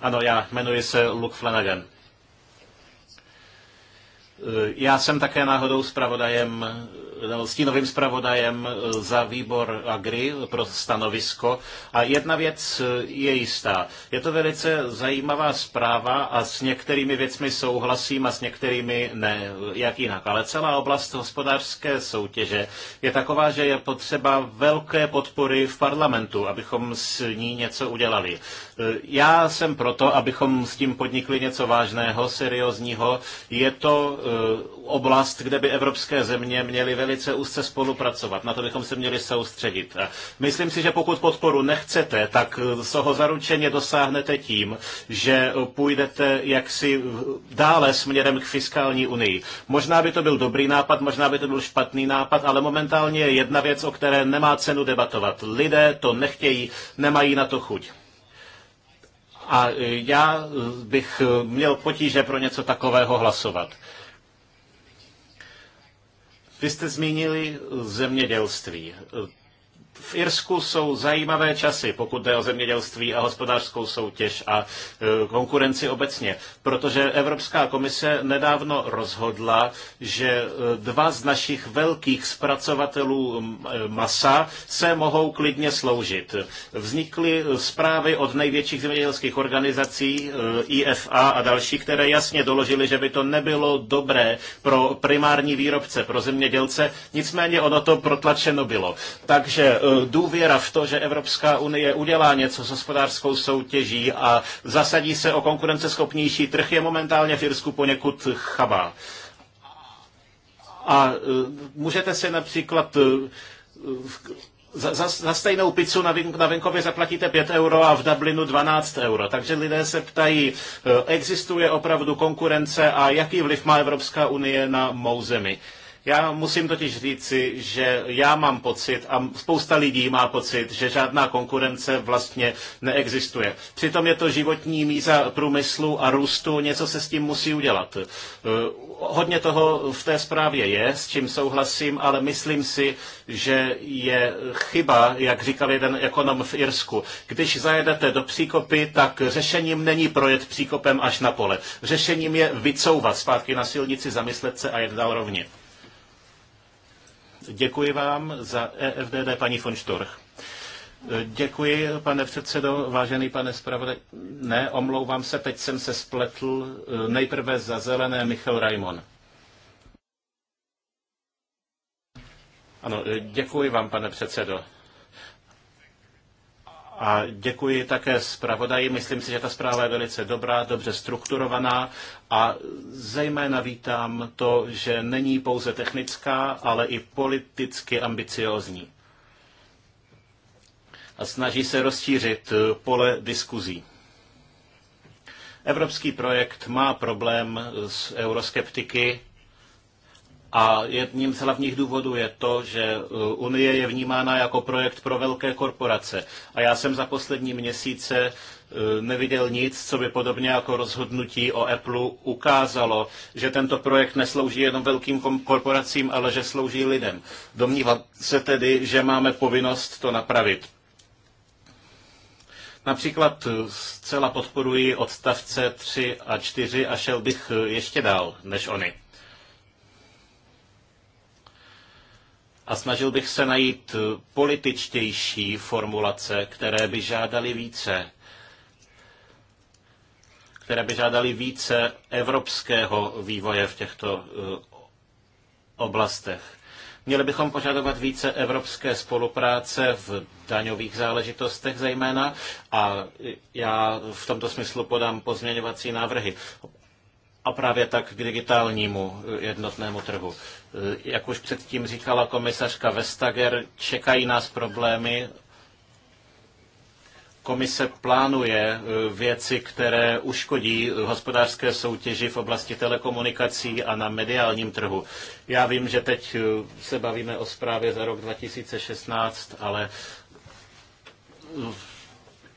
Ano, já jmenuji se Luke Flanagan. E, já jsem také náhodou zpravodajem Eh, stínovým zpravodajem eh, za výbor Agri pro stanovisko. A jedna věc eh, je jistá. Je to velice zajímavá zpráva a s některými věcmi souhlasím a s některými ne, jak jinak. Ale celá oblast hospodářské soutěže je taková, že je potřeba velké podpory v parlamentu, abychom s ní něco udělali. Já jsem proto, abychom s tím podnikli něco vážného, seriózního. Je to oblast, kde by evropské země měly velice úzce spolupracovat. Na to bychom se měli soustředit. Myslím si, že pokud podporu nechcete, tak eh, toho zaručeně dosáhnete tím, že půjdete jaksi dále směrem k fiskální unii. Možná by to byl dobrý nápad, možná by to byl špatný nápad, ale momentálně je jedna věc, o které nemá cenu debatovat. Lidé to nechtějí, nemají na to chuť. A eh, já eh, bych měl potíže pro něco takového hlasovat. Vy jste zmínili zemědělství v Irsku jsou zajímavé časy, pokud jde o zemědělství a hospodářskou soutěž a e, konkurenci obecně, protože Evropská komise nedávno rozhodla, že e, dva z našich velkých zpracovatelů e, masa se mohou klidně sloužit. Vznikly zprávy od největších zemědělských organizací IFA a další, které jasně doložily, že by to nebylo dobré pro primární výrobce, pro zemědělce, nicméně ono to protlačeno bylo. Takže Eh, důvěra v to, že Evropská unie udělá něco s hospodářskou soutěží a zasadí se o konkurenceschopnější trh, je momentálně v Irsku poněkud chabá. A eh, můžete si například eh, za, za, za stejnou pizzu na, ven, na venkově zaplatíte 5 euro a v Dublinu 12 euro. Takže lidé se ptají, existuje opravdu konkurence a jaký vliv má Evropská unie na mou zemi. Já musím totiž říci, že já mám pocit a spousta lidí má pocit, že žádná konkurence vlastně neexistuje. Přitom je to životní míza průmyslu a růstu, něco se s tím musí udělat. E, hodně toho v té zprávě je, s čím souhlasím, ale myslím si, že je chyba, jak říkal jeden ekonom v Irsku. Když zajedete do příkopy, tak řešením není projet příkopem až na pole. Řešením je vycouvat zpátky na silnici, zamyslet se a jet dál rovně. Děkuji vám za EFDD paní von Storch. Děkuji, pane předsedo, vážený pane zpravodaj. Ne, omlouvám se, teď jsem se spletl. Eh, nejprve za zelené Michal Raimon. Ano, eh, děkuji vám, pane předsedo. A děkuji také zpravodaji. Myslím si, že ta zpráva je velice dobrá, dobře strukturovaná a zejména vítám to, že není pouze technická, ale i politicky ambiciózní. A snaží se rozšířit pole diskuzí. Evropský projekt má problém s euroskeptiky, a jedním z hlavních důvodů je to, že uh, Unie je vnímána jako projekt pro velké korporace. A já jsem za poslední měsíce uh, neviděl nic, co by podobně jako rozhodnutí o Apple ukázalo, že tento projekt neslouží jenom velkým korporacím, ale že slouží lidem. Domnívám se tedy, že máme povinnost to napravit. Například uh, zcela podporuji odstavce 3 a 4 a šel bych ještě dál než oni. a snažil bych se najít eh, političtější formulace, které by žádaly více které by žádali více evropského vývoje v těchto eh, oblastech. Měli bychom požadovat více evropské spolupráce v daňových záležitostech zejména a já v tomto smyslu podám pozměňovací návrhy a právě tak k digitálnímu eh, jednotnému trhu. Eh, jak už předtím říkala komisařka Vestager, čekají nás problémy. Komise plánuje eh, věci, které uškodí hospodářské soutěži v oblasti telekomunikací a na mediálním trhu. Já vím, že teď se bavíme o zprávě za rok 2016, ale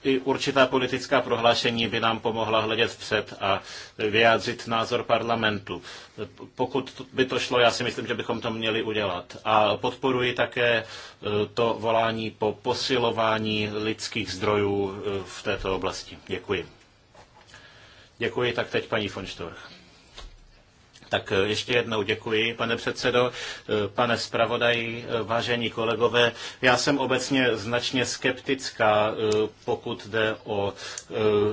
i určitá politická prohlášení by nám pomohla hledět vpřed a vyjádřit názor parlamentu. Pokud by to šlo, já si myslím, že bychom to měli udělat. A podporuji také e, to volání po posilování lidských zdrojů e, v této oblasti. Děkuji. Děkuji, tak teď paní von Storch. Tak eh, ještě jednou děkuji, pane předsedo, eh, pane zpravodaji, eh, vážení kolegové. Já jsem obecně značně skeptická, pokud jde o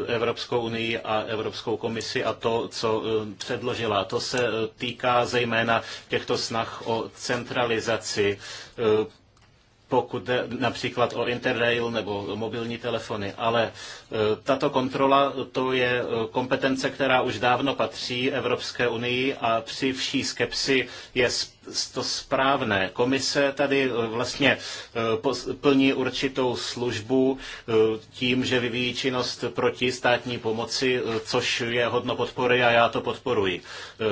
Evropskou unii a Evropskou komisi a to, co předložila. To se týká zejména těchto snah o centralizaci pokud jde například o Interrail nebo mobilní telefony. Ale e, tato kontrola to je e, kompetence, která už dávno patří Evropské unii a při vší skepsi je to správné. Komise tady eh, vlastně eh, plní určitou službu eh, tím, že vyvíjí činnost proti státní pomoci, což je hodno podpory a já to podporuji.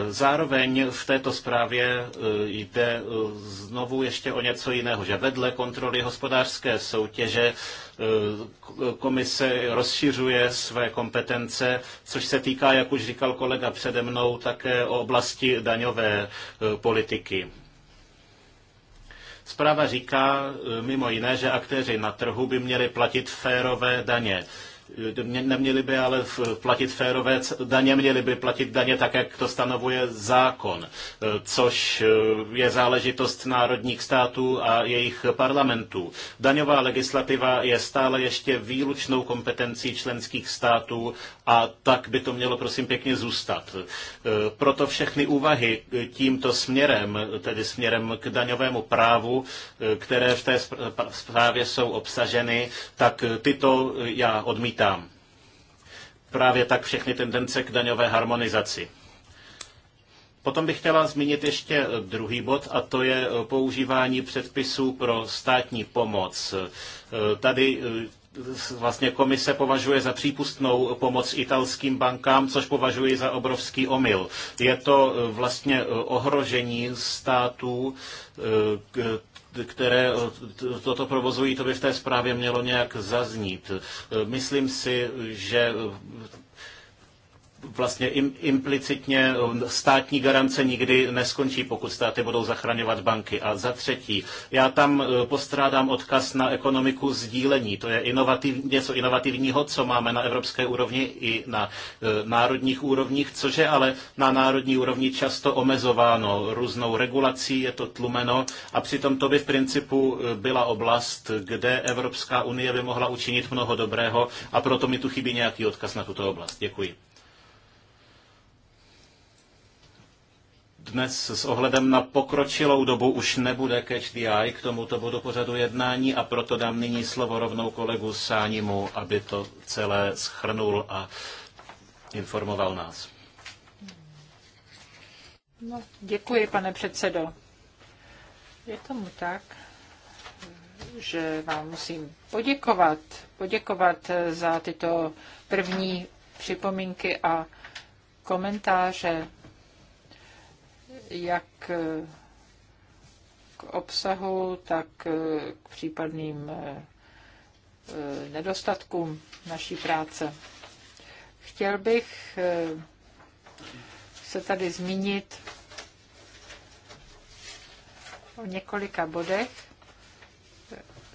Zároveň v této zprávě jde znovu ještě o něco jiného, že vedle kontroly hospodářské soutěže Eh, komise rozšiřuje své kompetence, což se týká, jak už říkal kolega přede mnou, také o oblasti daňové eh, politiky. Zpráva říká eh, mimo jiné, že aktéři na trhu by měli platit férové daně neměli by ale platit férové daně, měli by platit daně tak, jak to stanovuje zákon, e, což e, je záležitost národních států a jejich parlamentů. Daňová legislativa je stále ještě výlučnou kompetencí členských států a tak by to mělo prosím pěkně zůstat. E, proto všechny úvahy tímto směrem, tedy směrem k daňovému právu, které v té zprávě jsou obsaženy, tak tyto já odmítám vítám. Právě tak všechny tendence k daňové harmonizaci. Potom bych chtěla zmínit ještě druhý bod, a to je používání předpisů pro státní pomoc. Tady eh, vlastně komise považuje za přípustnou pomoc italským bankám, což považuji za obrovský omyl. Je to eh, vlastně eh, ohrožení států, které eh, toto provozují, to by v té zprávě mělo nějak zaznít. Eh, myslím si, že eh, vlastně implicitně um, státní garance nikdy neskončí, pokud státy budou zachraňovat banky. A za třetí, já tam uh, postrádám odkaz na ekonomiku sdílení. To je inovativ, něco inovativního, co máme na evropské úrovni i na uh, národních úrovních, což je ale na národní úrovni často omezováno různou regulací, je to tlumeno a přitom to by v principu uh, byla oblast, kde Evropská unie by mohla učinit mnoho dobrého a proto mi tu chybí nějaký odkaz na tuto oblast. Děkuji. dnes s ohledem na pokročilou dobu už nebude catch the eye k tomuto bodu pořadu jednání a proto dám nyní slovo rovnou kolegu Sánimu, aby to celé schrnul a informoval nás. No, děkuji, pane předsedo. Je tomu tak, že vám musím poděkovat, poděkovat za tyto první připomínky a komentáře jak eh, k obsahu, tak eh, k případným eh, nedostatkům naší práce. Chtěl bych se tady zmínit o několika bodech,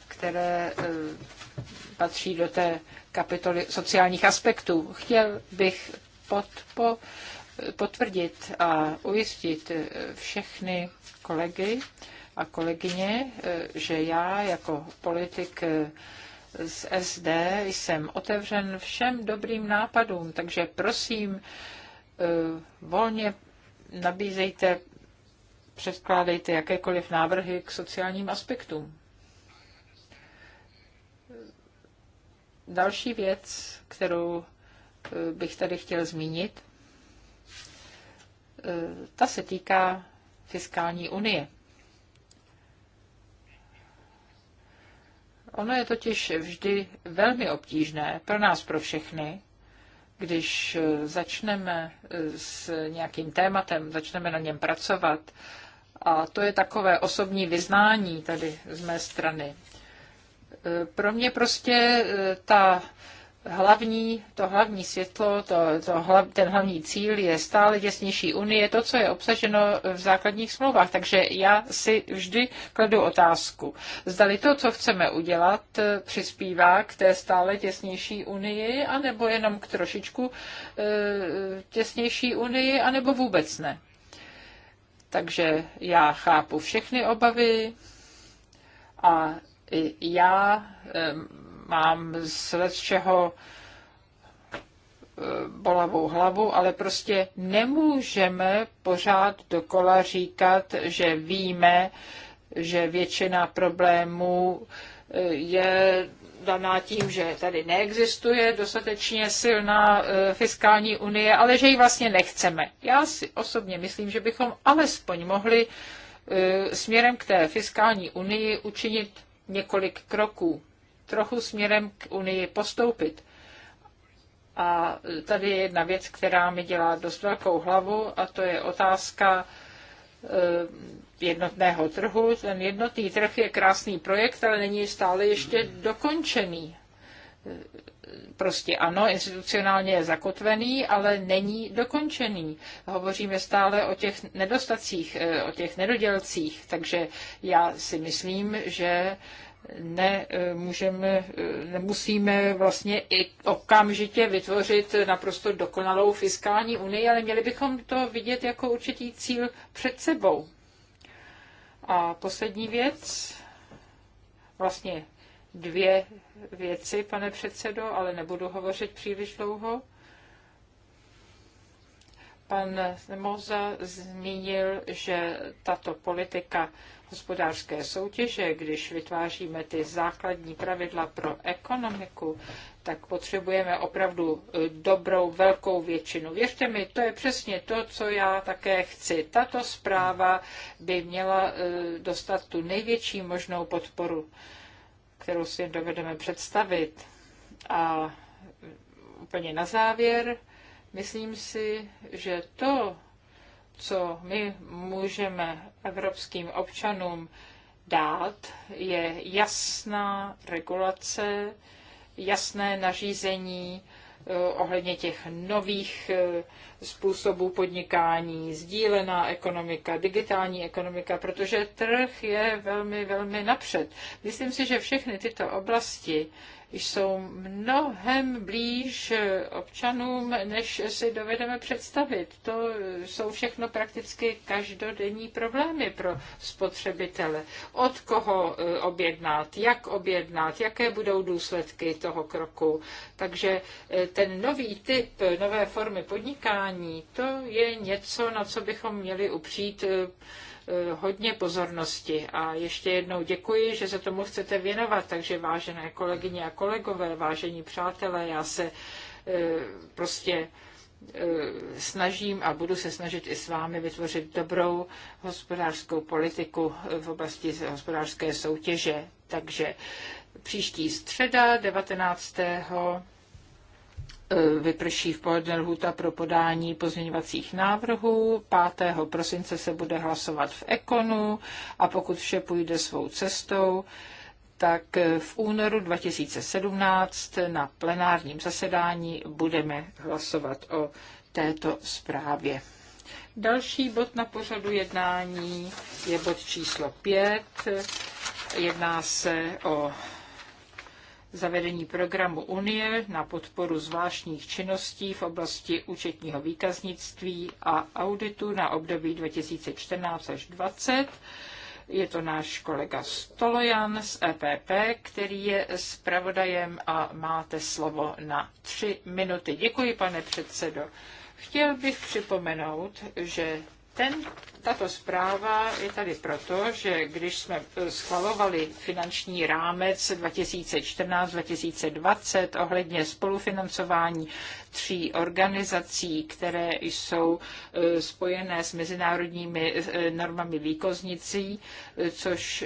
které patří do té kapitoly sociálních aspektů. Chtěl bych podpořit potvrdit a ujistit všechny kolegy a kolegyně, že já jako politik z SD jsem otevřen všem dobrým nápadům, takže prosím, eh, volně nabízejte, předkládejte jakékoliv návrhy k sociálním aspektům. Další věc, kterou eh, bych tady chtěl zmínit, Eh, ta se týká fiskální unie. Ono je totiž vždy velmi obtížné pro nás, pro všechny, když eh, začneme eh, s nějakým tématem, začneme na něm pracovat. A to je takové osobní vyznání tady z mé strany. Pro mě prostě ta hlavní, to hlavní světlo, to, to hlav, ten hlavní cíl je stále těsnější unie, to, co je obsaženo v základních smlouvách. Takže já si vždy kladu otázku, zdali to, co chceme udělat, eh, přispívá k té stále těsnější unii, anebo jenom k trošičku e, těsnější unii, anebo vůbec ne. Takže já chápu všechny obavy a já mám z čeho eh, bolavou hlavu, ale prostě nemůžeme pořád dokola říkat, že víme, že většina problémů eh, je daná tím, že tady neexistuje dostatečně silná eh, fiskální unie, ale že ji vlastně nechceme. Já si osobně myslím, že bychom alespoň mohli směrem k té fiskální unii učinit několik kroků trochu směrem k Unii postoupit. A tady je jedna věc, která mi dělá dost velkou hlavu, a to je otázka eh, jednotného trhu. Ten jednotný trh je krásný projekt, ale není stále ještě dokončený. Prostě ano, institucionálně je zakotvený, ale není dokončený. Hovoříme stále o těch nedostacích, eh, o těch nedodělcích, takže já si myslím, že ne, eh, můžeme, eh, nemusíme vlastně i okamžitě vytvořit naprosto dokonalou fiskální unii, ale měli bychom to vidět jako určitý cíl před sebou. A poslední věc, vlastně dvě věci, pane předsedo, ale nebudu hovořit příliš dlouho. Pan Moza zmínil, že tato politika hospodářské soutěže, když vytváříme ty základní pravidla pro ekonomiku, tak potřebujeme opravdu e, dobrou velkou většinu. Věřte mi, to je přesně to, co já také chci. Tato zpráva by měla e, dostat tu největší možnou podporu, kterou si dovedeme představit. A úplně na závěr, myslím si, že to, co my můžeme evropským občanům dát, je jasná regulace, jasné nařízení eh, ohledně těch nových eh, způsobů podnikání, sdílená ekonomika, digitální ekonomika, protože trh je velmi, velmi napřed. Myslím si, že všechny tyto oblasti jsou mnohem blíž občanům, než si dovedeme představit. To jsou všechno prakticky každodenní problémy pro spotřebitele. Od koho e, objednat, jak objednat, jaké budou důsledky toho kroku. Takže e, ten nový typ, e, nové formy podnikání, to je něco, na co bychom měli upřít hodně pozornosti. A ještě jednou děkuji, že se tomu chcete věnovat, takže vážené kolegyně a kolegy, kolegové, vážení přátelé, já se eh, prostě eh, snažím a budu se snažit i s vámi vytvořit dobrou hospodářskou politiku v oblasti hospodářské soutěže. Takže příští středa 19. Eh, vyprší v poledne lhůta pro podání pozměňovacích návrhů. 5. prosince se bude hlasovat v Ekonu a pokud vše půjde svou cestou, tak v únoru 2017 na plenárním zasedání budeme hlasovat o této zprávě. Další bod na pořadu jednání je bod číslo 5. Jedná se o zavedení programu Unie na podporu zvláštních činností v oblasti účetního výkaznictví a auditu na období 2014 až 2020. Je to náš kolega Stolojan z EPP, který je zpravodajem a máte slovo na tři minuty. Děkuji, pane předsedo. Chtěl bych připomenout, že ten, tato zpráva je tady proto, že když jsme eh, schvalovali finanční rámec 2014-2020 ohledně spolufinancování tří organizací, které jsou eh, spojené s mezinárodními eh, normami výkoznicí, což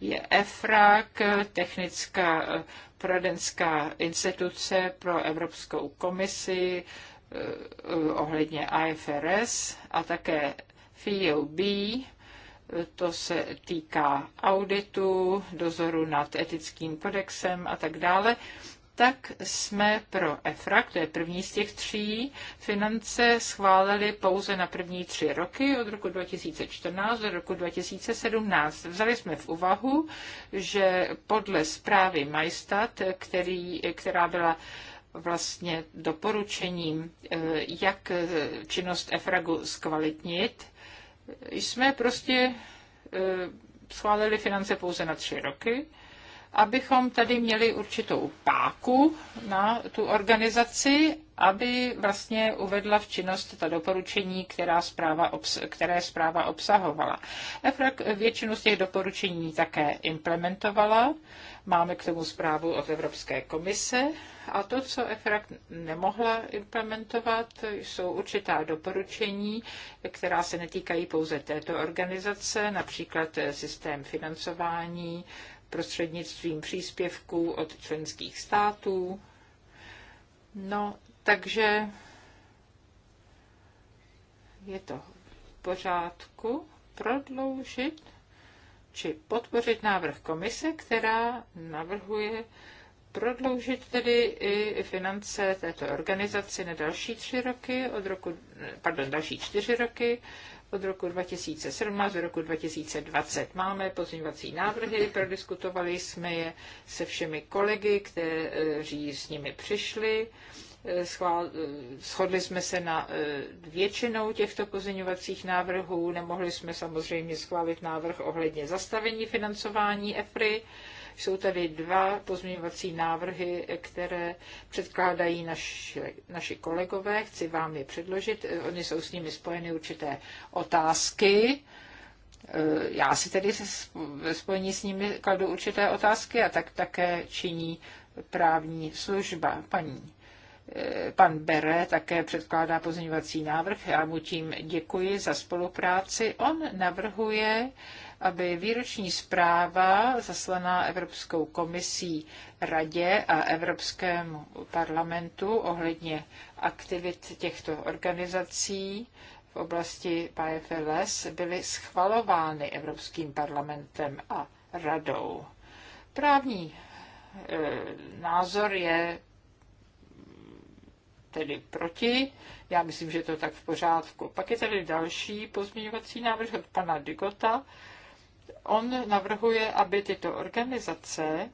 je EFRAK, technická poradenská instituce pro Evropskou komisi, Eh, ohledně IFRS a také FIOB, to se týká auditu, dozoru nad etickým kodexem a tak dále, tak jsme pro Efra, to je první z těch tří, finance schválili pouze na první tři roky, od roku 2014 do roku 2017. Vzali jsme v úvahu, že podle zprávy Majstat, který, která byla vlastně doporučením, eh, jak činnost EFRAGu zkvalitnit, jsme prostě eh, schválili finance pouze na tři roky, abychom tady měli určitou páku na tu organizaci aby vlastně uvedla v činnost ta doporučení, která zpráva obs- které zpráva obsahovala. EFRAG většinu z těch doporučení také implementovala. Máme k tomu zprávu od Evropské komise. A to, co EFRAG nemohla implementovat, jsou určitá doporučení, která se netýkají pouze této organizace, například systém financování prostřednictvím příspěvků od členských států, No takže je to v pořádku prodloužit či podpořit návrh komise, která navrhuje prodloužit tedy i finance této organizaci na další tři roky, od roku, pardon, další čtyři roky, od roku 2017 do roku 2020. Máme pozměňovací návrhy, prodiskutovali jsme je se všemi kolegy, kteří s nimi přišli schvál, shodli jsme se na e, většinou těchto pozměňovacích návrhů, nemohli jsme samozřejmě schválit návrh ohledně zastavení financování EFRI. Jsou tady dva pozměňovací návrhy, které předkládají naše, naši kolegové. Chci vám je předložit. E, oni jsou s nimi spojeny určité otázky. E, já si tedy ve spojení s nimi kladu určité otázky a tak také činí právní služba paní Pan Bere také předkládá pozměňovací návrh. Já mu tím děkuji za spolupráci. On navrhuje, aby výroční zpráva zaslaná Evropskou komisí Radě a Evropskému parlamentu ohledně aktivit těchto organizací v oblasti PFLS byly schvalovány Evropským parlamentem a radou. Právní eh, názor je tedy proti. Já myslím, že je to tak v pořádku. Pak je tady další pozměňovací návrh od pana Digota. On navrhuje, aby tyto organizace eh,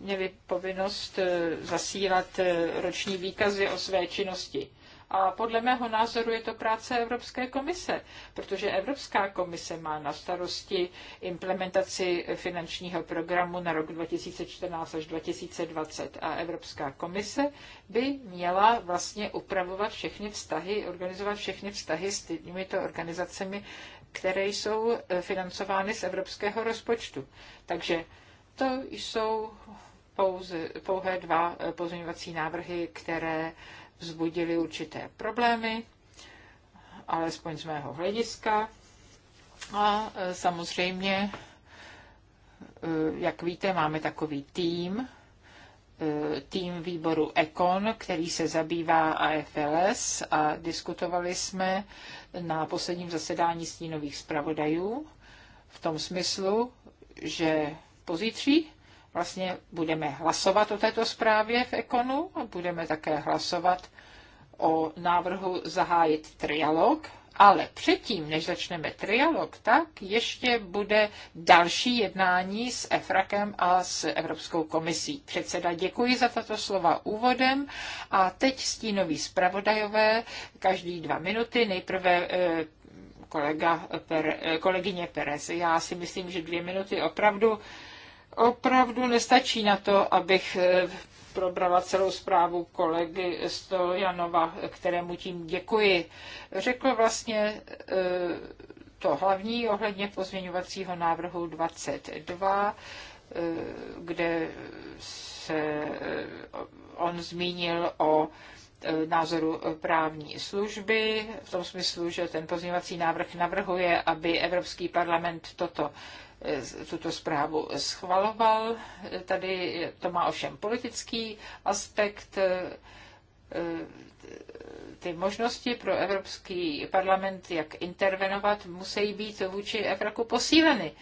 měly povinnost eh, zasílat eh, roční výkazy o své činnosti. A podle mého názoru je to práce Evropské komise, protože Evropská komise má na starosti implementaci finančního programu na rok 2014 až 2020 a Evropská komise by měla vlastně upravovat všechny vztahy, organizovat všechny vztahy s těmito organizacemi, které jsou eh, financovány z evropského rozpočtu. Takže to jsou pouze, pouhé dva eh, pozměňovací návrhy, které vzbudili určité problémy, alespoň z mého hlediska. A e, samozřejmě, e, jak víte, máme takový tým, e, tým výboru Econ, který se zabývá AFLS a diskutovali jsme na posledním zasedání stínových zpravodajů v tom smyslu, že pozítří vlastně budeme hlasovat o této zprávě v Ekonu a budeme také hlasovat o návrhu zahájit trialog, ale předtím, než začneme trialog, tak ještě bude další jednání s EFRAKem a s Evropskou komisí. Předseda, děkuji za tato slova úvodem a teď stínoví zpravodajové každý dva minuty. Nejprve eh, kolega, per, eh, kolegyně Perez. Já si myslím, že dvě minuty opravdu opravdu nestačí na to, abych eh, probrala celou zprávu kolegy Stojanova, kterému tím děkuji. Řekl vlastně eh, to hlavní ohledně pozměňovacího návrhu 22, eh, kde se on zmínil o názoru právní služby, v tom smyslu, že ten pozměňovací návrh navrhuje, aby Evropský parlament toto tuto zprávu schvaloval. Tady to má ovšem politický aspekt. E, ty možnosti pro Evropský parlament, jak intervenovat, musí být vůči Evraku posíleny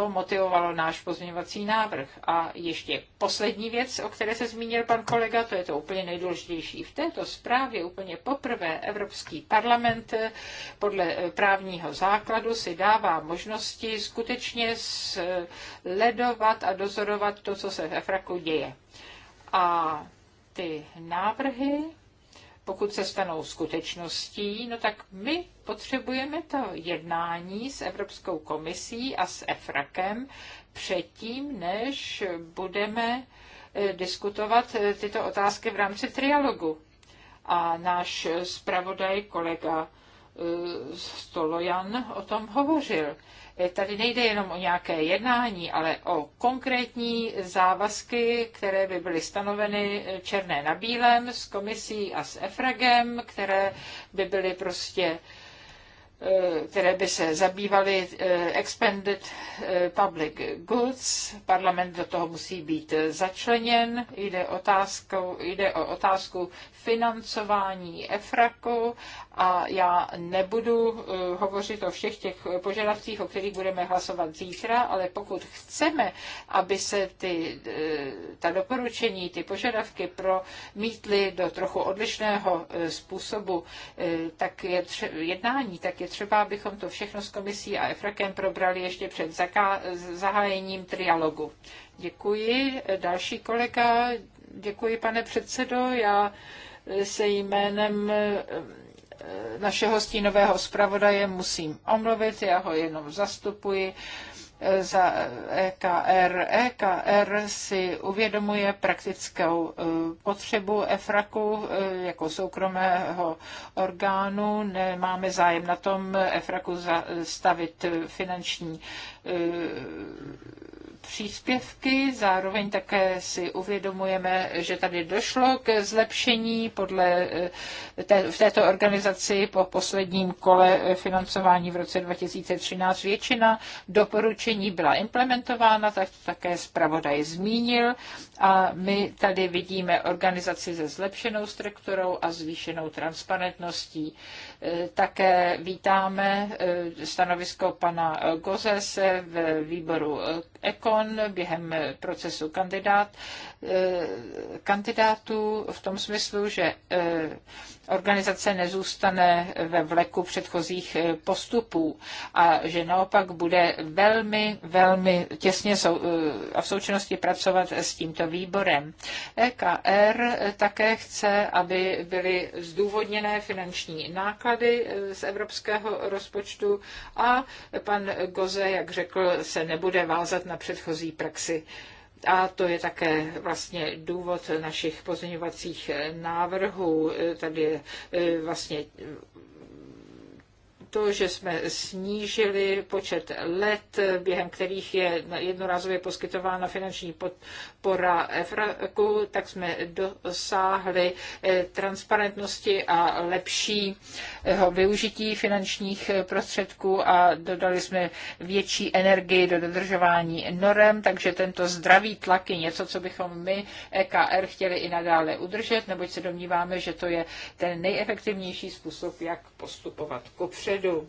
to motivovalo náš pozměňovací návrh. A ještě poslední věc, o které se zmínil pan kolega, to je to úplně nejdůležitější. V této zprávě úplně poprvé Evropský parlament eh, podle eh, právního základu si dává možnosti skutečně sledovat a dozorovat to, co se v Efraku děje. A ty návrhy pokud se stanou skutečností, no tak my potřebujeme to jednání s Evropskou komisí a s EFRAKem předtím, než budeme eh, diskutovat eh, tyto otázky v rámci trialogu. A náš zpravodaj kolega Eh, Stolojan o tom hovořil. Eh, tady nejde jenom o nějaké jednání, ale o konkrétní závazky, které by byly stanoveny eh, černé na bílém s komisí a s EFRAGem, které by byly prostě uh, Eh, které by se zabývaly eh, Expanded eh, Public Goods. Parlament do toho musí být začleněn. Jde, otázku, jde o otázku financování EFRAKu a já nebudu hovořit o všech těch požadavcích, o kterých budeme hlasovat zítra, ale pokud chceme, aby se ty, ta doporučení, ty požadavky promítly do trochu odlišného způsobu, tak je tře- jednání, tak je je třeba, abychom to všechno s komisí a EFRAKem probrali ještě před zahájením trialogu. Děkuji. Další kolega, děkuji pane předsedo. Já se jménem eh, našeho stínového zpravodaje musím omluvit, já ho jenom zastupuji za EKR. EKR si uvědomuje praktickou e, potřebu EFRAKu e, jako soukromého orgánu. Nemáme zájem na tom EFRAKu zastavit finanční e, příspěvky. Zároveň také si uvědomujeme, že tady došlo k zlepšení podle eh, té, v této organizaci po posledním kole financování v roce 2013. Většina doporučení byla implementována, tak to také zpravodaj zmínil. A my tady vidíme organizaci se zlepšenou strukturou a zvýšenou transparentností. Také vítáme eh, stanovisko pana Gozese v výboru Ekon eh, během procesu kandidát, eh, kandidátů v tom smyslu, že organizace nezůstane ve vleku předchozích eh, postupů a že naopak bude velmi, velmi těsně eh, a v součinnosti pracovat s tímto výborem. EKR eh, také chce, aby byly zdůvodněné finanční náklady z evropského rozpočtu a pan Goze, jak řekl, se nebude vázat na předchozí praxi a to je také vlastně důvod našich pozměňovacích návrhů. Tady je e, vlastně e, to, že jsme snížili počet let, během kterých je jednorázově poskytována finanční podpora EFRAKu, tak jsme dosáhli e, transparentnosti a lepší jeho využití finančních prostředků a dodali jsme větší energii do dodržování norem, takže tento zdravý tlak je něco, co bychom my EKR chtěli i nadále udržet, neboť se domníváme, že to je ten nejefektivnější způsob, jak postupovat kopředu.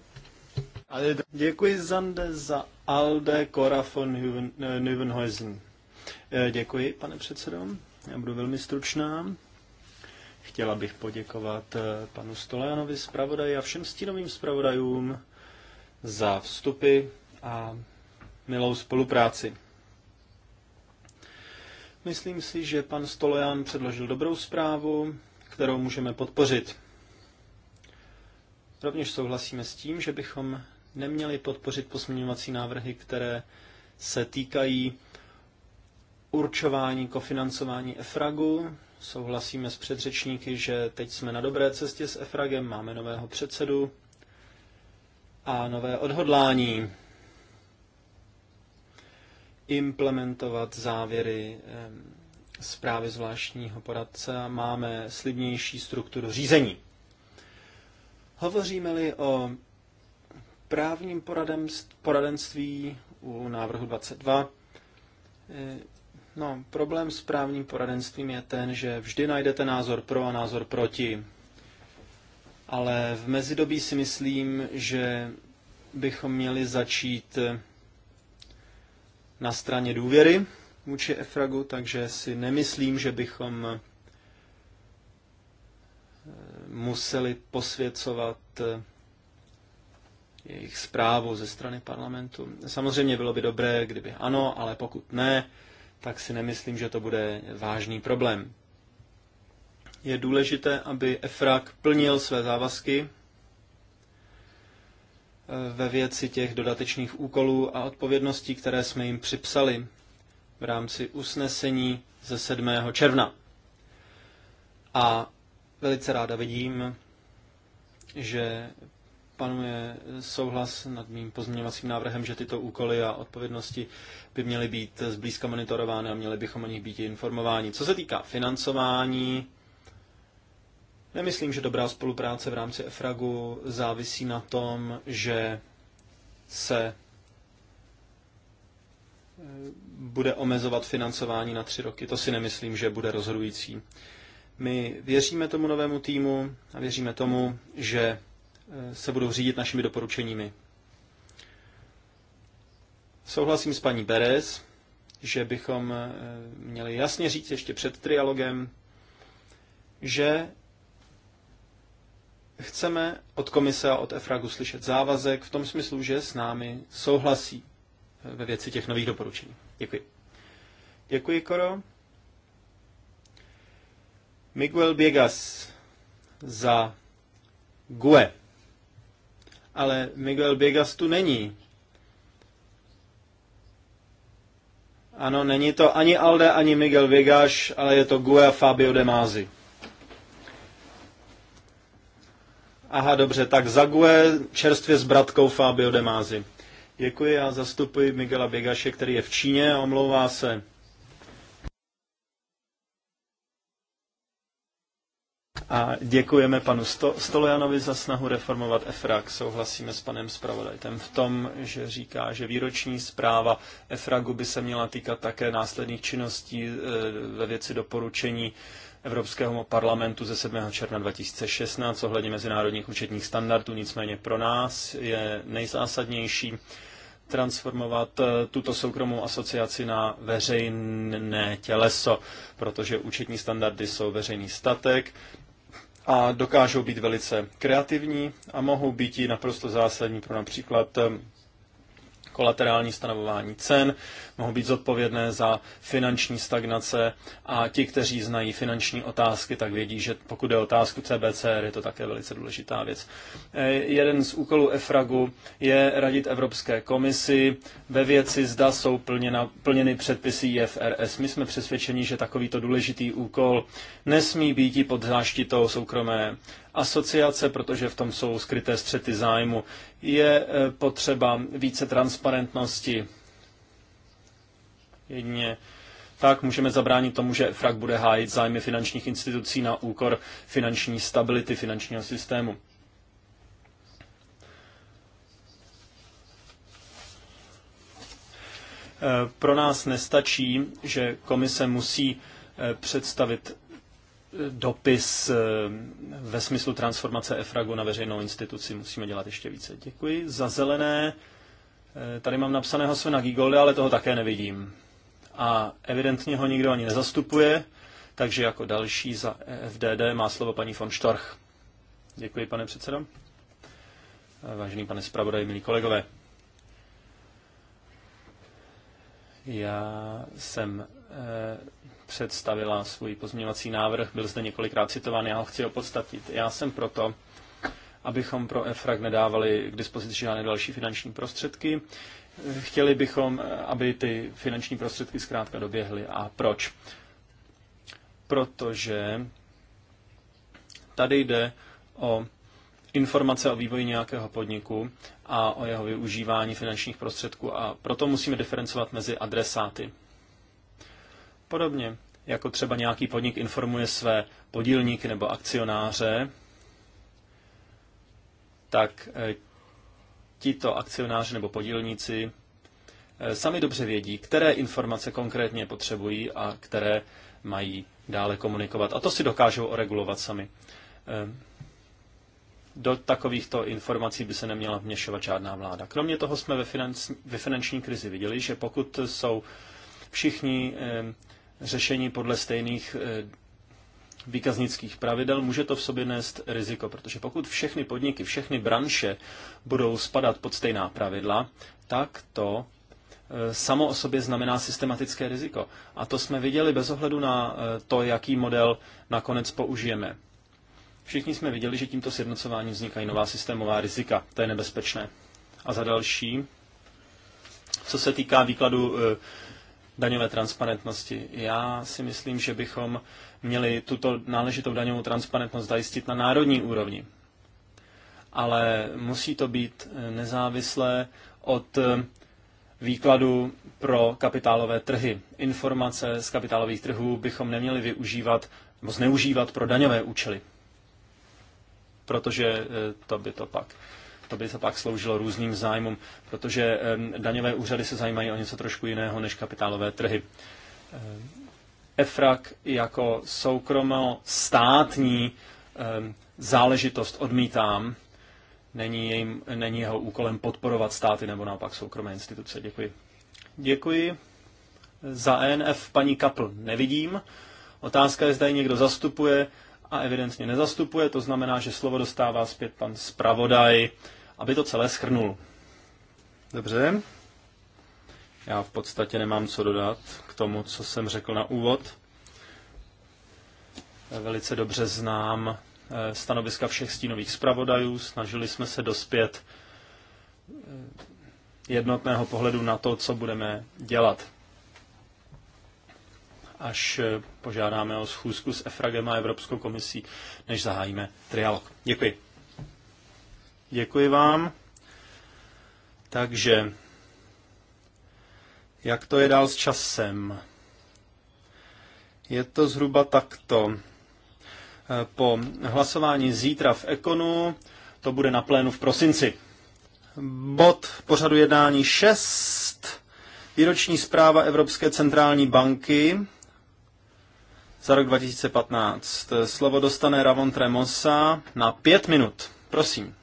děkuji Zande za Alde Cora von Neuvenhuizen. E, děkuji, pane předsedo. Já budu velmi stručná. Chtěla bych poděkovat eh, panu Stolejanovi zpravodaji a všem stínovým zpravodajům za vstupy a milou spolupráci. Myslím si, že pan Stolojan předložil dobrou zprávu, kterou můžeme podpořit. Rovněž souhlasíme s tím, že bychom neměli podpořit posměňovací návrhy, které se týkají určování kofinancování EFRAGu, Souhlasíme s předřečníky, že teď jsme na dobré cestě s Efragem, máme nového předsedu a nové odhodlání implementovat závěry zprávy zvláštního poradce a máme slibnější strukturu řízení. Hovoříme-li o právním poradenství u návrhu 22, No, problém s právním poradenstvím je ten, že vždy najdete názor pro a názor proti. Ale v mezidobí si myslím, že bychom měli začít eh, na straně důvěry vůči EFRAGu, takže si nemyslím, že bychom eh, museli posvěcovat eh, jejich zprávu ze strany parlamentu. Samozřejmě bylo by dobré, kdyby ano, ale pokud ne, tak si nemyslím, že to bude vážný problém. Je důležité, aby EFRAK plnil své závazky eh, ve věci těch dodatečných úkolů a odpovědností, které jsme jim připsali v rámci usnesení ze 7. června. A velice ráda vidím, že panuje souhlas nad mým pozměňovacím návrhem, že tyto úkoly a odpovědnosti by měly být zblízka monitorovány a měli bychom o nich být informováni. Co se týká financování, nemyslím, že dobrá spolupráce v rámci EFRAGu závisí na tom, že se eh, bude omezovat financování na tři roky. To si nemyslím, že bude rozhodující. My věříme tomu novému týmu a věříme tomu, že Eh, se budou řídit našimi doporučeními. Souhlasím s paní Beres, že bychom eh, měli jasně říct ještě před trialogem, že chceme od komise a od EFRAGu slyšet závazek v tom smyslu, že s námi souhlasí eh, ve věci těch nových doporučení. Děkuji. Děkuji, Koro. Miguel Biegas za GUE ale Miguel Biegas tu není. Ano, není to ani Alde, ani Miguel Vigáš, ale je to Gue a Fabio De Mázi. Aha, dobře, tak za Gue čerstvě s bratkou Fabio De Mázi. Děkuji, já zastupuji Miguela Vigáše, který je v Číně a omlouvá se. a děkujeme panu Sto- Stolojanovi za snahu reformovat EFRAG. Souhlasíme s panem zpravodajtem v tom, že říká, že výroční zpráva EFRAGu by se měla týkat také následných činností e, ve věci doporučení Evropského parlamentu ze 7. června 2016 ohledně mezinárodních účetních standardů. Nicméně pro nás je nejzásadnější transformovat e, tuto soukromou asociaci na veřejné těleso, protože účetní standardy jsou veřejný statek a dokážou být velice kreativní a mohou být i naprosto zásadní pro například eh, kolaterální stanovování cen, mohou být zodpovědné za finanční stagnace a ti, kteří znají finanční otázky, tak vědí, že pokud je otázku CBCR, je to také velice důležitá věc. Eh, jeden z úkolů EFRAGu je radit Evropské komisi ve věci, zda jsou plněna, plněny předpisy IFRS. My jsme přesvědčeni, že takovýto důležitý úkol nesmí být pod záštitou soukromé asociace, protože v tom jsou skryté střety zájmu. Je eh, potřeba více transparentnosti Jedině tak můžeme zabránit tomu, že frak bude hájit zájmy finančních institucí na úkor finanční stability finančního systému. E, pro nás nestačí, že komise musí e, představit e, dopis ve smyslu transformace EFRAGu na veřejnou instituci. Musíme dělat ještě více. Děkuji. Za zelené, tady mám napsaného Svena Gigolda, ale toho také nevidím a evidentně ho nikdo ani nezastupuje, takže jako další za FDD má slovo paní von Storch. Děkuji, pane předsedo. Vážený pane zpravodaj, milí kolegové. Já jsem eh, představila svůj pozměňovací návrh, byl zde několikrát citován, já ho chci opodstatit. Já jsem proto, abychom pro EFRAG nedávali k dispozici žádné další finanční prostředky. Chtěli bychom, aby ty finanční prostředky zkrátka doběhly. A proč? Protože tady jde o informace o vývoji nějakého podniku a o jeho využívání finančních prostředků a proto musíme diferencovat mezi adresáty. Podobně jako třeba nějaký podnik informuje své podílníky nebo akcionáře, tak eh, tito akcionáři nebo podílníci eh, sami dobře vědí, které informace konkrétně potřebují a které mají dále komunikovat. A to si dokážou oregulovat sami. Eh, do takovýchto informací by se neměla vměšovat žádná vláda. Kromě toho jsme ve, finanční, ve finanční krizi viděli, že pokud jsou všichni eh, řešení podle stejných výkaznických pravidel, může to v sobě nést riziko, protože pokud všechny podniky, všechny branše budou spadat pod stejná pravidla, tak to e, samo o sobě znamená systematické riziko. A to jsme viděli bez ohledu na e, to, jaký model nakonec použijeme. Všichni jsme viděli, že tímto sjednocováním vznikají nová systémová rizika. To je nebezpečné. A za další, co se týká výkladu e, daňové transparentnosti. Já si myslím, že bychom měli tuto náležitou daňovou transparentnost zajistit na národní úrovni. Ale musí to být nezávislé od výkladu pro kapitálové trhy. Informace z kapitálových trhů bychom neměli využívat nebo zneužívat pro daňové účely, protože eh, to by to pak to by se pak sloužilo různým zájmům, protože daňové úřady se zajímají o něco trošku jiného než kapitálové trhy. EFRAK jako soukromo státní záležitost odmítám. Není, jejím, není jeho úkolem podporovat státy nebo naopak soukromé instituce. Děkuji. Děkuji. Za ENF paní Kapl nevidím. Otázka je, zda ji někdo zastupuje a evidentně nezastupuje. To znamená, že slovo dostává zpět pan zpravodaj aby to celé schrnul. Dobře. Já v podstatě nemám co dodat k tomu, co jsem řekl na úvod. Velice dobře znám eh, stanoviska všech stínových zpravodajů. Snažili jsme se dospět eh, jednotného pohledu na to, co budeme dělat. Až eh, požádáme o schůzku s EFRAGem a Evropskou komisí, než zahájíme trialog. Děkuji. Děkuji vám. Takže, jak to je dál s časem? Je to zhruba takto. Eh, po hlasování zítra v Ekonu, to bude na plénu v prosinci. Bod pořadu jednání 6. Výroční zpráva Evropské centrální banky za rok 2015. Slovo dostane Ravon Tremosa na pět minut. Prosím.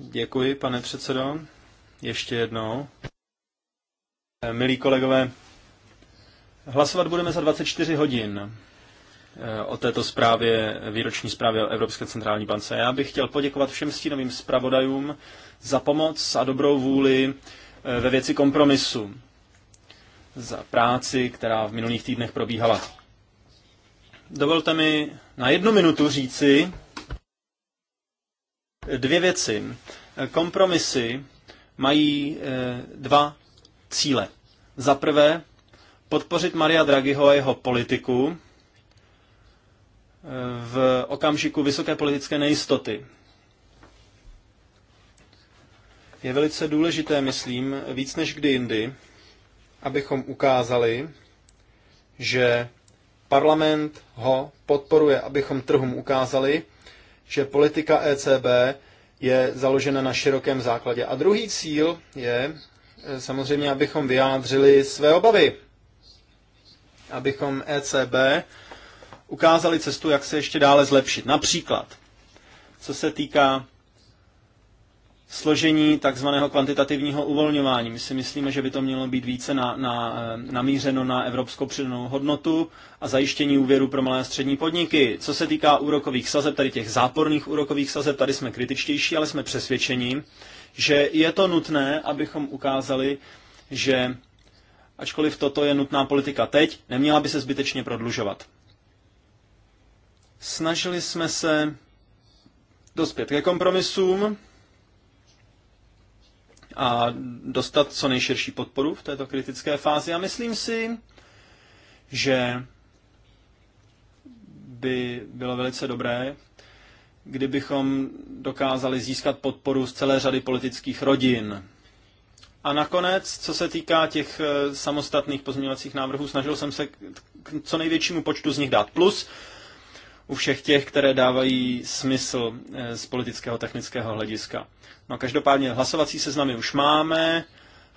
Děkuji, pane předsedo. Ještě jednou. Eh, milí kolegové, hlasovat budeme za 24 hodin eh, o této zprávě, výroční zprávě o Evropské centrální bance. Já bych chtěl poděkovat všem stínovým zpravodajům za pomoc a dobrou vůli eh, ve věci kompromisu, za práci, která v minulých týdnech probíhala. Dovolte mi na jednu minutu říci, dvě věci. Kompromisy mají eh, dva cíle. Za prvé, podpořit Maria Draghiho a jeho politiku eh, v okamžiku vysoké politické nejistoty. Je velice důležité, myslím, víc než kdy jindy, abychom ukázali, že parlament ho podporuje, abychom trhům ukázali, že politika ECB je založena na širokém základě. A druhý cíl je eh, samozřejmě, abychom vyjádřili své obavy. Abychom ECB ukázali cestu, jak se ještě dále zlepšit. Například, co se týká složení takzvaného kvantitativního uvolňování. My si myslíme, že by to mělo být více na, na, eh, namířeno na evropskou přidanou hodnotu a zajištění úvěru pro malé a střední podniky. Co se týká úrokových sazeb, tady těch záporných úrokových sazeb, tady jsme kritičtější, ale jsme přesvědčeni, že je to nutné, abychom ukázali, že ačkoliv toto je nutná politika teď, neměla by se zbytečně prodlužovat. Snažili jsme se dospět ke kompromisům, a dostat co nejširší podporu v této kritické fázi. A myslím si, že by bylo velice dobré, kdybychom dokázali získat podporu z celé řady politických rodin. A nakonec, co se týká těch eh, samostatných pozměňovacích návrhů, snažil jsem se k co největšímu počtu z nich dát plus, u všech těch, které dávají smysl eh, z politického technického hlediska. No každopádně hlasovací seznamy už máme,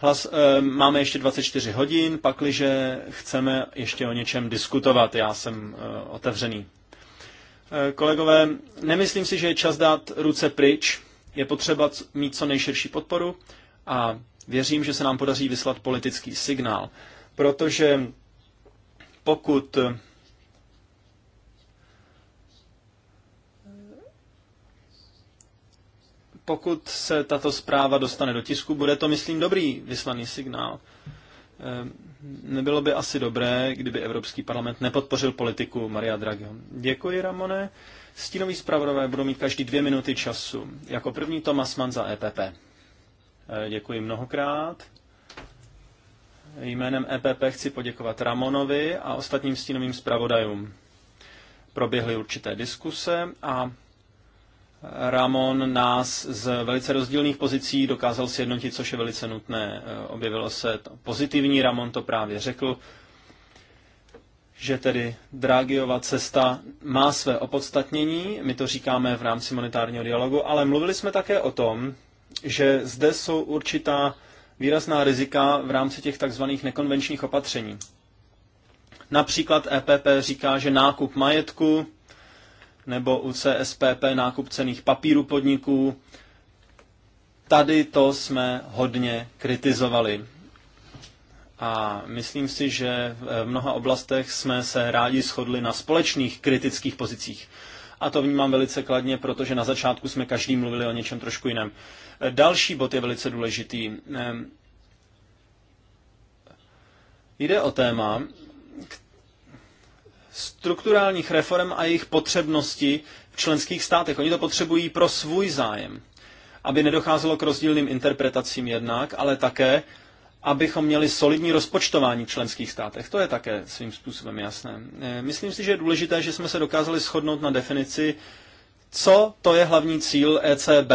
Hlas, e, máme ještě 24 hodin, pakliže chceme ještě o něčem diskutovat, já jsem e, otevřený. E, kolegové, nemyslím si, že je čas dát ruce pryč, je potřeba mít co nejširší podporu a věřím, že se nám podaří vyslat politický signál, protože pokud pokud se tato zpráva dostane do tisku, bude to, myslím, dobrý vyslaný signál. Ehm, nebylo by asi dobré, kdyby Evropský parlament nepodpořil politiku Maria Draghi. Děkuji, Ramone. Stínoví zpravodové budou mít každý dvě minuty času. Jako první Tomas Mann za EPP. Eh, děkuji mnohokrát. Jménem EPP chci poděkovat Ramonovi a ostatním stínovým zpravodajům. Proběhly určité diskuse a Ramon nás z velice rozdílných pozicí dokázal sjednotit, což je velice nutné. Eh, objevilo se to pozitivní, Ramon to právě řekl, že tedy Dragiova cesta má své opodstatnění, my to říkáme v rámci monetárního dialogu, ale mluvili jsme také o tom, že zde jsou určitá výrazná rizika v rámci těch takzvaných nekonvenčních opatření. Například EPP říká, že nákup majetku nebo u CSPP nákup cených papírů podniků. Tady to jsme hodně kritizovali. A myslím si, že eh, v mnoha oblastech jsme se rádi shodli na společných kritických pozicích. A to vnímám velice kladně, protože na začátku jsme každý mluvili o něčem trošku jiném. Eh, další bod je velice důležitý. Ehm, jde o téma, strukturálních reform a jejich potřebnosti v členských státech. Oni to potřebují pro svůj zájem, aby nedocházelo k rozdílným interpretacím jednak, ale také, abychom měli solidní rozpočtování v členských státech. To je také svým způsobem jasné. E, myslím si, že je důležité, že jsme se dokázali shodnout na definici, co to je hlavní cíl ECB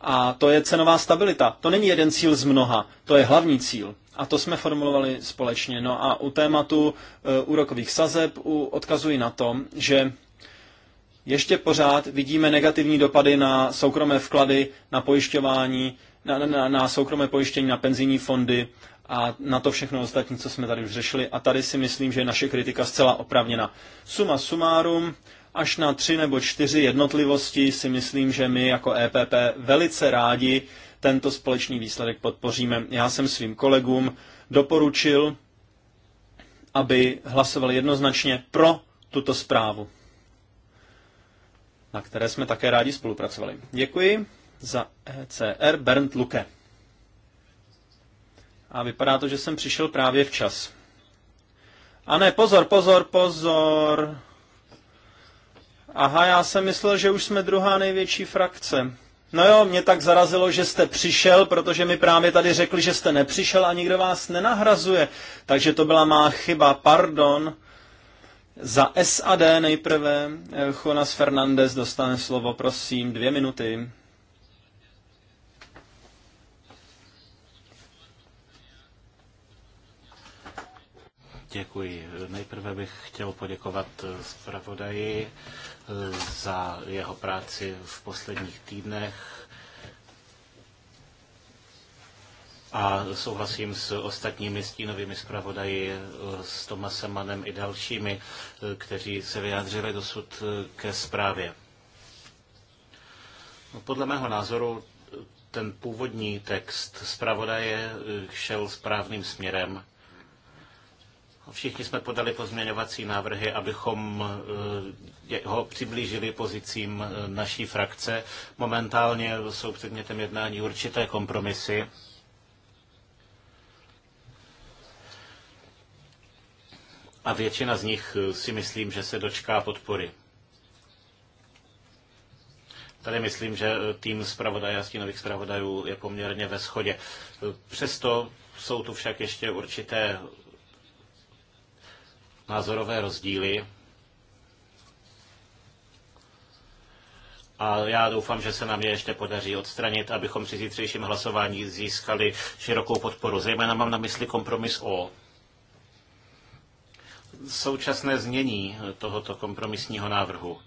a to je cenová stabilita. To není jeden cíl z mnoha, to je hlavní cíl. A to jsme formulovali společně. No a u tématu e, úrokových sazeb odkazuji na to, že ještě pořád vidíme negativní dopady na soukromé vklady, na pojišťování, na, na, na soukromé pojištění, na penzijní fondy a na to všechno ostatní, co jsme tady už řešili. A tady si myslím, že je naše kritika zcela opravněna. Suma sumárum, až na tři nebo čtyři jednotlivosti si myslím, že my jako EPP velice rádi tento společný výsledek podpoříme. Já jsem svým kolegům doporučil, aby hlasovali jednoznačně pro tuto zprávu, na které jsme také rádi spolupracovali. Děkuji za ECR Bernd Luke. A vypadá to, že jsem přišel právě včas. A ne, pozor, pozor, pozor. Aha, já jsem myslel, že už jsme druhá největší frakce. No jo, mě tak zarazilo, že jste přišel, protože mi právě tady řekli, že jste nepřišel a nikdo vás nenahrazuje. Takže to byla má chyba, pardon. Za SAD nejprve eh, Jonas Fernandez dostane slovo, prosím, dvě minuty. Děkuji. Nejprve bych chtěl poděkovat zpravodaji eh, za jeho práci v posledních týdnech. A souhlasím s ostatními stínovými zpravodaji, eh, s Tomasem Manem i dalšími, eh, kteří se vyjádřili dosud ke zprávě. No, podle mého názoru ten původní text zpravodaje šel správným směrem Všichni jsme podali pozměňovací návrhy, abychom eh, ho přiblížili pozicím eh, naší frakce. Momentálně jsou předmětem jednání určité kompromisy. A většina z nich eh, si myslím, že se dočká podpory. Tady myslím, že tým zpravodajů a stínových zpravodajů je poměrně ve shodě. Přesto jsou tu však ještě určité názorové rozdíly. A já doufám, že se nám je ještě podaří odstranit, abychom při zítřejším hlasování získali širokou podporu. Zejména mám na mysli kompromis O. Současné znění tohoto kompromisního návrhu.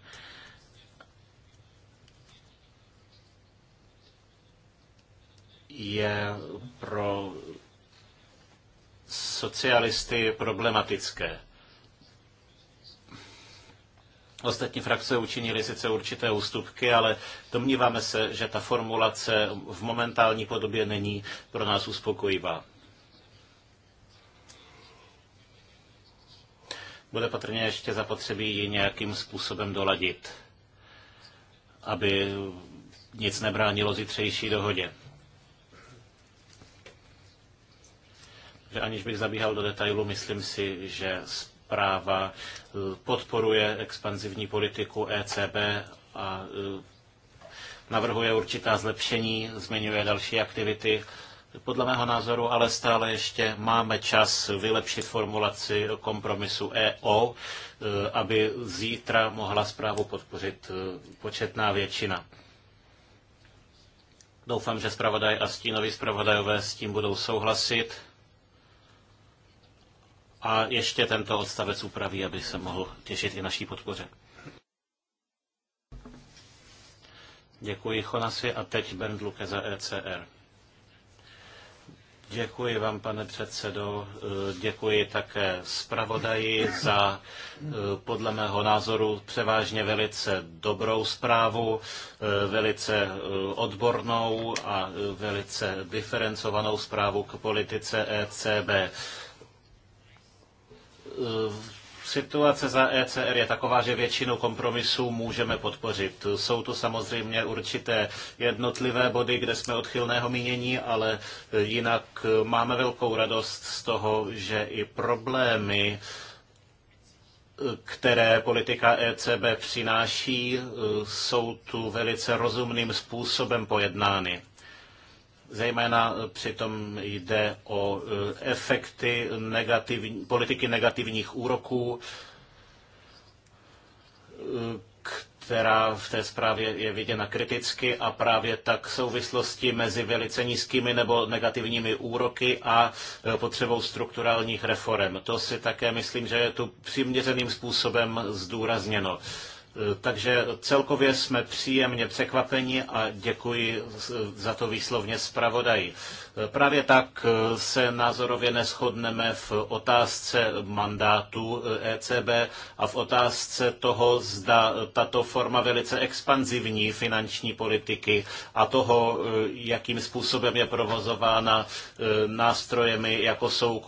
je pro socialisty problematické. Ostatní frakce učinili sice určité ústupky, ale domníváme se, že ta formulace v momentální podobě není pro nás uspokojivá. Bude patrně ještě zapotřebí ji nějakým způsobem doladit, aby nic nebránilo zítřejší dohodě. že aniž bych zabíhal do detailu, myslím si, že práva, eh, podporuje expanzivní politiku ECB a eh, navrhuje určitá zlepšení, zmiňuje další aktivity. Podle mého názoru ale stále ještě máme čas vylepšit formulaci kompromisu EO, eh, aby zítra mohla zprávu podpořit početná většina. Doufám, že zpravodaj a stínoví zpravodajové s tím budou souhlasit a ještě tento odstavec upraví, aby se mohl těšit i naší podpoře. Děkuji Chonasi a teď Bernd Luke za ECR. Děkuji vám, pane předsedo. Eh, děkuji také zpravodaji za eh, podle mého názoru převážně velice dobrou zprávu, eh, velice odbornou a velice diferencovanou zprávu k politice ECB. Eh, situace za ECR je taková, že většinu kompromisů můžeme podpořit. Jsou tu samozřejmě určité jednotlivé body, kde jsme odchylného mínění, ale eh, jinak eh, máme velkou radost z toho, že i problémy, které politika ECB přináší, jsou tu velice rozumným způsobem pojednány. Zejména e, přitom jde o e, efekty negativní, politiky negativních úroků, e, která v té zprávě je viděna kriticky a právě tak souvislosti mezi velice nízkými nebo negativními úroky a potřebou strukturálních reform. To si také myslím, že je tu přiměřeným způsobem zdůrazněno. Eh, takže celkově jsme příjemně překvapeni a děkuji za to výslovně zpravodaji. Právě tak eh, se názorově neschodneme v otázce mandátu ECB eh, e a v otázce toho, zda eh, tato forma velice expanzivní finanční politiky a toho, jakým způsobem je provozována nástrojemi, jako jsou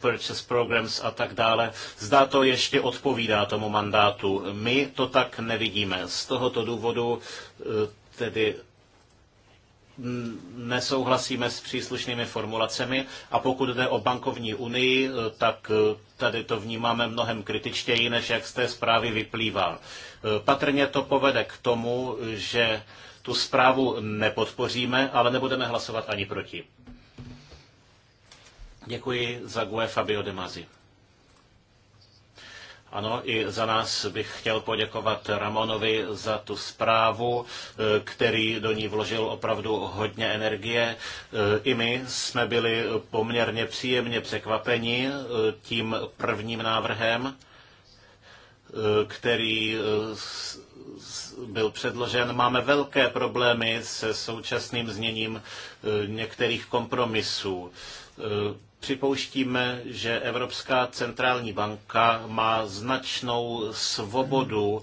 purchase programs a tak dále, zda to ještě odpovídá tomu mandátu. My to tak nevidíme. Z tohoto důvodu tedy nesouhlasíme s příslušnými formulacemi a pokud jde o bankovní unii, eh, tak eh, tady to vnímáme mnohem kritičtěji, než jak z té zprávy vyplývá. Eh, patrně to povede k tomu, že tu zprávu nepodpoříme, ale nebudeme hlasovat ani proti. Děkuji za GUE Fabio De Mazi. Ano, i za nás bych chtěl poděkovat Ramonovi za tu zprávu, eh, který do ní vložil opravdu hodně energie. Eh, I my jsme byli poměrně příjemně překvapeni eh, tím prvním návrhem, který byl předložen. Máme velké problémy se současným zněním některých kompromisů Připouštíme, že Evropská centrální banka má značnou svobodu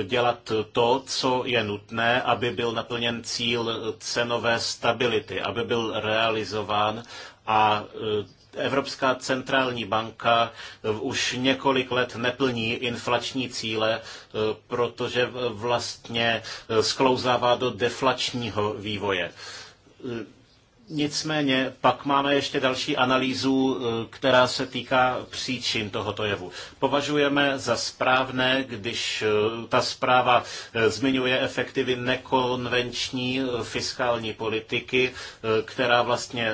eh, dělat to, co je nutné, aby byl naplněn cíl cenové stability, aby byl realizován a eh, Evropská centrální banka eh, už několik let neplní inflační cíle, protože vlastně sklouzává do deflačního vývoje Nicméně pak máme ještě další analýzu, eh, která se týká příčin tohoto jevu. Považujeme za správné, když eh, ta zpráva eh, zmiňuje efektivy nekonvenční fiskální politiky, která vlastně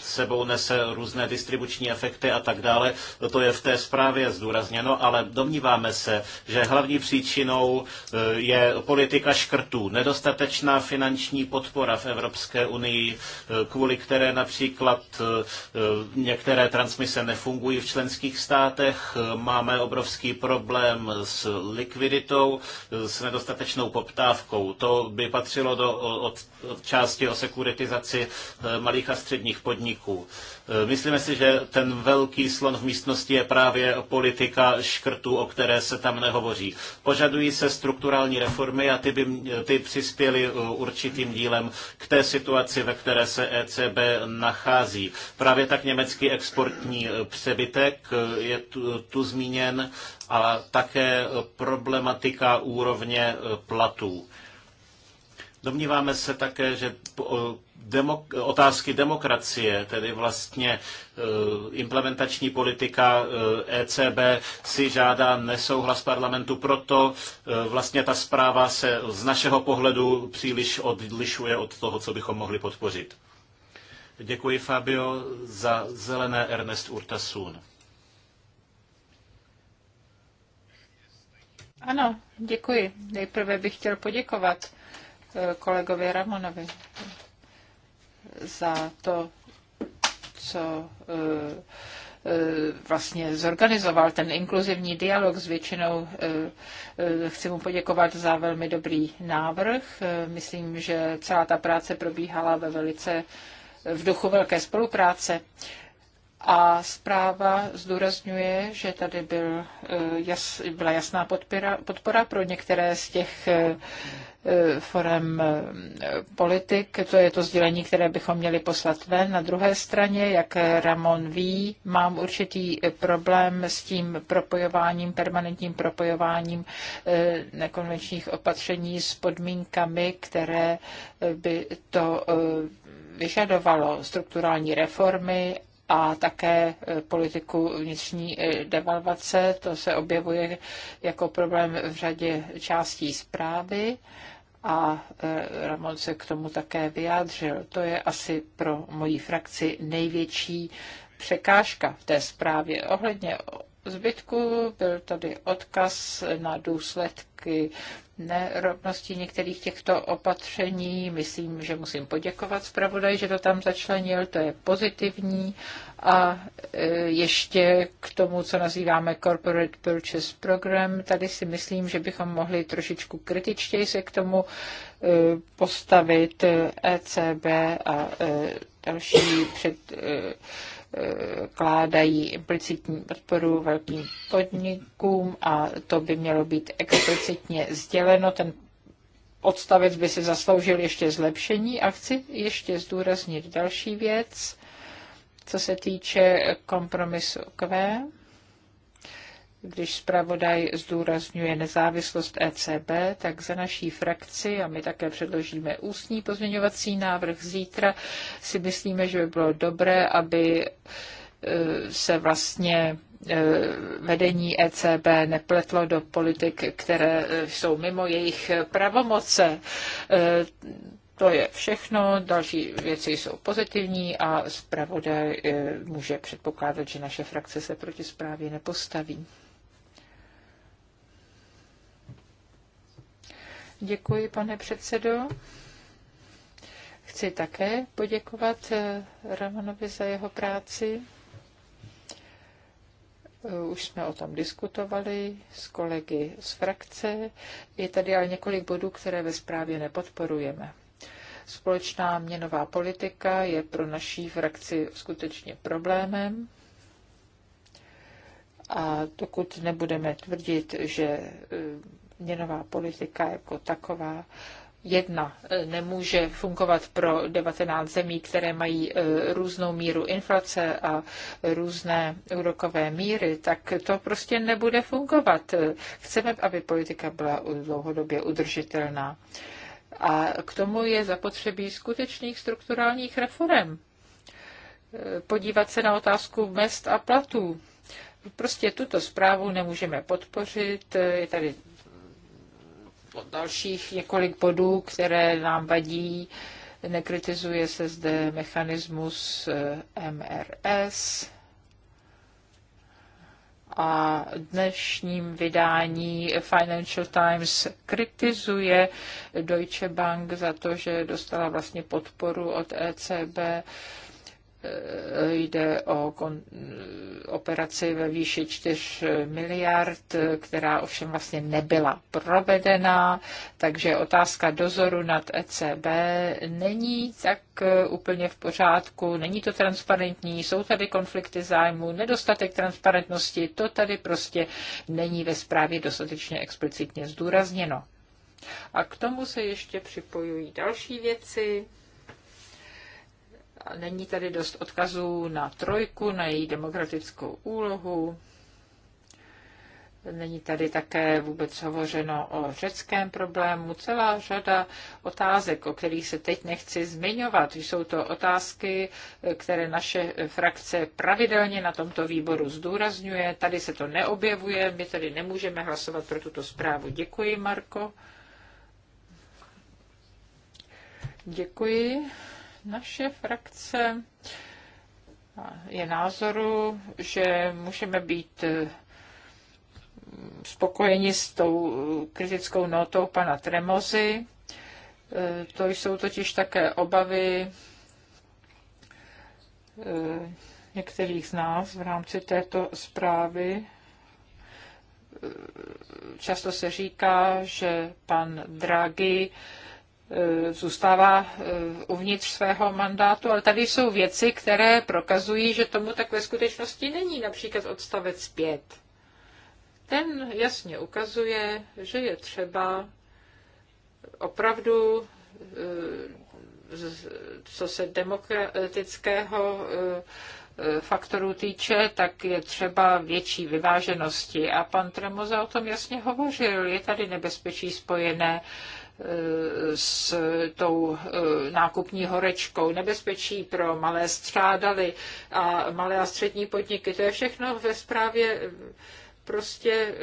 sebou nese různé distribuční efekty a tak dále. To je v té zprávě zdůrazněno, ale domníváme se, že hlavní příčinou eh, je politika škrtů, nedostatečná finanční podpora v Evropské unii, eh, kvůli které například eh, některé transmise nefungují v členských státech, máme obrovský problém s likviditou, s nedostatečnou poptávkou. To by patřilo do od, od části o sekuritizaci malých a středních středních podniků. E, myslíme si, že ten velký slon v místnosti je právě politika škrtů, o které se tam nehovoří. Požadují se strukturální reformy a ty, by, ty přispěly e, určitým dílem k té situaci, ve které se ECB nachází. Právě tak německý exportní e, přebytek je tu, tu zmíněn a také problematika úrovně platů. Domníváme se také, že demok- otázky demokracie, tedy vlastně e, implementační politika ECB e si žádá nesouhlas parlamentu, proto e, vlastně ta zpráva se z našeho pohledu příliš odlišuje od toho, co bychom mohli podpořit. Děkuji, Fabio, za zelené Ernest Urtasun. Ano, děkuji. Nejprve bych chtěl poděkovat kolegovi Ramonovi za to, co eh, eh, vlastně zorganizoval ten inkluzivní dialog s většinou. Eh, chci mu poděkovat za velmi dobrý návrh. Myslím, že celá ta práce probíhala ve velice v duchu velké spolupráce. A zpráva zdůrazňuje, že tady byl, eh, jas, byla jasná podpora, podpora pro některé z těch eh, forem eh, politik. To je to sdělení, které bychom měli poslat ven. Na druhé straně, jak Ramon ví, mám určitý problém s tím propojováním, permanentním propojováním nekonvenčních opatření s podmínkami, které by to vyžadovalo strukturální reformy a také e, politiku vnitřní e, devalvace. To se objevuje jako problém v řadě částí zprávy a e, Ramon se k tomu také vyjádřil. To je asi pro moji frakci největší překážka v té zprávě. Ohledně zbytku. Byl tady odkaz na důsledky nerovnosti některých těchto opatření. Myslím, že musím poděkovat zpravodaj, že to tam začlenil, to je pozitivní. A e, ještě k tomu, co nazýváme Corporate Purchase Program, tady si myslím, že bychom mohli trošičku kritičtěji se k tomu e, postavit ECB a e, další před kládají implicitní podporu velkým podnikům a to by mělo být explicitně sděleno. Ten odstavec by si zasloužil ještě zlepšení a chci ještě zdůraznit další věc, co se týče kompromisu Q když zpravodaj zdůrazňuje nezávislost ECB, tak za naší frakci, a my také předložíme ústní pozměňovací návrh zítra, si myslíme, že by bylo dobré, aby e, se vlastně e, vedení ECB nepletlo do politik, které e, jsou mimo jejich pravomoce. To je všechno, další věci jsou pozitivní a zpravodaj může předpokládat, že naše frakce se proti zprávě nepostaví. Děkuji, pane předsedo. Chci také poděkovat eh, Romanovi za jeho práci. Eh, už jsme o tom diskutovali s kolegy z frakce. Je tady ale několik bodů, které ve zprávě nepodporujeme. Společná měnová politika je pro naší frakci skutečně problémem. A dokud nebudeme tvrdit, že eh, měnová politika jako taková jedna e, nemůže fungovat pro 19 zemí, které mají e, různou míru inflace a různé úrokové míry, tak to prostě nebude fungovat. E, chceme, aby politika byla dlouhodobě udržitelná. A k tomu je zapotřebí skutečných strukturálních reform. Podívat se na otázku mest a platů. Prostě tuto zprávu nemůžeme podpořit, je tady dalších několik bodů, které nám vadí. Nekritizuje se zde mechanismus eh, MRS a dnešním vydání Financial Times kritizuje Deutsche Bank za to, že dostala vlastně podporu od ECB Jde o operaci ve výši 4 miliard, která ovšem vlastně nebyla provedena, takže otázka dozoru nad ECB není tak úplně v pořádku, není to transparentní, jsou tady konflikty zájmu, nedostatek transparentnosti, to tady prostě není ve zprávě dostatečně explicitně zdůrazněno. A k tomu se ještě připojují další věci, není tady dost odkazů na trojku, na její demokratickou úlohu. Není tady také vůbec hovořeno o řeckém problému. Celá řada otázek, o kterých se teď nechci zmiňovat, jsou to otázky, které naše frakce pravidelně na tomto výboru zdůrazňuje. Tady se to neobjevuje, my tady nemůžeme hlasovat pro tuto zprávu. Děkuji, Marko. Děkuji. Naše frakce je názoru, že můžeme být eh, spokojeni s tou eh, kritickou notou pana Tremozy. Eh, to jsou totiž také obavy některých z nás v rámci této zprávy. Často se říká, že pan Draghi Eh, zůstává eh, uvnitř svého mandátu, ale tady jsou věci, které prokazují, že tomu tak ve skutečnosti není, například odstavec 5. Ten jasně ukazuje, že je třeba opravdu, eh, co se demokratického faktoru týče, tak je třeba větší vyváženosti. A pan Tremoza o tom jasně hovořil. Je tady nebezpečí spojené Eh, s tou eh, nákupní horečkou, nebezpečí pro malé střádaly a malé a střední podniky. To je všechno ve zprávě eh, prostě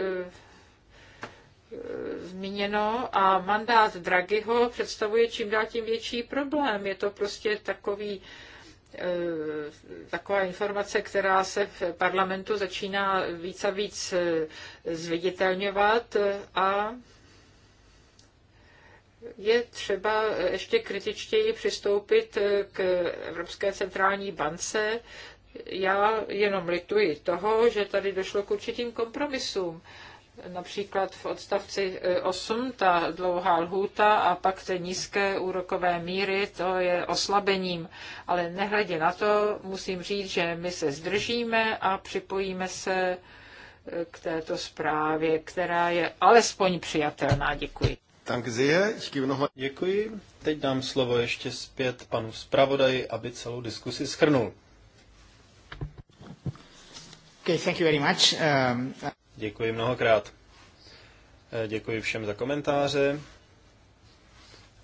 zmíněno a mandát Draghiho představuje čím dál tím větší problém. Je to prostě takový taková informace, která se v parlamentu začíná víc a víc zviditelňovat a je třeba ještě kritičtěji přistoupit k Evropské centrální bance. Já jenom lituji toho, že tady došlo k určitým kompromisům. Například v odstavci 8 eh, ta dlouhá lhůta a pak ty nízké úrokové míry, to je oslabením. Ale nehledě na to, musím říct, že my se zdržíme a připojíme se eh, k této zprávě, která je alespoň přijatelná. Děkuji. Děkuji. Teď dám slovo ještě zpět panu zpravodaji, aby celou diskusi schrnul. Okay, thank you very much. Um... Uh, děkuji mnohokrát. Eh, děkuji všem za komentáře.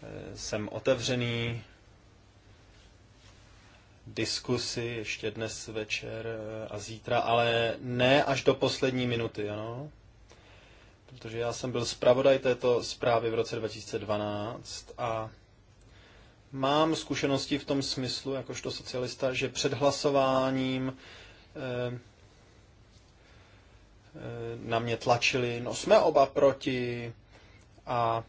Eh, jsem otevřený diskusi ještě dnes večer eh, a zítra, ale ne až do poslední minuty, ano? protože já jsem byl zpravodaj této zprávy v roce 2012 a mám zkušenosti v tom smyslu, jakožto socialista, že před hlasováním eh, eh, na mě tlačili, no jsme oba proti a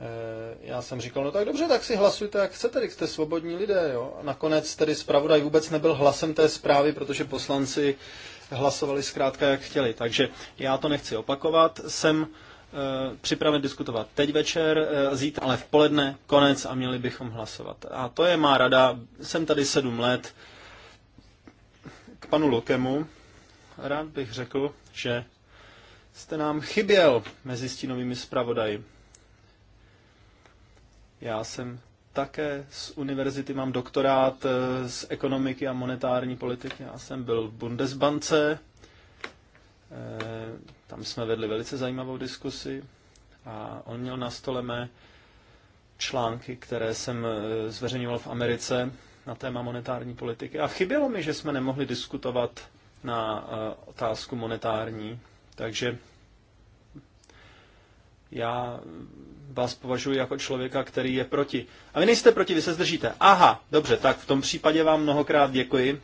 eh, já jsem říkal, no tak dobře, tak si hlasujte, jak chcete, když jste svobodní lidé. Jo? A nakonec tedy zpravodaj vůbec nebyl hlasem té zprávy, protože poslanci hlasovali zkrátka jak chtěli. Takže já to nechci opakovat. Jsem eh, připraven diskutovat teď večer, eh, zítra, ale v poledne, konec a měli bychom hlasovat. A to je má rada. Jsem tady sedm let. K panu Lokemu rád bych řekl, že jste nám chyběl mezi stínovými zpravodaji. Já jsem také z univerzity, mám doktorát eh, z ekonomiky a monetární politiky. Já jsem byl v Bundesbance, eh, tam jsme vedli velice zajímavou diskusi a on měl na stole mé články, které jsem eh, zveřejňoval v Americe na téma monetární politiky. A chybělo mi, že jsme nemohli diskutovat na otázku monetární. Takže já vás považuji jako člověka, který je proti. A vy nejste proti, vy se zdržíte. Aha, dobře, tak v tom případě vám mnohokrát děkuji.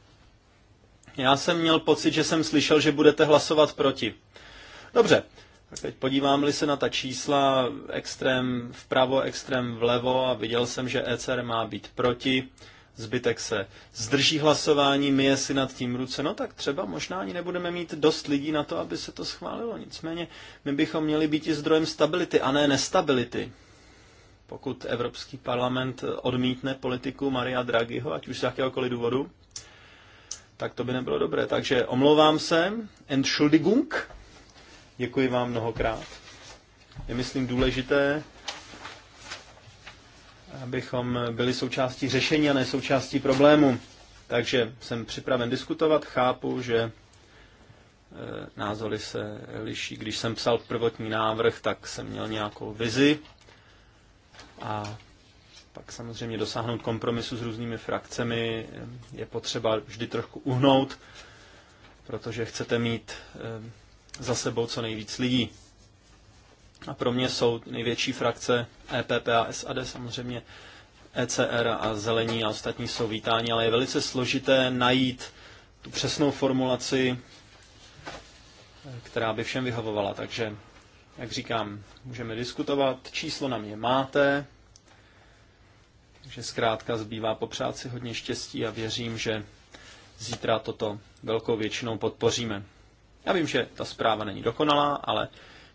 Já jsem měl pocit, že jsem slyšel, že budete hlasovat proti. Dobře, tak teď podívám-li se na ta čísla, extrém vpravo, extrém vlevo a viděl jsem, že ECR má být proti zbytek se zdrží hlasování, myje si nad tím ruce, no tak třeba možná ani nebudeme mít dost lidí na to, aby se to schválilo. Nicméně my bychom měli být i zdrojem stability a ne nestability. Pokud Evropský parlament odmítne politiku Maria Draghiho, ať už z jakéhokoliv důvodu, tak to by nebylo dobré. Takže omlouvám se, Entschuldigung, děkuji vám mnohokrát. Je myslím důležité abychom byli součástí řešení a ne součástí problému. Takže jsem připraven diskutovat, chápu, že e, názory se liší. Když jsem psal prvotní návrh, tak jsem měl nějakou vizi a pak samozřejmě dosáhnout kompromisu s různými frakcemi je potřeba vždy trochu uhnout, protože chcete mít e, za sebou co nejvíc lidí. A pro mě jsou největší frakce EPP a SAD samozřejmě ECR a zelení a ostatní jsou vítáni, ale je velice složité najít tu přesnou formulaci, eh, která by všem vyhovovala. Takže, jak říkám, můžeme diskutovat, číslo na mě máte, takže zkrátka zbývá popřát si hodně štěstí a věřím, že zítra toto velkou většinou podpoříme. Já vím, že ta zpráva není dokonalá, ale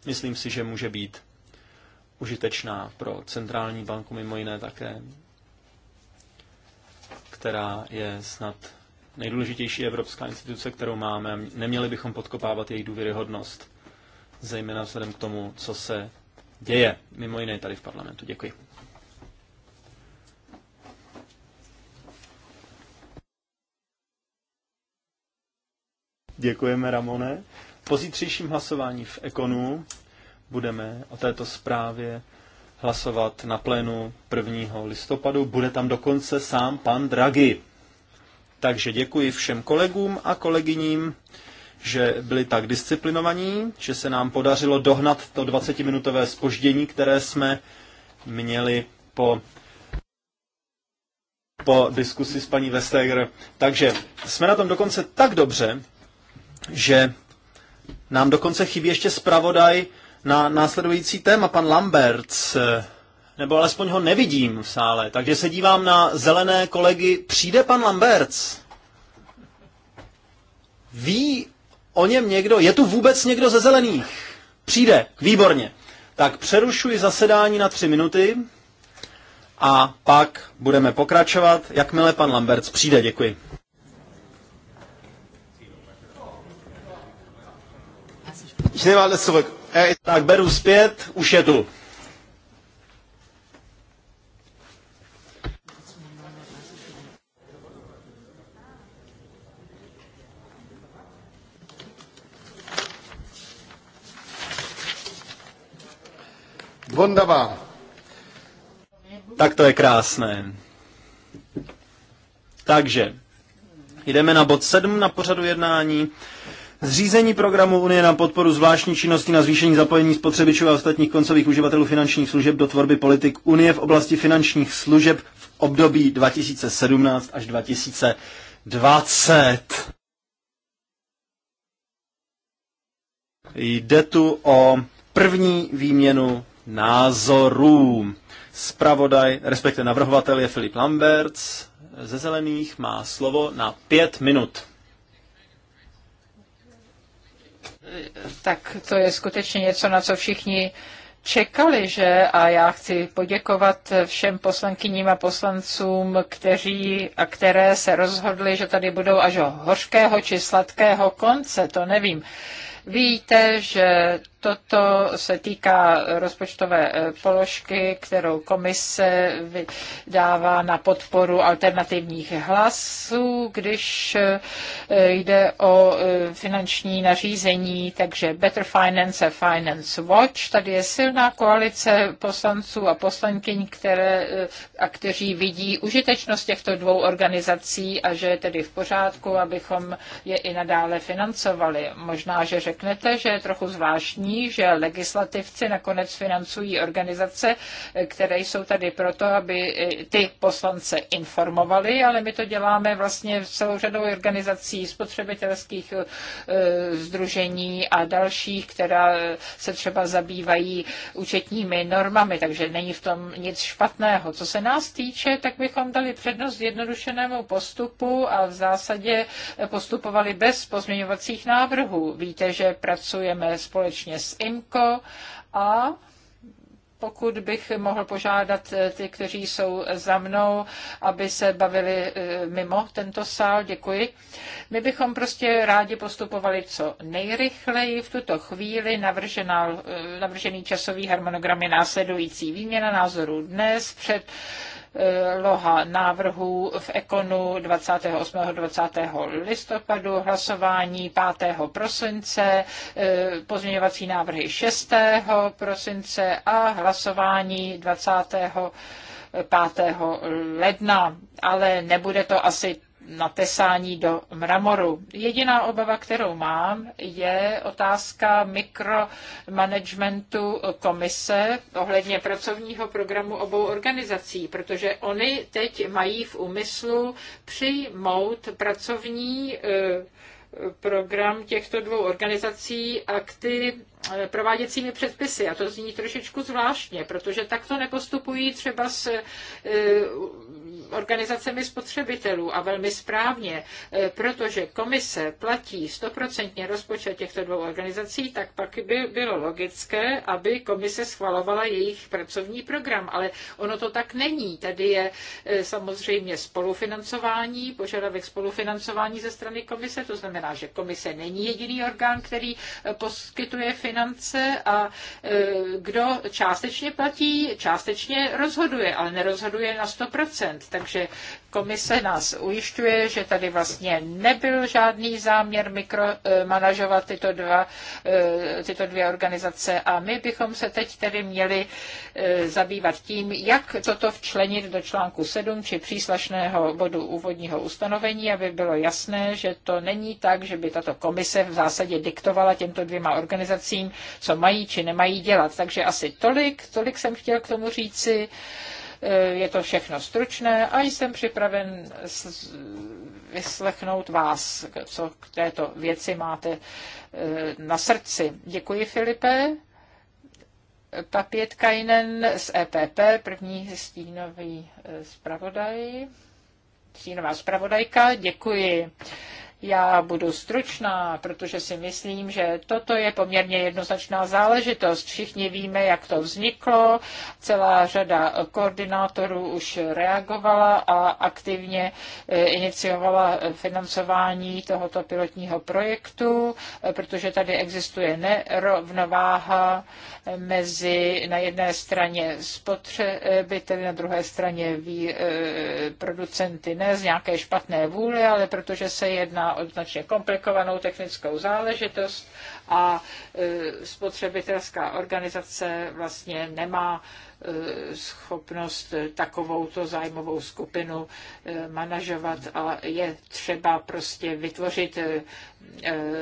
Myslím si, že může být užitečná pro centrální banku, mimo jiné také, která je snad nejdůležitější evropská instituce, kterou máme. Neměli bychom podkopávat její důvěryhodnost, zejména vzhledem k tomu, co se děje, mimo jiné tady v parlamentu. Děkuji. Děkujeme, Ramone. Po zítřejším hlasování v Ekonu budeme o této zprávě hlasovat na plénu 1. listopadu. Bude tam dokonce sám pan Draghi. Takže děkuji všem kolegům a kolegyním, že byli tak disciplinovaní, že se nám podařilo dohnat to 20-minutové spoždění, které jsme měli po po diskusi s paní Vestager. Takže jsme na tom dokonce tak dobře, že nám dokonce chybí ještě zpravodaj na následující téma, pan Lamberts, nebo alespoň ho nevidím v sále, takže se dívám na zelené kolegy. Přijde pan Lamberts? Ví o něm někdo? Je tu vůbec někdo ze zelených? Přijde, výborně. Tak přerušuji zasedání na tři minuty a pak budeme pokračovat, jakmile pan Lamberts přijde. Děkuji. Ich nehme alles zurück. Ej, tak beru zpět, už je tu. Wunderbar. Tak to je krásné. Takže, jdeme na bod 7 na pořadu jednání. Zřízení programu Unie na podporu zvláštní činnosti na zvýšení zapojení spotřebičů a ostatních koncových uživatelů finančních služeb do tvorby politik Unie v oblasti finančních služeb v období 2017 až 2020. Jde tu o první výměnu názorů. Spravodaj, respektive navrhovatel je Filip Lamberts ze Zelených, má slovo na pět minut. tak to je skutečně něco, na co všichni čekali, že? A já chci poděkovat všem poslankyním a poslancům, kteří a které se rozhodli, že tady budou až o hořkého či sladkého konce, to nevím. Víte, že toto se týká rozpočtové eh, položky, kterou komise vydává na podporu alternativních hlasů, když eh, jde o eh, finanční nařízení, takže Better Finance a Finance Watch. Tady je silná koalice poslanců a poslankyň, které a kteří vidí užitečnost těchto dvou organizací a že je tedy v pořádku, abychom je i nadále financovali. Možná, že řeknete, že je trochu zvláštní, že legislativci nakonec financují organizace, které jsou tady proto, aby ty poslance informovali, ale my to děláme vlastně v celou řadou organizací, spotřebitelských eh, združení a dalších, která se třeba zabývají účetními normami, takže není v tom nic špatného. Co se nás týče, tak bychom dali přednost jednodušenému postupu a v zásadě postupovali bez pozměňovacích návrhů. Víte, že že pracujeme společně s IMCO a pokud bych mohl požádat eh, ty, kteří jsou za mnou, aby se bavili eh, mimo tento sál, děkuji. My bychom prostě rádi postupovali co nejrychleji. V tuto chvíli navržená, eh, navržený časový harmonogram je následující. Výměna názorů dnes před Eh, loha návrhů v Ekonu 28. 20. listopadu, hlasování 5. prosince, eh, pozměňovací návrhy 6. prosince a hlasování 20. 5. ledna, ale nebude to asi natesání do mramoru. Jediná obava, kterou mám, je otázka mikromanagementu komise ohledně pracovního programu obou organizací, protože oni teď mají v úmyslu přijmout pracovní eh, program těchto dvou organizací a ty Eh, prováděcími předpisy. A to zní trošičku zvláštně, protože takto nepostupují třeba s eh, organizacemi spotřebitelů a velmi správně, eh, protože komise platí stoprocentně rozpočet těchto dvou organizací, tak pak by bylo logické, aby komise schvalovala jejich pracovní program, ale ono to tak není. Tady je samozřejmě spolufinancování, požadavek spolufinancování ze strany komise, to znamená, že komise není jediný orgán, který poskytuje financování finance a e, kdo částečně platí, částečně rozhoduje, ale nerozhoduje na 100%. Takže Komise nás ujišťuje, že tady vlastně nebyl žádný záměr mikromanažovat tyto, dva, eh, tyto dvě organizace a my bychom se teď tedy měli eh, zabývat tím, jak toto včlenit do článku 7 či příslušného bodu úvodního ustanovení, aby bylo jasné, že to není tak, že by tato komise v zásadě diktovala těmto dvěma organizacím, co mají či nemají dělat. Takže asi tolik, tolik jsem chtěl k tomu říci. Je to všechno stručné a jsem připraven vyslechnout vás, co k této věci máte eh, na srdci. Děkuji, Filipe. Papět Kajnen z EPP, první stínový eh, zpravodaj. Stínová zpravodajka, děkuji. Já budu stručná, protože si myslím, že toto je poměrně jednoznačná záležitost. Všichni víme, jak to vzniklo. Celá řada koordinátorů už reagovala a aktivně eh, iniciovala financování tohoto pilotního projektu, eh, protože tady existuje nerovnováha eh, mezi na jedné straně spotřebiteli, na druhé straně producenty. Ne z nějaké špatné vůle, ale protože se jedná značně komplikovanou technickou záležitost a e, spotřebitelská organizace vlastně nemá e, schopnost takovouto zájmovou skupinu e, manažovat a je třeba prostě vytvořit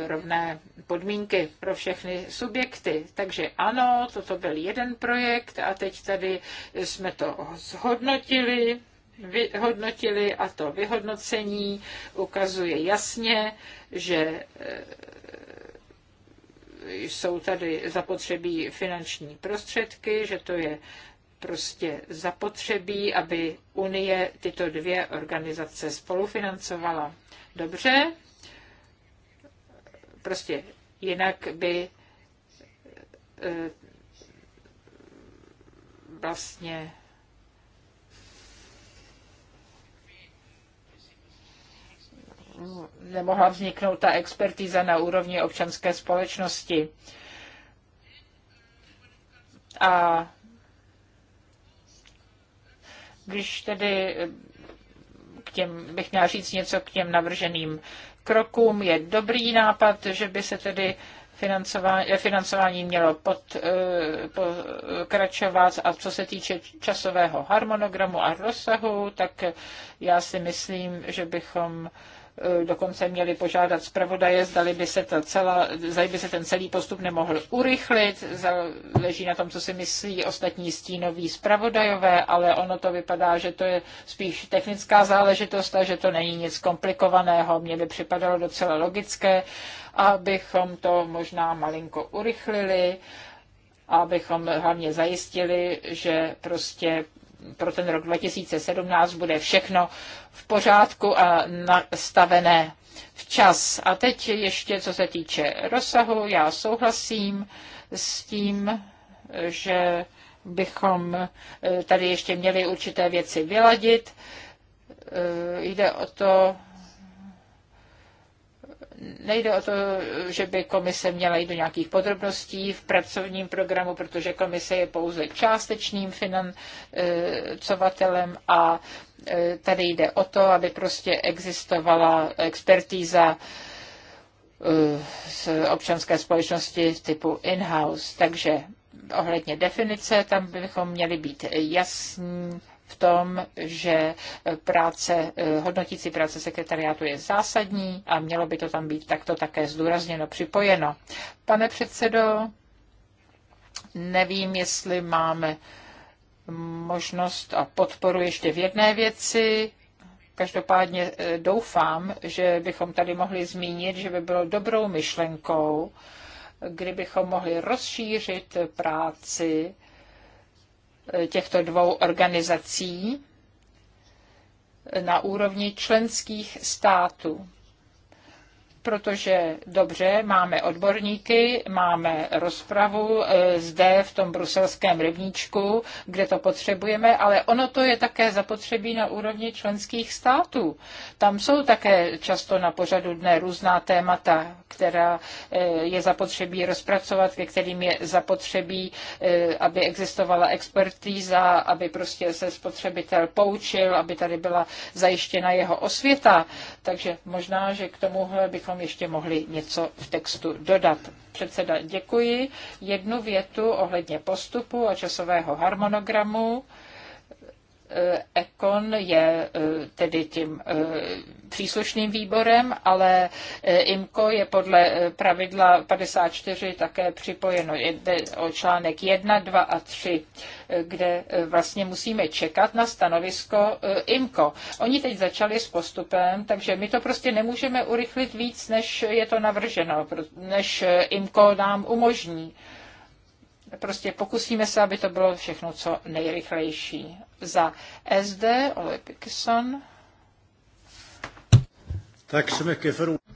rovné podmínky pro všechny subjekty. Takže ano, toto byl jeden projekt a teď tady jsme to zhodnotili vyhodnotili a to vyhodnocení ukazuje jasně, že eh, jsou tady zapotřebí finanční prostředky, že to je prostě zapotřebí, aby Unie tyto dvě organizace spolufinancovala. Dobře, prostě jinak by eh, vlastně nemohla vzniknout ta expertíza na úrovni občanské společnosti. A když tedy eh, k těm, bych měla říct něco k těm navrženým krokům, je dobrý nápad, že by se tedy financování, eh, financování mělo pod, eh, pokračovat a co se týče časového harmonogramu a rozsahu, tak já si myslím, že bychom Eh, dokonce měli požádat zpravodaje, zdali by se, to celá, zdali by se ten celý postup nemohl urychlit, záleží na tom, co si myslí ostatní stínoví zpravodajové, ale ono to vypadá, že to je spíš technická záležitost a že to není nic komplikovaného. Mně by připadalo docela logické, abychom to možná malinko urychlili, abychom hlavně zajistili, že prostě pro ten rok 2017 bude všechno v pořádku a nastavené včas. A teď ještě, co se týče rozsahu, já souhlasím s tím, že bychom eh, tady ještě měli určité věci vyladit. Eh, jde o to, Nejde o to, že by komise měla jít do nějakých podrobností v pracovním programu, protože komise je pouze částečným financovatelem a e, tady jde o to, aby prostě existovala expertíza e, z občanské společnosti typu in-house. Takže ohledně definice, tam bychom měli být jasní v tom, že práce, eh, hodnotící práce sekretariátu je zásadní a mělo by to tam být takto také zdůrazněno, připojeno. Pane předsedo, nevím, jestli máme možnost a podporu ještě v jedné věci. Každopádně eh, doufám, že bychom tady mohli zmínit, že by bylo dobrou myšlenkou, kdybychom mohli rozšířit práci těchto dvou organizací na úrovni členských států protože dobře, máme odborníky, máme rozpravu e, zde v tom bruselském rybníčku, kde to potřebujeme, ale ono to je také zapotřebí na úrovni členských států. Tam jsou také často na pořadu dne různá témata, která e, je zapotřebí rozpracovat, ke kterým je zapotřebí, e, aby existovala expertíza, aby prostě se spotřebitel poučil, aby tady byla zajištěna jeho osvěta. Takže možná, že k tomuhle bychom bychom ještě mohli něco v textu dodat. Předseda, děkuji. Jednu větu ohledně postupu a časového harmonogramu. Ekon eh, je eh, tedy tím eh, příslušným výborem, ale IMKO je podle pravidla 54 také připojeno Jde o článek 1, 2 a 3, kde vlastně musíme čekat na stanovisko IMKO. Oni teď začali s postupem, takže my to prostě nemůžeme urychlit víc, než je to navrženo, než IMKO nám umožní prostě pokusíme se, aby to bylo všechno co nejrychlejší. Za SD Ole Pickson. Tak jsme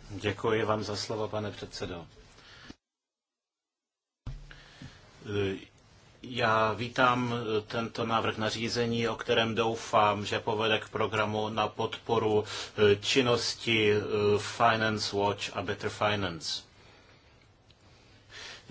Děkuji vám za slovo, pane předsedo. Já vítám tento návrh nařízení, o kterém doufám, že povede k programu na podporu činnosti Finance Watch a Better Finance.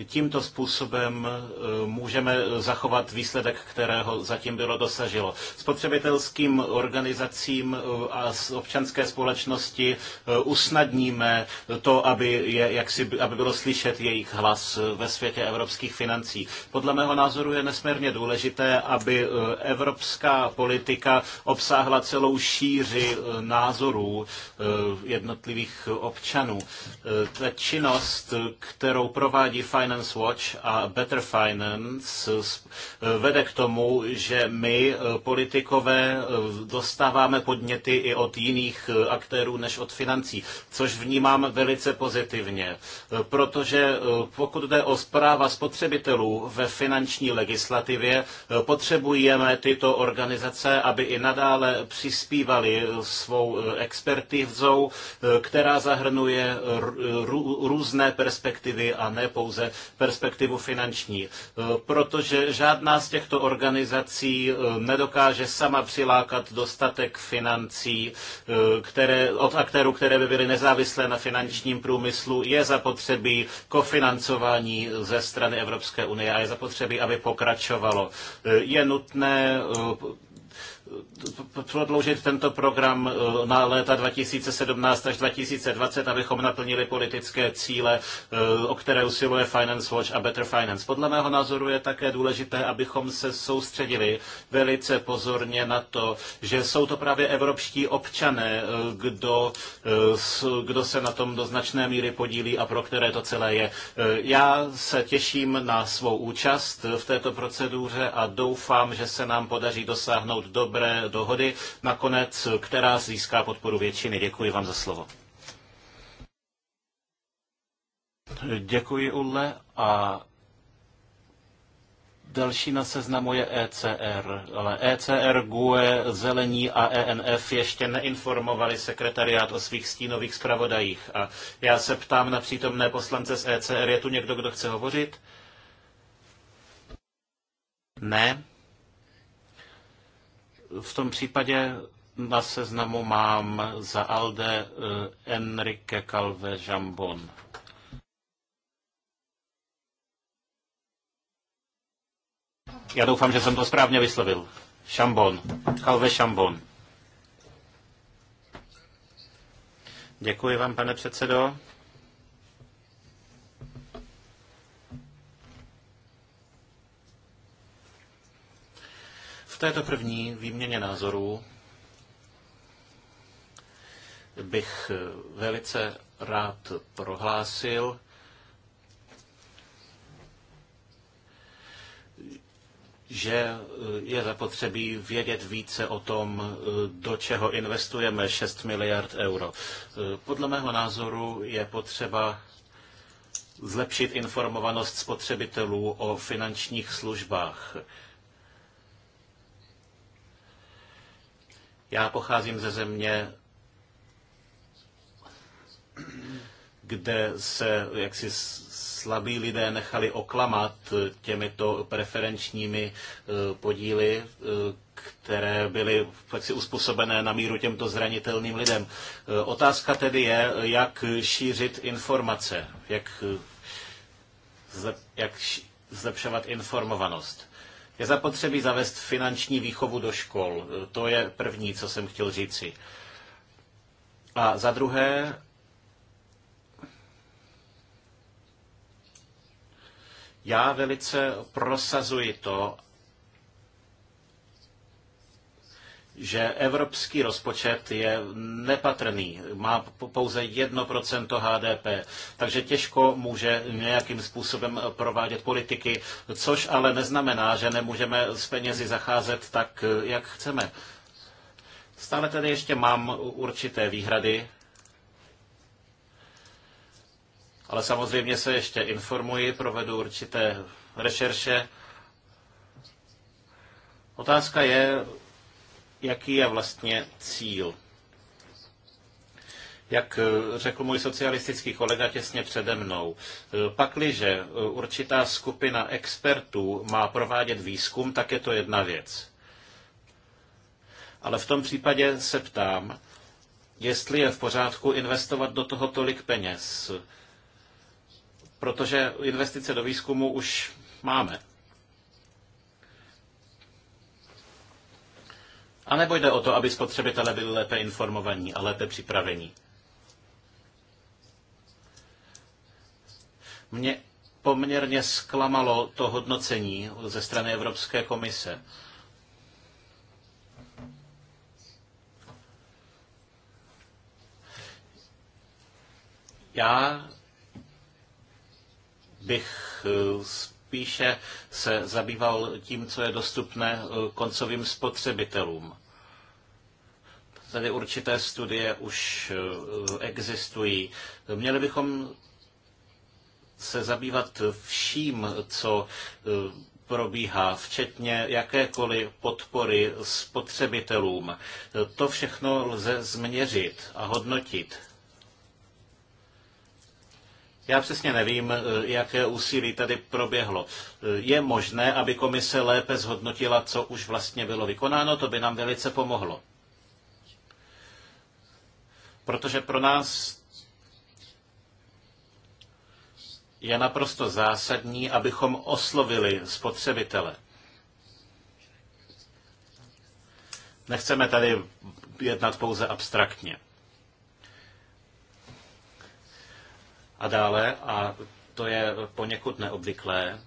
Tímto způsobem e, můžeme zachovat výsledek, kterého zatím bylo dosažilo. Spotřebitelským organizacím e, a občanské společnosti e, usnadníme to, aby, je, si, aby bylo slyšet jejich hlas ve světě evropských financí. Podle mého názoru je nesmírně důležité, aby evropská politika obsáhla celou šíři názorů jednotlivých občanů. Ta činnost, kterou provádí Finance Finance Watch a Better Finance eh, vede k tomu, že my, eh, politikové, eh, dostáváme podněty i od jiných aktérů než od financí, což vnímám velice pozitivně, protože pokud jde o zpráva spotřebitelů ve finanční legislativě, potřebujeme tyto organizace, aby i nadále přispívali svou expertizou, která zahrnuje různé perspektivy a ne pouze perspektivu finanční, e, protože žádná z těchto organizací e, nedokáže sama přilákat dostatek financí e, které, od aktérů, které by byly nezávislé na finančním průmyslu. Je zapotřebí kofinancování ze strany Evropské unie a je zapotřebí, aby pokračovalo. Je nutné prodloužit tento program eh, na léta 2017 až 2020, abychom naplnili politické cíle, eh, o které usiluje Finance Watch a Better Finance. Podle mého názoru je také důležité, abychom se soustředili velice pozorně na to, že jsou to právě evropští občané, eh, kdo, kdo se na tom do značné míry podílí a pro které to celé je. Já se těším na svou účast v této proceduře a doufám, že se nám podaří dosáhnout dobré dobré dohody nakonec, která získá podporu většiny. Děkuji vám za slovo. Děkuji, Ulle. A Další na seznamu je ECR, ale ECR, GUE, Zelení a ENF ještě neinformovali sekretariát o svých stínových zpravodajích. A já se ptám na přítomné poslance z ECR, je tu někdo, kdo chce hovořit? Ne. V tom případě na seznamu mám za Alde eh, Enrique Calve Jambon. Já doufám, že jsem to správně vyslovil. Šambon. Calve Šambon. Děkuji vám, pane předsedo. této první výměně názorů bych eh, velice rád prohlásil, že eh, je zapotřebí vědět více o tom, eh, do čeho investujeme 6 miliard euro. Podle mého názoru je potřeba zlepšit informovanost spotřebitelů o finančních službách. Já pocházím ze země, kde se jaksi slabí lidé nechali oklamat těmito preferenčními e, podíly, e, které byly jaksi uspůsobené na míru těmto zranitelným lidem. E, otázka tedy je, jak šířit informace, jak, zlep, jak zlepšovat informovanost. Je zapotřebí zavést finanční výchovu do škol. To je první, co jsem chtěl říci. A za druhé, já velice prosazuji to, že evropský rozpočet je nepatrný, má pouze 1% HDP, takže těžko může nějakým způsobem provádět politiky, což ale neznamená, že nemůžeme s penězi zacházet tak, jak chceme. Stále tedy ještě mám určité výhrady, ale samozřejmě se ještě informuji, provedu určité rešerše. Otázka je, jaký je vlastně cíl. Jak eh, řekl můj socialistický kolega těsně přede mnou, eh, pakliže eh, určitá skupina expertů má provádět výzkum, tak je to jedna věc. Ale v tom případě se ptám, jestli je v pořádku investovat do toho tolik peněz, protože investice do výzkumu už máme. A nebo jde o to, aby spotřebitelé byli lépe informovaní a lépe připravení? Mě poměrně zklamalo to hodnocení ze strany Evropské komise. Já bych eh, spíše se zabýval tím, co je dostupné eh, koncovým spotřebitelům. Tady určité studie už eh, existují. Měli bychom se zabývat vším, co eh, probíhá, včetně jakékoliv podpory spotřebitelům. To všechno lze změřit a hodnotit. Já přesně nevím, eh, jaké úsilí tady proběhlo. Je možné, aby komise lépe zhodnotila, co už vlastně bylo vykonáno, to by nám velice pomohlo protože pro nás je naprosto zásadní, abychom oslovili spotřebitele. Nechceme tady jednat pouze abstraktně. A dále, a to je poněkud neobvyklé,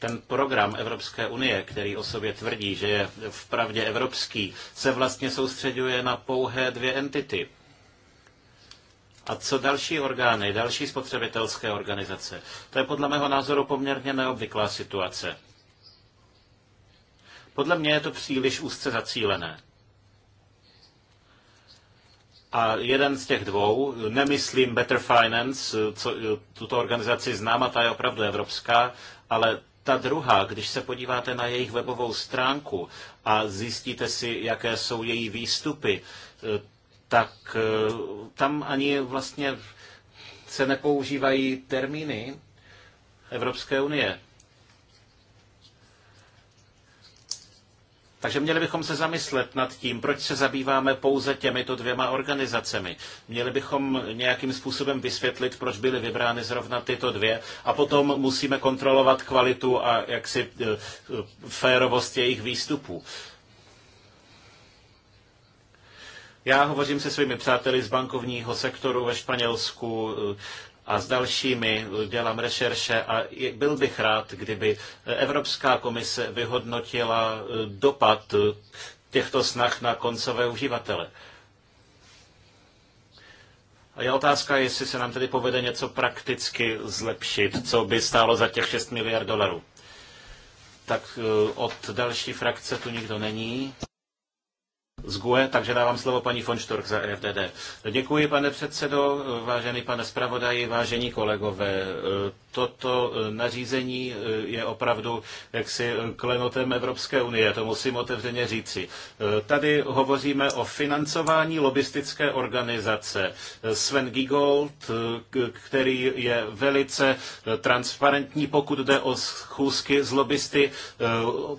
ten program Evropské unie, který o sobě tvrdí, že je vpravdě evropský, se vlastně soustředuje na pouhé dvě entity. A co další orgány, další spotřebitelské organizace? To je podle mého názoru poměrně neobvyklá situace. Podle mě je to příliš úzce zacílené. A jeden z těch dvou, nemyslím Better Finance, co, tuto organizaci znám a ta je opravdu evropská, ale ta druhá, když se podíváte na jejich webovou stránku a zjistíte si, jaké jsou její výstupy, eh, tak eh, tam ani vlastně se nepoužívají termíny Evropské unie. Takže měli bychom se zamyslet nad tím, proč se zabýváme pouze těmito dvěma organizacemi. Měli bychom nějakým způsobem vysvětlit, proč byly vybrány zrovna tyto dvě a potom musíme kontrolovat kvalitu a jaksi eh, eh, férovost jejich výstupů. Já hovořím se svými přáteli z bankovního sektoru ve Španělsku, eh, a s dalšími dělám rešerše a byl bych rád, kdyby Evropská komise vyhodnotila eh, dopad eh, těchto snah na koncové uživatele. A je otázka, jestli se nám tedy povede něco prakticky zlepšit, co by stálo za těch 6 miliard dolarů. Tak eh, od další frakce tu nikdo není z GUE, takže dávám slovo paní von za EFDD. Děkuji, pane předsedo, vážený pane zpravodaji, vážení kolegové toto e, nařízení e, je opravdu jaksi klenotem Evropské unie, to musím otevřeně říci. E, tady hovoříme o financování lobistické organizace. Sven Gigold, který je velice transparentní, pokud jde o schůzky z lobbysty,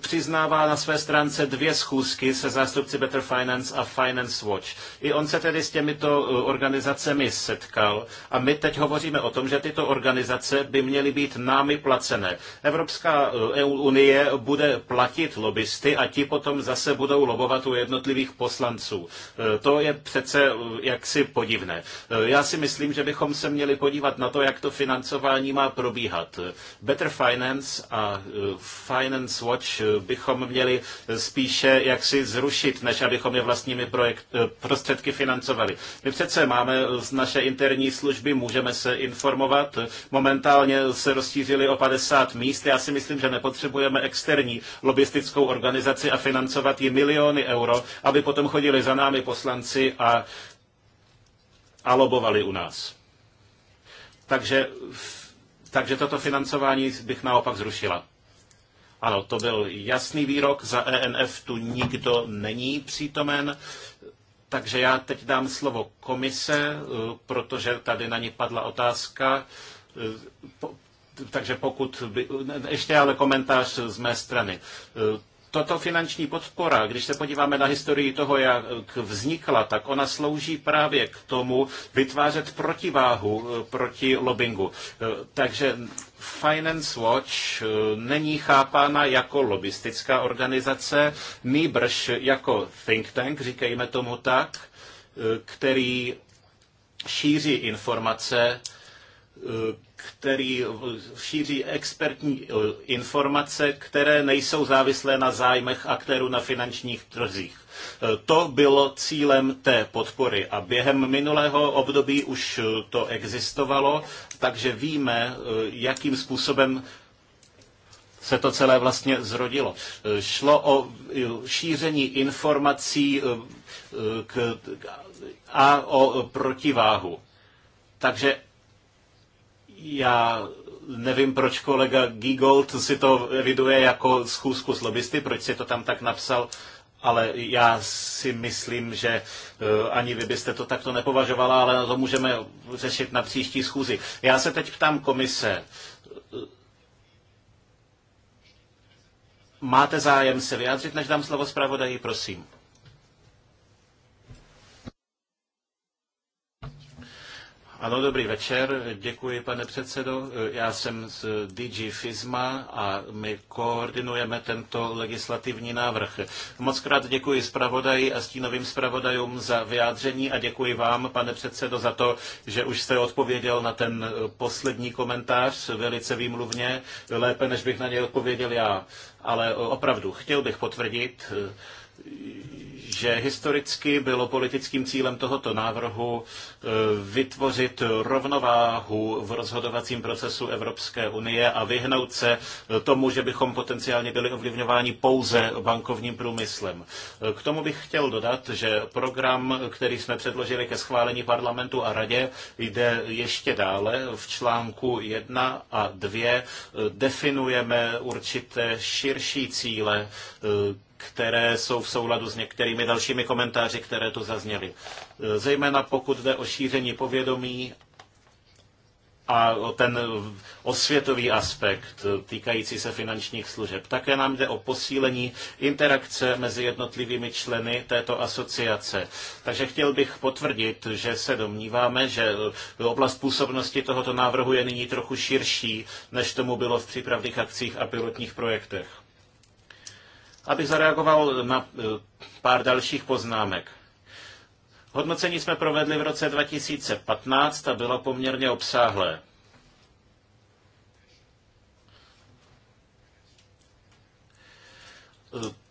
přiznává na své stránce dvě schůzky se zástupci Better Finance a Finance Watch. I on se tedy s těmito organizacemi setkal a my teď hovoříme o tom, že tyto organizace by měly být námi placené. Evropská eh, unie bude platit lobbysty a ti potom zase budou lobovat u jednotlivých poslanců. Eh, to je přece eh, jaksi podivné. Já si myslím, že bychom se měli podívat na to, jak to financování má probíhat. Better Finance a Finance Watch bychom měli spíše jaksi zrušit, než abychom je vlastními projekt, prostředky financovali. My přece máme z naše interní služby, můžeme se informovat. Momentálně Nicméně se rozšířili o 50 míst. Já si myslím, že nepotřebujeme externí lobistickou organizaci a financovat ji miliony euro, aby potom chodili za námi poslanci a, a lobovali u nás. Takže, takže toto financování bych naopak zrušila. Ano, to byl jasný výrok, za ENF tu nikdo není přítomen, takže já teď dám slovo komise, eh, protože tady na ní padla otázka takže pokud by, ještě ale komentář z mé strany. E, Toto finanční podpora, když se podíváme na historii toho, jak vznikla, tak ona slouží právě k tomu vytvářet protiváhu e, proti lobbingu. E, takže Finance Watch není chápána jako lobistická organizace, nýbrž jako think tank, říkejme tomu tak, který šíří informace, který šíří expertní eh, informace, které nejsou závislé na zájmech aktérů na finančních trzích. Eh, to bylo cílem té podpory a během minulého období už eh, to existovalo, takže víme, jakým způsobem se to celé vlastně zrodilo. Šlo o šíření informací a o protiváhu. Takže já nevím, proč kolega Gigold si to eviduje jako schůzku s lobbysty, proč si to tam tak napsal, ale já si myslím, že eh, ani vy byste to takto nepovažovala, ale na to můžeme řešit na příští schůzi. Já se teď ptám komise. Máte zájem se vyjádřit, než dám slovo zpravodaji, prosím. Ano, dobrý večer. Děkuji, pane předsedo. Já jsem z DG FISMA a my koordinujeme tento legislativní návrh. Moc krát děkuji zpravodaji a stínovým zpravodajům za vyjádření a děkuji vám, pane předsedo, za to, že už jste odpověděl na ten poslední komentář velice výmluvně, lépe, než bych na něj odpověděl já. Ale opravdu, chtěl bych potvrdit, že historicky bylo politickým cílem tohoto návrhu e, vytvořit rovnováhu v rozhodovacím procesu Evropské unie a vyhnout se e, tomu, že bychom potenciálně byli ovlivňováni pouze bankovním průmyslem. E, k tomu bych chtěl dodat, že program, který jsme předložili ke schválení parlamentu a radě, jde ještě dále. V článku 1 a 2 definujeme určité širší cíle které jsou v souladu s některými dalšími komentáři, které tu zazněly. Zejména pokud jde o šíření povědomí a o ten osvětový aspekt týkající se finančních služeb. Také nám jde o posílení interakce mezi jednotlivými členy této asociace. Takže chtěl bych potvrdit, že se domníváme, že oblast působnosti tohoto návrhu je nyní trochu širší, než tomu bylo v přípravných akcích a pilotních projektech. Abych zareagoval na eh, pár dalších poznámek. Hodnocení jsme provedli v roce 2015 a bylo poměrně obsáhlé. Eh,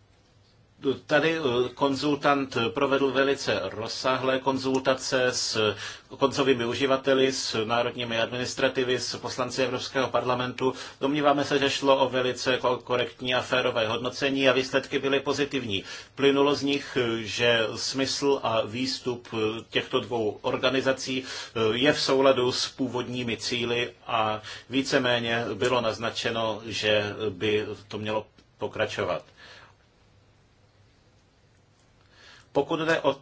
Tady eh, konzultant provedl velice rozsáhlé konzultace s koncovými uživateli, s národními administrativy, s poslanci Evropského parlamentu. Domníváme se, že šlo o velice korektní a férové hodnocení a výsledky byly pozitivní. Plynulo z nich, eh, že smysl a výstup eh, těchto dvou organizací je v souladu s původními cíly a víceméně bylo naznačeno, že by to mělo pokračovat. Pokud jde o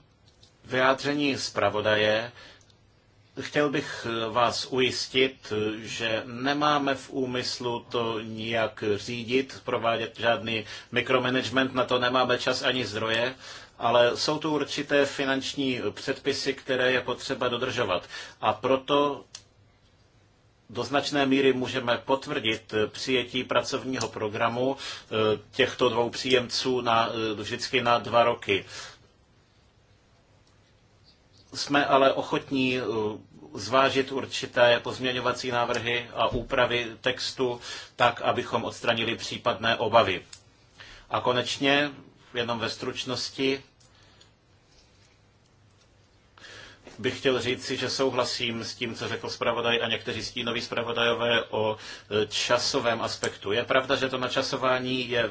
vyjádření zpravodaje, chtěl bych eh, vás ujistit, eh, že nemáme v úmyslu to nijak řídit, provádět žádný mikromanagement, na to nemáme čas ani zdroje, ale jsou tu určité finanční předpisy, které je potřeba dodržovat. A proto do značné míry můžeme potvrdit eh, přijetí pracovního programu těchto dvou příjemců na, vždycky na dva roky jsme ale ochotní eh, zvážit určité pozměňovací návrhy a úpravy textu tak, abychom odstranili případné obavy. A konečně, jenom ve stručnosti, bych chtěl říci, že souhlasím s tím, co řekl zpravodaj a někteří stínoví zpravodajové o e, časovém aspektu. Je pravda, že to načasování je e,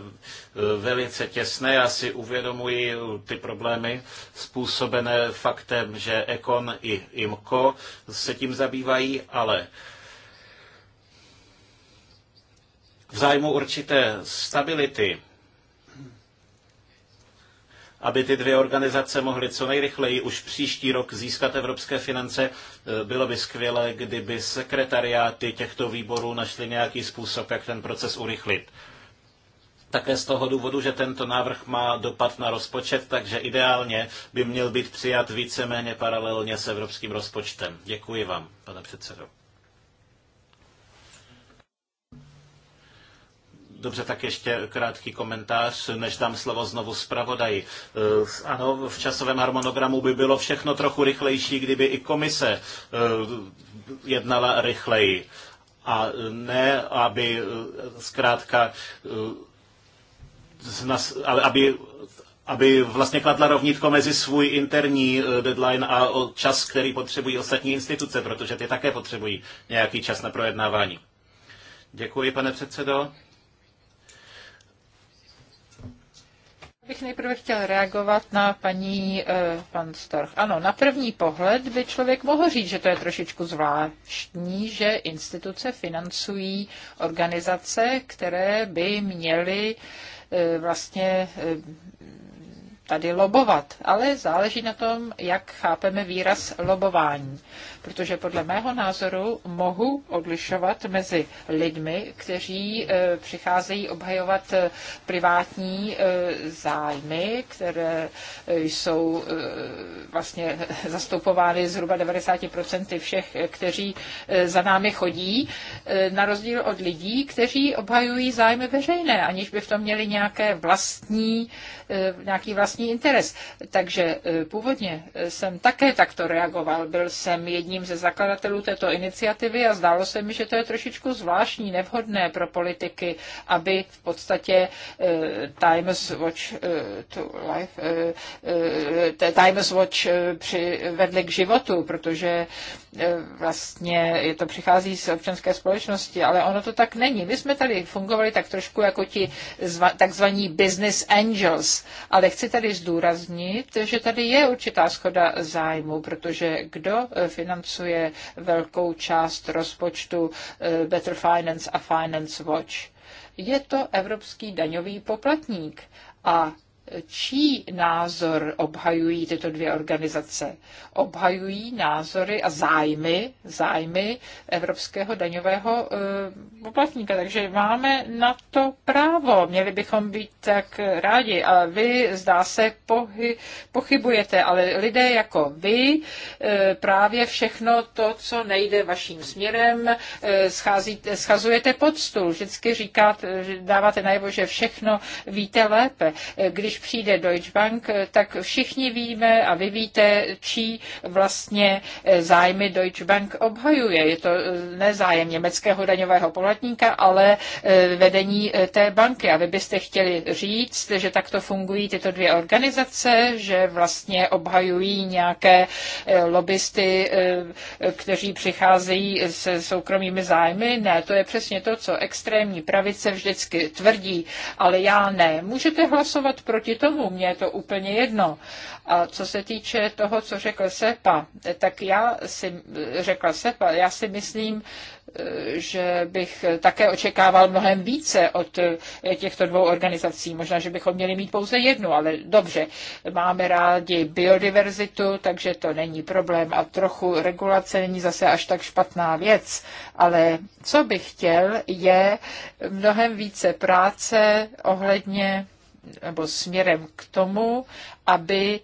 velice těsné. Já si uvědomuji e, ty problémy způsobené faktem, že Ekon i IMCO se tím zabývají, ale v zájmu určité stability aby ty dvě organizace mohly co nejrychleji už příští rok získat evropské finance. E, Bylo by skvělé, kdyby sekretariáty těchto výborů našly nějaký způsob, jak ten proces urychlit. Také z toho důvodu, že tento návrh má dopad na rozpočet, takže ideálně by měl být přijat víceméně paralelně s evropským rozpočtem. Děkuji vám, pane předsedo. Dobře, tak ještě krátký komentář, než dám slovo znovu zpravodaji. Eh, ano, v časovém harmonogramu by bylo všechno trochu rychlejší, kdyby i komise eh, jednala rychleji. A ne, aby eh, zkrátka aby aby vlastně kladla rovnítko mezi svůj interní deadline a čas, který potřebují ostatní instituce, protože ty také potřebují nějaký čas na projednávání. Děkuji, pane předsedo. bych nejprve chtěl reagovat na paní eh, pan Storch. Ano, na první pohled by člověk mohl říct, že to je trošičku zvláštní, že instituce financují organizace, které by měly eh, vlastně eh, tady lobovat, ale záleží na tom, jak chápeme výraz lobování. Protože podle mého názoru mohu odlišovat mezi lidmi, kteří eh, přicházejí obhajovat eh, privátní eh, zájmy, které jsou vlastně (laughs) zastupovány zhruba 90% všech, kteří za námi chodí, na rozdíl od lidí, kteří obhajují zájmy veřejné, aniž by v tom měli nějaké vlastní, nějaký vlastní vlastní interes. Takže e, původně jsem také takto reagoval. Byl jsem jedním ze zakladatelů této iniciativy a zdálo se mi, že to je trošičku zvláštní, nevhodné pro politiky, aby v podstatě e, Times Watch e, to life, Times Watch přivedli k životu, protože E, vlastně je to přichází z občanské společnosti, ale ono to tak není. My jsme tady fungovali tak trošku jako ti takzvaní business angels, ale chci tady zdůraznit, že tady je určitá schoda zájmu, protože kdo e, financuje velkou část rozpočtu e, Better Finance a Finance Watch? Je to evropský daňový poplatník a čí názor obhajují tyto dvě organizace? Obhajují názory a zájmy, zájmy evropského daňového eh, poplatníka. Takže máme na to právo. Měli bychom být tak rádi. A vy, zdá se, pohy, pochybujete, ale lidé jako vy eh, právě všechno to, co nejde vaším směrem, eh, scházíte, schazujete pod stůl. Vždycky říkáte, dáváte najevo, že všechno víte lépe. Když přijde Deutsche Bank, tak všichni víme a vy víte, čí vlastně eh, zájmy Deutsche Bank obhajuje. Je to eh, nezájem německého daňového poplatníka, ale eh, vedení té banky. A vy byste chtěli říct, že takto fungují tyto dvě organizace, že vlastně obhajují nějaké lobbysty, kteří přicházejí se soukromými zájmy. Ne, to je přesně to, co extrémní pravice vždycky tvrdí, ale já ne. Můžete hlasovat proti proti tomu, mně je to úplně jedno. A co se týče toho, co řekl Sepa, tak já si řekla Sepa, já si myslím, eh, že bych také očekával mnohem více od eh, těchto dvou organizací. Možná, že bychom měli mít pouze jednu, ale dobře, máme rádi biodiverzitu, takže to není problém a trochu regulace není zase až tak špatná věc. Ale co bych chtěl, je mnohem více práce ohledně nebo směrem k tomu, aby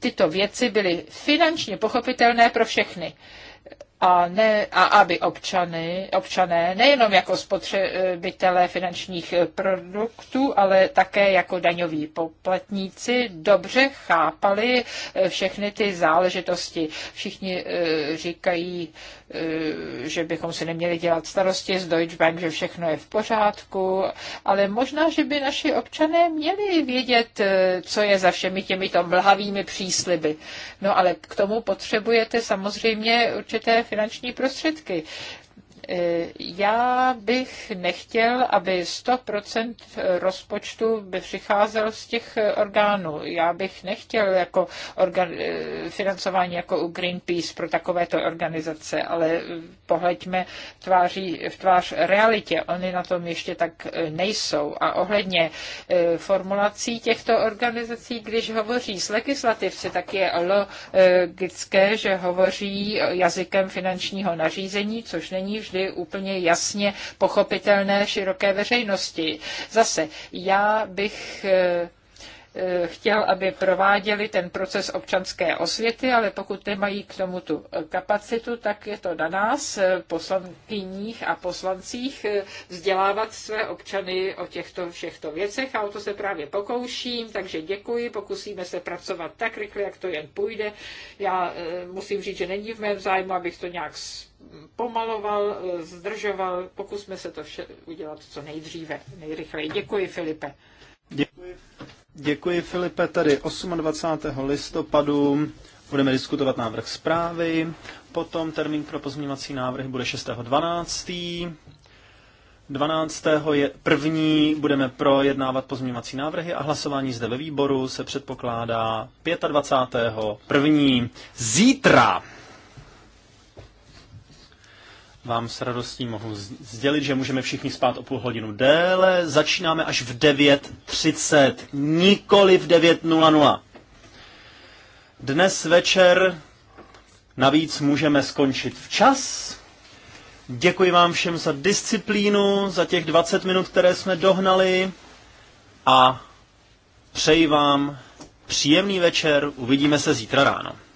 tyto věci byly finančně pochopitelné pro všechny a, ne, a aby občany, občané nejenom jako spotřebitelé finančních produktů, ale také jako daňoví poplatníci dobře chápali eh, všechny ty záležitosti. Všichni eh, říkají, eh, že bychom si neměli dělat starosti z Deutsche Bank, že všechno je v pořádku, ale možná, že by naši občané měli vědět, co je za všemi těmito mlhavými přísliby. No ale k tomu potřebujete samozřejmě určité finanční prostředky. Eh, já bych nechtěl, aby 100% rozpočtu by přicházel z těch eh, orgánů. Já bych nechtěl jako organ, eh, financování jako u Greenpeace pro takovéto organizace, ale pohleďme tváří, v tvář realitě. Oni na tom ještě tak nejsou. A ohledně formulací těchto organizací, když hovoří s legislativci, tak je logické, že hovoří jazykem finančního nařízení, což není vždy tedy úplně jasně pochopitelné široké veřejnosti. Zase, já bych eh, eh, chtěl, aby prováděli ten proces občanské osvěty, ale pokud nemají k tomu tu eh, kapacitu, tak je to na nás, poslankyních a poslancích, vzdělávat své občany o těchto všechto věcech a o to se právě pokouším, takže děkuji, pokusíme se pracovat tak rychle, jak to jen půjde. Já musím říct, že není v mém zájmu, abych to nějak Pomaloval, eh, zdržoval. Pokusme se to vše udělat co nejdříve, nejrychleji. Děkuji, Filipe. Děkuji. Děkuji, Filipe. Tady 28. listopadu budeme diskutovat návrh zprávy. Potom termín pro pozměňovací návrhy bude 6.12. 12. je první budeme projednávat pozměňovací návrhy a hlasování zde ve výboru se předpokládá 25. první zítra vám s radostí mohu sdělit, že můžeme všichni spát o půl hodinu déle. Začínáme až v 9.30, nikoli v 9.00. Dnes večer navíc můžeme skončit včas. Děkuji vám všem za disciplínu, za těch 20 minut, které jsme dohnali a přeji vám příjemný večer. Uvidíme se zítra ráno.